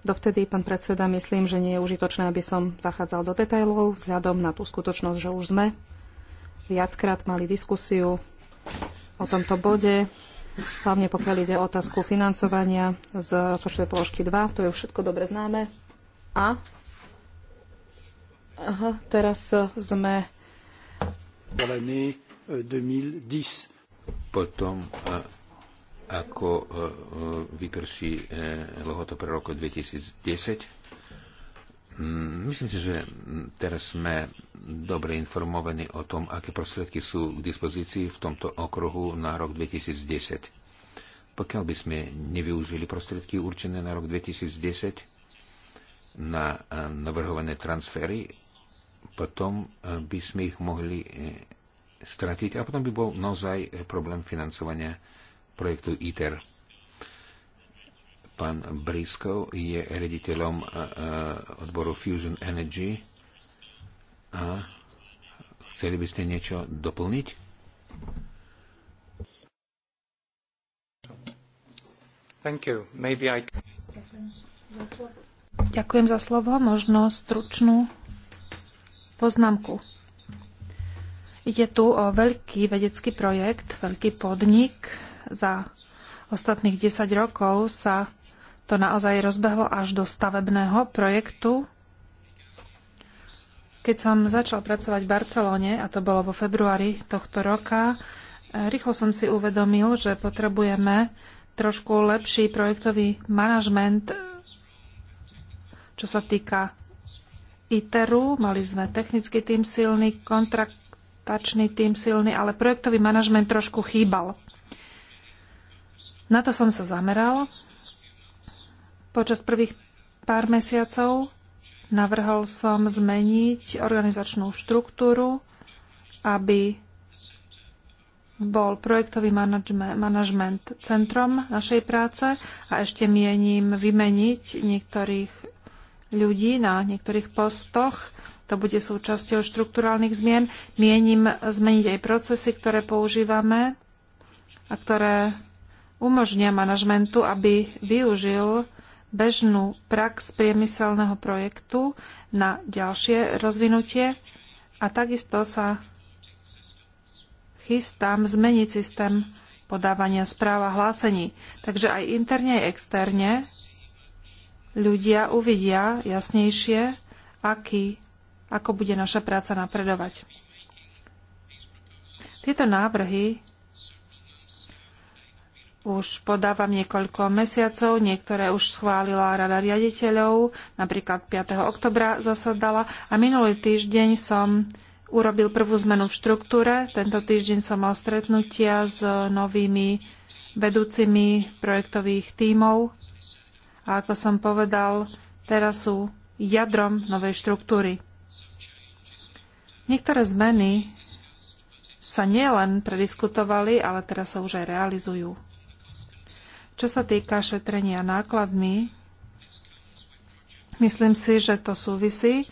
Dovtedy, pán predseda, myslím, že nie je užitočné, aby som zachádzal do detajlov vzhľadom na tú skutočnosť, že už sme viackrát mali diskusiu o tomto bode hlavne pokiaľ ide o otázku financovania z rozpočtovej položky 2, to je všetko dobre známe. A Aha, teraz e, sme... E, Potom, e, ako vyprší lohoto pre roku 2010, mm, myslím si, že teraz sme dobre informovaní o tom, aké prostriedky sú k dispozícii v tomto okruhu na rok 2010. Pokiaľ by sme nevyužili prostriedky určené na rok 2010 na navrhované transfery, potom e, by sme ich mohli e, stratiť a potom by bol naozaj problém financovania projektu ITER. Pán Brisko je rediteľom e, odboru Fusion Energy a chceli by ste niečo doplniť? Ďakujem za slovo. Možno stručnú poznámku. Ide tu o veľký vedecký projekt, veľký podnik. Za ostatných 10 rokov sa to naozaj rozbehlo až do stavebného projektu. Keď som začal pracovať v Barcelone, a to bolo vo februári tohto roka, rýchlo som si uvedomil, že potrebujeme trošku lepší projektový manažment, čo sa týka ITERu, mali sme technický tým silný, kontraktačný tým silný, ale projektový manažment trošku chýbal. Na to som sa zameral. Počas prvých pár mesiacov navrhol som zmeniť organizačnú štruktúru, aby bol projektový manažment centrom našej práce a ešte mienim vymeniť niektorých ľudí na niektorých postoch. To bude súčasťou štruktúrálnych zmien. Mienim zmeniť aj procesy, ktoré používame a ktoré umožnia manažmentu, aby využil bežnú prax priemyselného projektu na ďalšie rozvinutie a takisto sa chystám zmeniť systém podávania správ a hlásení. Takže aj interne, aj externe ľudia uvidia jasnejšie, aký, ako bude naša práca napredovať. Tieto návrhy už podávam niekoľko mesiacov, niektoré už schválila Rada riaditeľov, napríklad 5. oktobra zasadala a minulý týždeň som urobil prvú zmenu v štruktúre. Tento týždeň som mal stretnutia s novými vedúcimi projektových tímov a ako som povedal, teraz sú jadrom novej štruktúry. Niektoré zmeny sa nielen prediskutovali, ale teraz sa už aj realizujú. Čo sa týka šetrenia nákladmi, myslím si, že to súvisí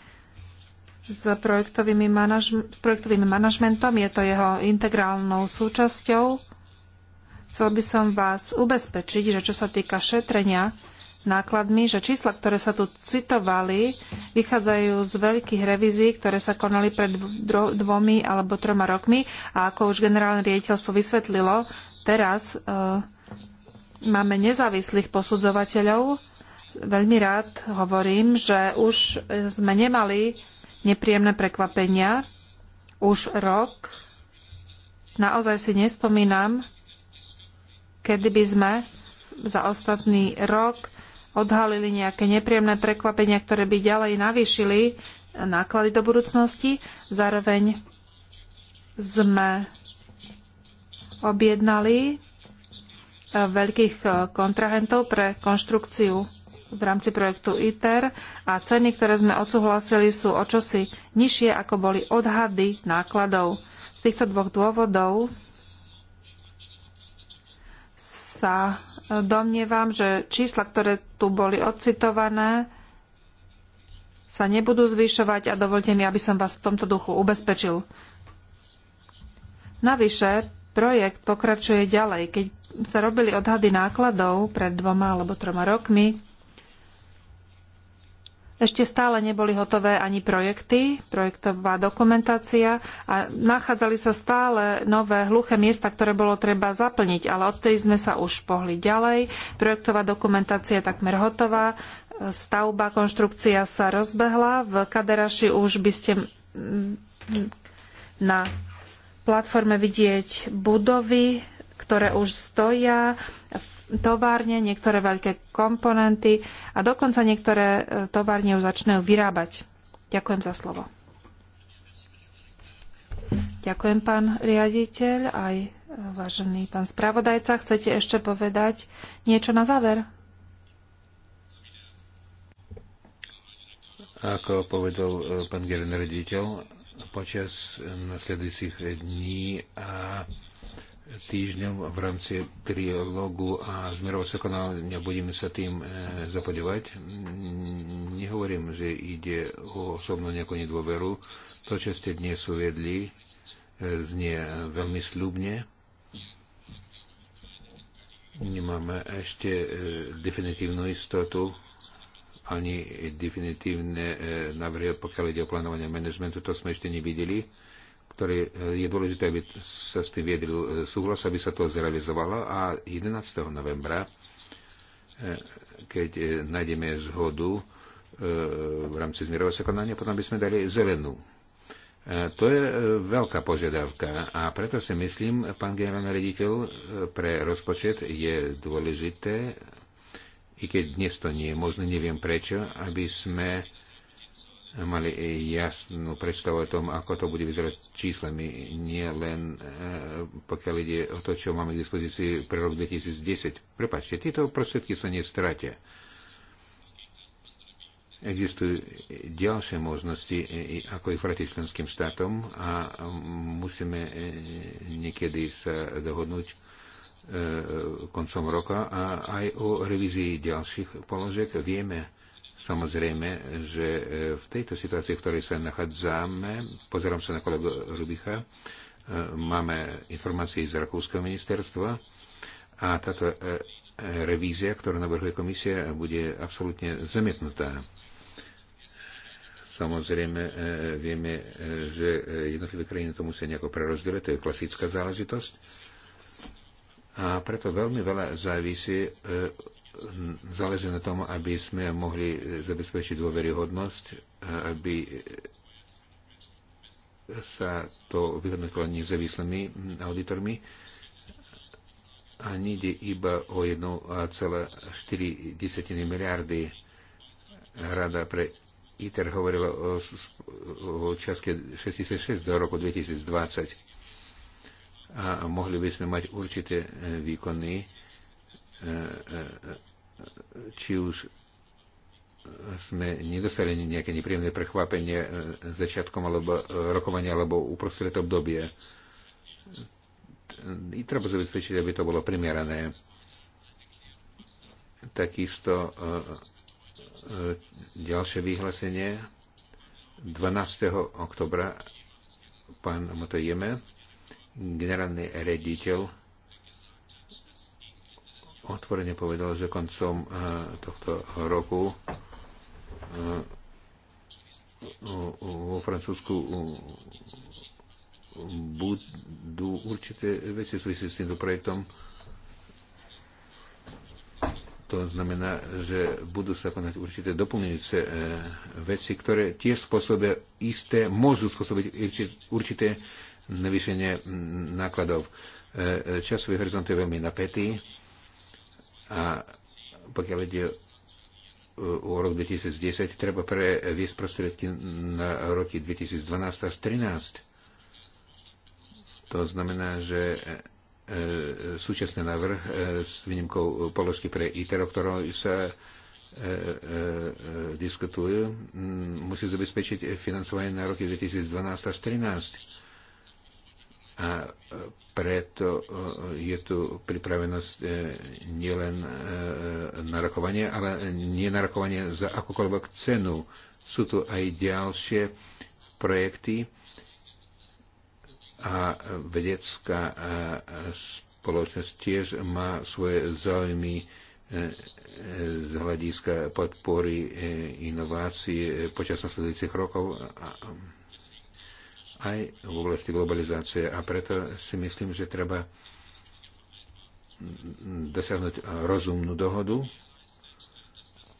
s, projektovými manaž- s projektovým manažmentom, je to jeho integrálnou súčasťou. Chcel by som vás ubezpečiť, že čo sa týka šetrenia nákladmi, že čísla, ktoré sa tu citovali, vychádzajú z veľkých revízií, ktoré sa konali pred dvomi alebo troma rokmi a ako už generálne riaditeľstvo vysvetlilo, teraz e, máme nezávislých posudzovateľov. Veľmi rád hovorím, že už sme nemali nepríjemné prekvapenia. Už rok naozaj si nespomínam, kedy by sme za ostatný rok odhalili nejaké nepríjemné prekvapenia, ktoré by ďalej navýšili eh, náklady do budúcnosti. Zároveň sme objednali eh, veľkých eh, kontrahentov pre konštrukciu v rámci projektu ITER a ceny, ktoré sme odsúhlasili, sú o čosi nižšie, ako boli odhady nákladov. Z týchto dvoch dôvodov sa domnievam, že čísla, ktoré tu boli odcitované, sa nebudú zvyšovať a dovolte mi, aby som vás v tomto duchu ubezpečil. Navyše, projekt pokračuje ďalej. Keď sa robili odhady nákladov pred dvoma alebo troma rokmi, ešte stále neboli hotové ani projekty, projektová dokumentácia a nachádzali sa stále nové hluché miesta, ktoré bolo treba zaplniť, ale odtedy sme sa už pohli ďalej. Projektová dokumentácia je takmer hotová, stavba, konštrukcia sa rozbehla. V Kaderaši už by ste na platforme vidieť budovy, ktoré už stoja. V továrne, niektoré veľké komponenty a dokonca niektoré e, továrne už začnú vyrábať. Ďakujem za slovo. Ďakujem, pán riaditeľ, aj e, vážený pán spravodajca. Chcete ešte povedať niečo na záver? Ako povedal e, pán generálny riaditeľ, počas nasledujúcich dní a týždňov v rámci triológu a sa konal, budeme sa tým e, zapodívať. Nehovorím, že ide o osobnú nejakú nedôveru. To, čo ste dnes uvedli, e, znie veľmi slubne. Nemáme ešte e, definitívnu istotu ani definitívne návrhy, pokiaľ ide o plánovanie manažmentu, to sme ešte nevideli ktoré e, je dôležité, aby sa s tým viedril e, súhlas, aby sa to zrealizovalo. A 11. novembra, e, keď nájdeme zhodu v rámci zmierového konania, potom by sme dali zelenú. To je veľká požiadavka a preto si myslím, pán generálny rediteľ, pre rozpočet je dôležité, i keď dnes to nie je možné, neviem prečo, aby sme mali jasnú predstavu o tom, ako to bude vyzerať číslami, nie len e, pokiaľ ide o to, čo máme k dispozícii pre rok 2010. Prepačte, tieto prostriedky sa nestratia. Existujú ďalšie možnosti, e, e, ako ich vrátiť členským štátom a musíme niekedy sa dohodnúť koncom roka a aj o revízii ďalších položiek vieme, Samozrejme, že e, v tejto situácii, v ktorej sa nachádzame, pozerám sa na kolegu Rubicha, e, máme informácie z Rakúskeho ministerstva a táto e, revízia, ktorú navrhuje komisia, bude absolútne zamietnutá. Samozrejme, vieme, že jednotlivé krajiny to musia nejako prerozdeliť, to je klasická záležitosť. A preto veľmi veľa závisí záleží na tom, aby sme mohli zabezpečiť dôveryhodnosť, aby sa to vyhodnotilo nezávislými auditormi a nejde iba o 1,4 miliardy. Rada pre ITER hovorila o, o časke 66 do roku 2020 a mohli by sme mať určité výkony e, e, či už sme nedostali nejaké nepríjemné prechvápenie e, začiatkom alebo e, rokovania alebo uprostred obdobie. I treba zabezpečiť, aby to bolo primerané. Takisto e, ďalšie vyhlásenie 12. oktobra pán Motojeme, generálny rediteľ otvorene povedal, že koncom eh, tohto roku eh, vo Francúzsku budú určité veci súvisieť s týmto projektom. To znamená, že budú sa konať určité doplňujúce eh, veci, ktoré tiež spôsobia isté, môžu spôsobiť určité navýšenie mm, nákladov. Časový horizont je veľmi napätý a pokiaľ ide o rok 2010, treba previesť prostriedky na roky 2012 až 2013. To znamená, že e, e, súčasný návrh e, s výnimkou položky pre ITER, o ktorom sa diskutujú, musí zabezpečiť financovanie na roky 2012 až 2013. A e, preto e, je tu pripravenosť e, nielen na rokovanie, ale nie na rokovanie za akúkoľvek cenu. Sú tu aj ďalšie projekty a vedecká spoločnosť tiež má svoje záujmy z hľadiska podpory inovácií počas nasledujúcich rokov aj v oblasti globalizácie. A preto si myslím, že treba dosiahnuť rozumnú dohodu,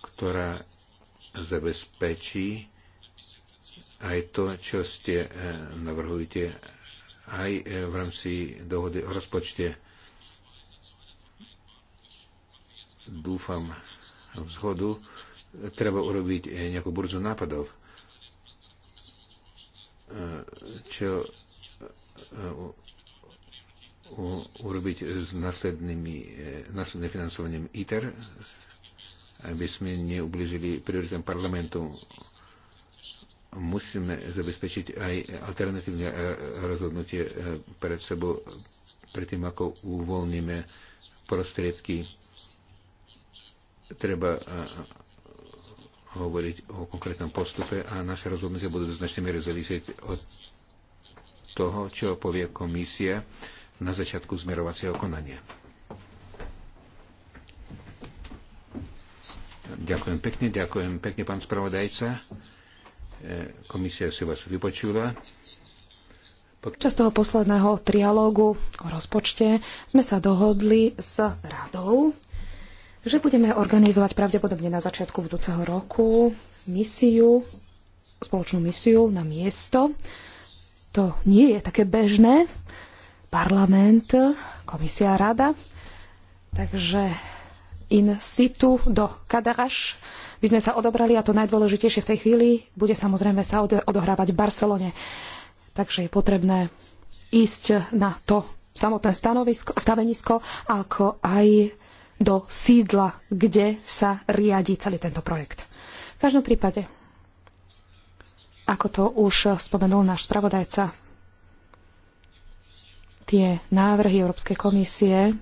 ktorá zabezpečí aj to, čo ste e, navrhujete aj e, v rámci dohody o rozpočte. Dúfam v zhodu. Treba urobiť e, nejakú burzu nápadov čo e, urobiť s následnými, e, následným financovaním ITER, aby sme neublížili prioritám parlamentu. Musíme zabezpečiť aj alternatívne e, rozhodnutie pred sebou, pred tým, ako uvoľníme prostriedky. Treba hovoriť o konkrétnom postupe a naše rozhodnutie budú do značnej miery závisieť od toho, čo povie komisia na začiatku zmerovacieho konania. Ďakujem pekne, ďakujem pekne, pán spravodajca. E, komisia si vás vypočula. Počas toho posledného trialógu o rozpočte sme sa dohodli s radou, že budeme organizovať pravdepodobne na začiatku budúceho roku misiu, spoločnú misiu na miesto. To nie je také bežné. Parlament, komisia, rada. Takže in situ do Kadaraš by sme sa odobrali a to najdôležitejšie v tej chvíli bude samozrejme sa odohrávať v Barcelone. Takže je potrebné ísť na to samotné stanovisko, stavenisko, ako aj do sídla, kde sa riadi celý tento projekt. V každom prípade, ako to už spomenul náš spravodajca, tie návrhy Európskej komisie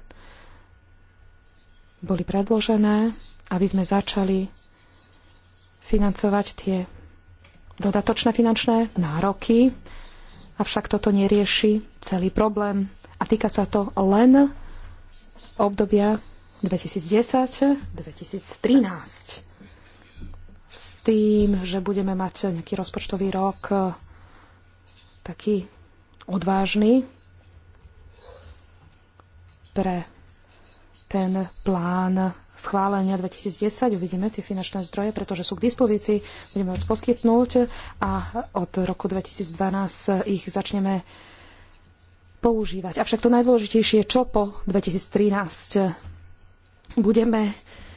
boli predložené, aby sme začali financovať tie dodatočné finančné nároky, avšak toto nerieši celý problém a týka sa to len obdobia 2010-2013 s tým, že budeme mať nejaký rozpočtový rok eh, taký odvážny pre ten plán schválenia 2010. Uvidíme tie finančné zdroje, pretože sú k dispozícii, budeme ho poskytnúť a od roku 2012 ich začneme používať. Avšak to najdôležitejšie, čo po 2013 budeme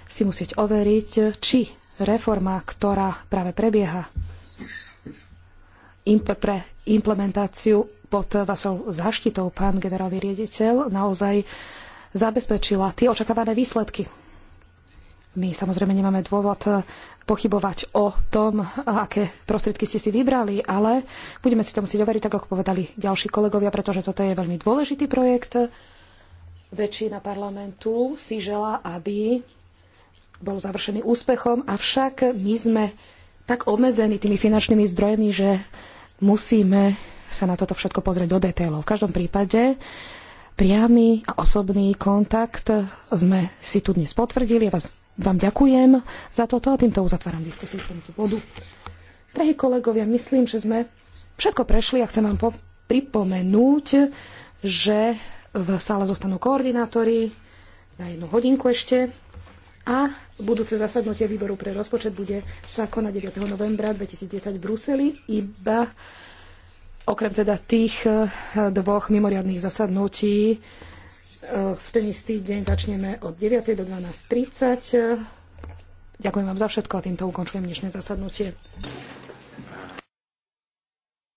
si musieť overiť, či reforma, ktorá práve prebieha pre implementáciu pod vašou zaštitou, pán generálny riaditeľ, naozaj zabezpečila tie očakávané výsledky. My samozrejme nemáme dôvod pochybovať o tom, aké prostriedky ste si vybrali, ale budeme si to musieť overiť, tak ako povedali ďalší kolegovia, pretože toto je veľmi dôležitý projekt väčšina parlamentu si žela, aby bol završený úspechom, avšak my sme tak obmedzení tými finančnými zdrojmi, že musíme sa na toto všetko pozrieť do detailov. V každom prípade priamy a osobný kontakt sme si tu dnes potvrdili. Ja vás, vám ďakujem za toto a týmto uzatváram diskusiu k tomuto bodu. Drahí kolegovia, myslím, že sme všetko prešli a chcem vám pripomenúť, že v sále zostanú koordinátori na jednu hodinku ešte a budúce zasadnutie výboru pre rozpočet bude sa konať 9. novembra 2010 v Bruseli iba okrem teda tých eh, dvoch mimoriadných zasadnutí eh, v ten istý deň začneme od 9. do 12.30. Ďakujem vám za všetko a týmto ukončujem dnešné zasadnutie.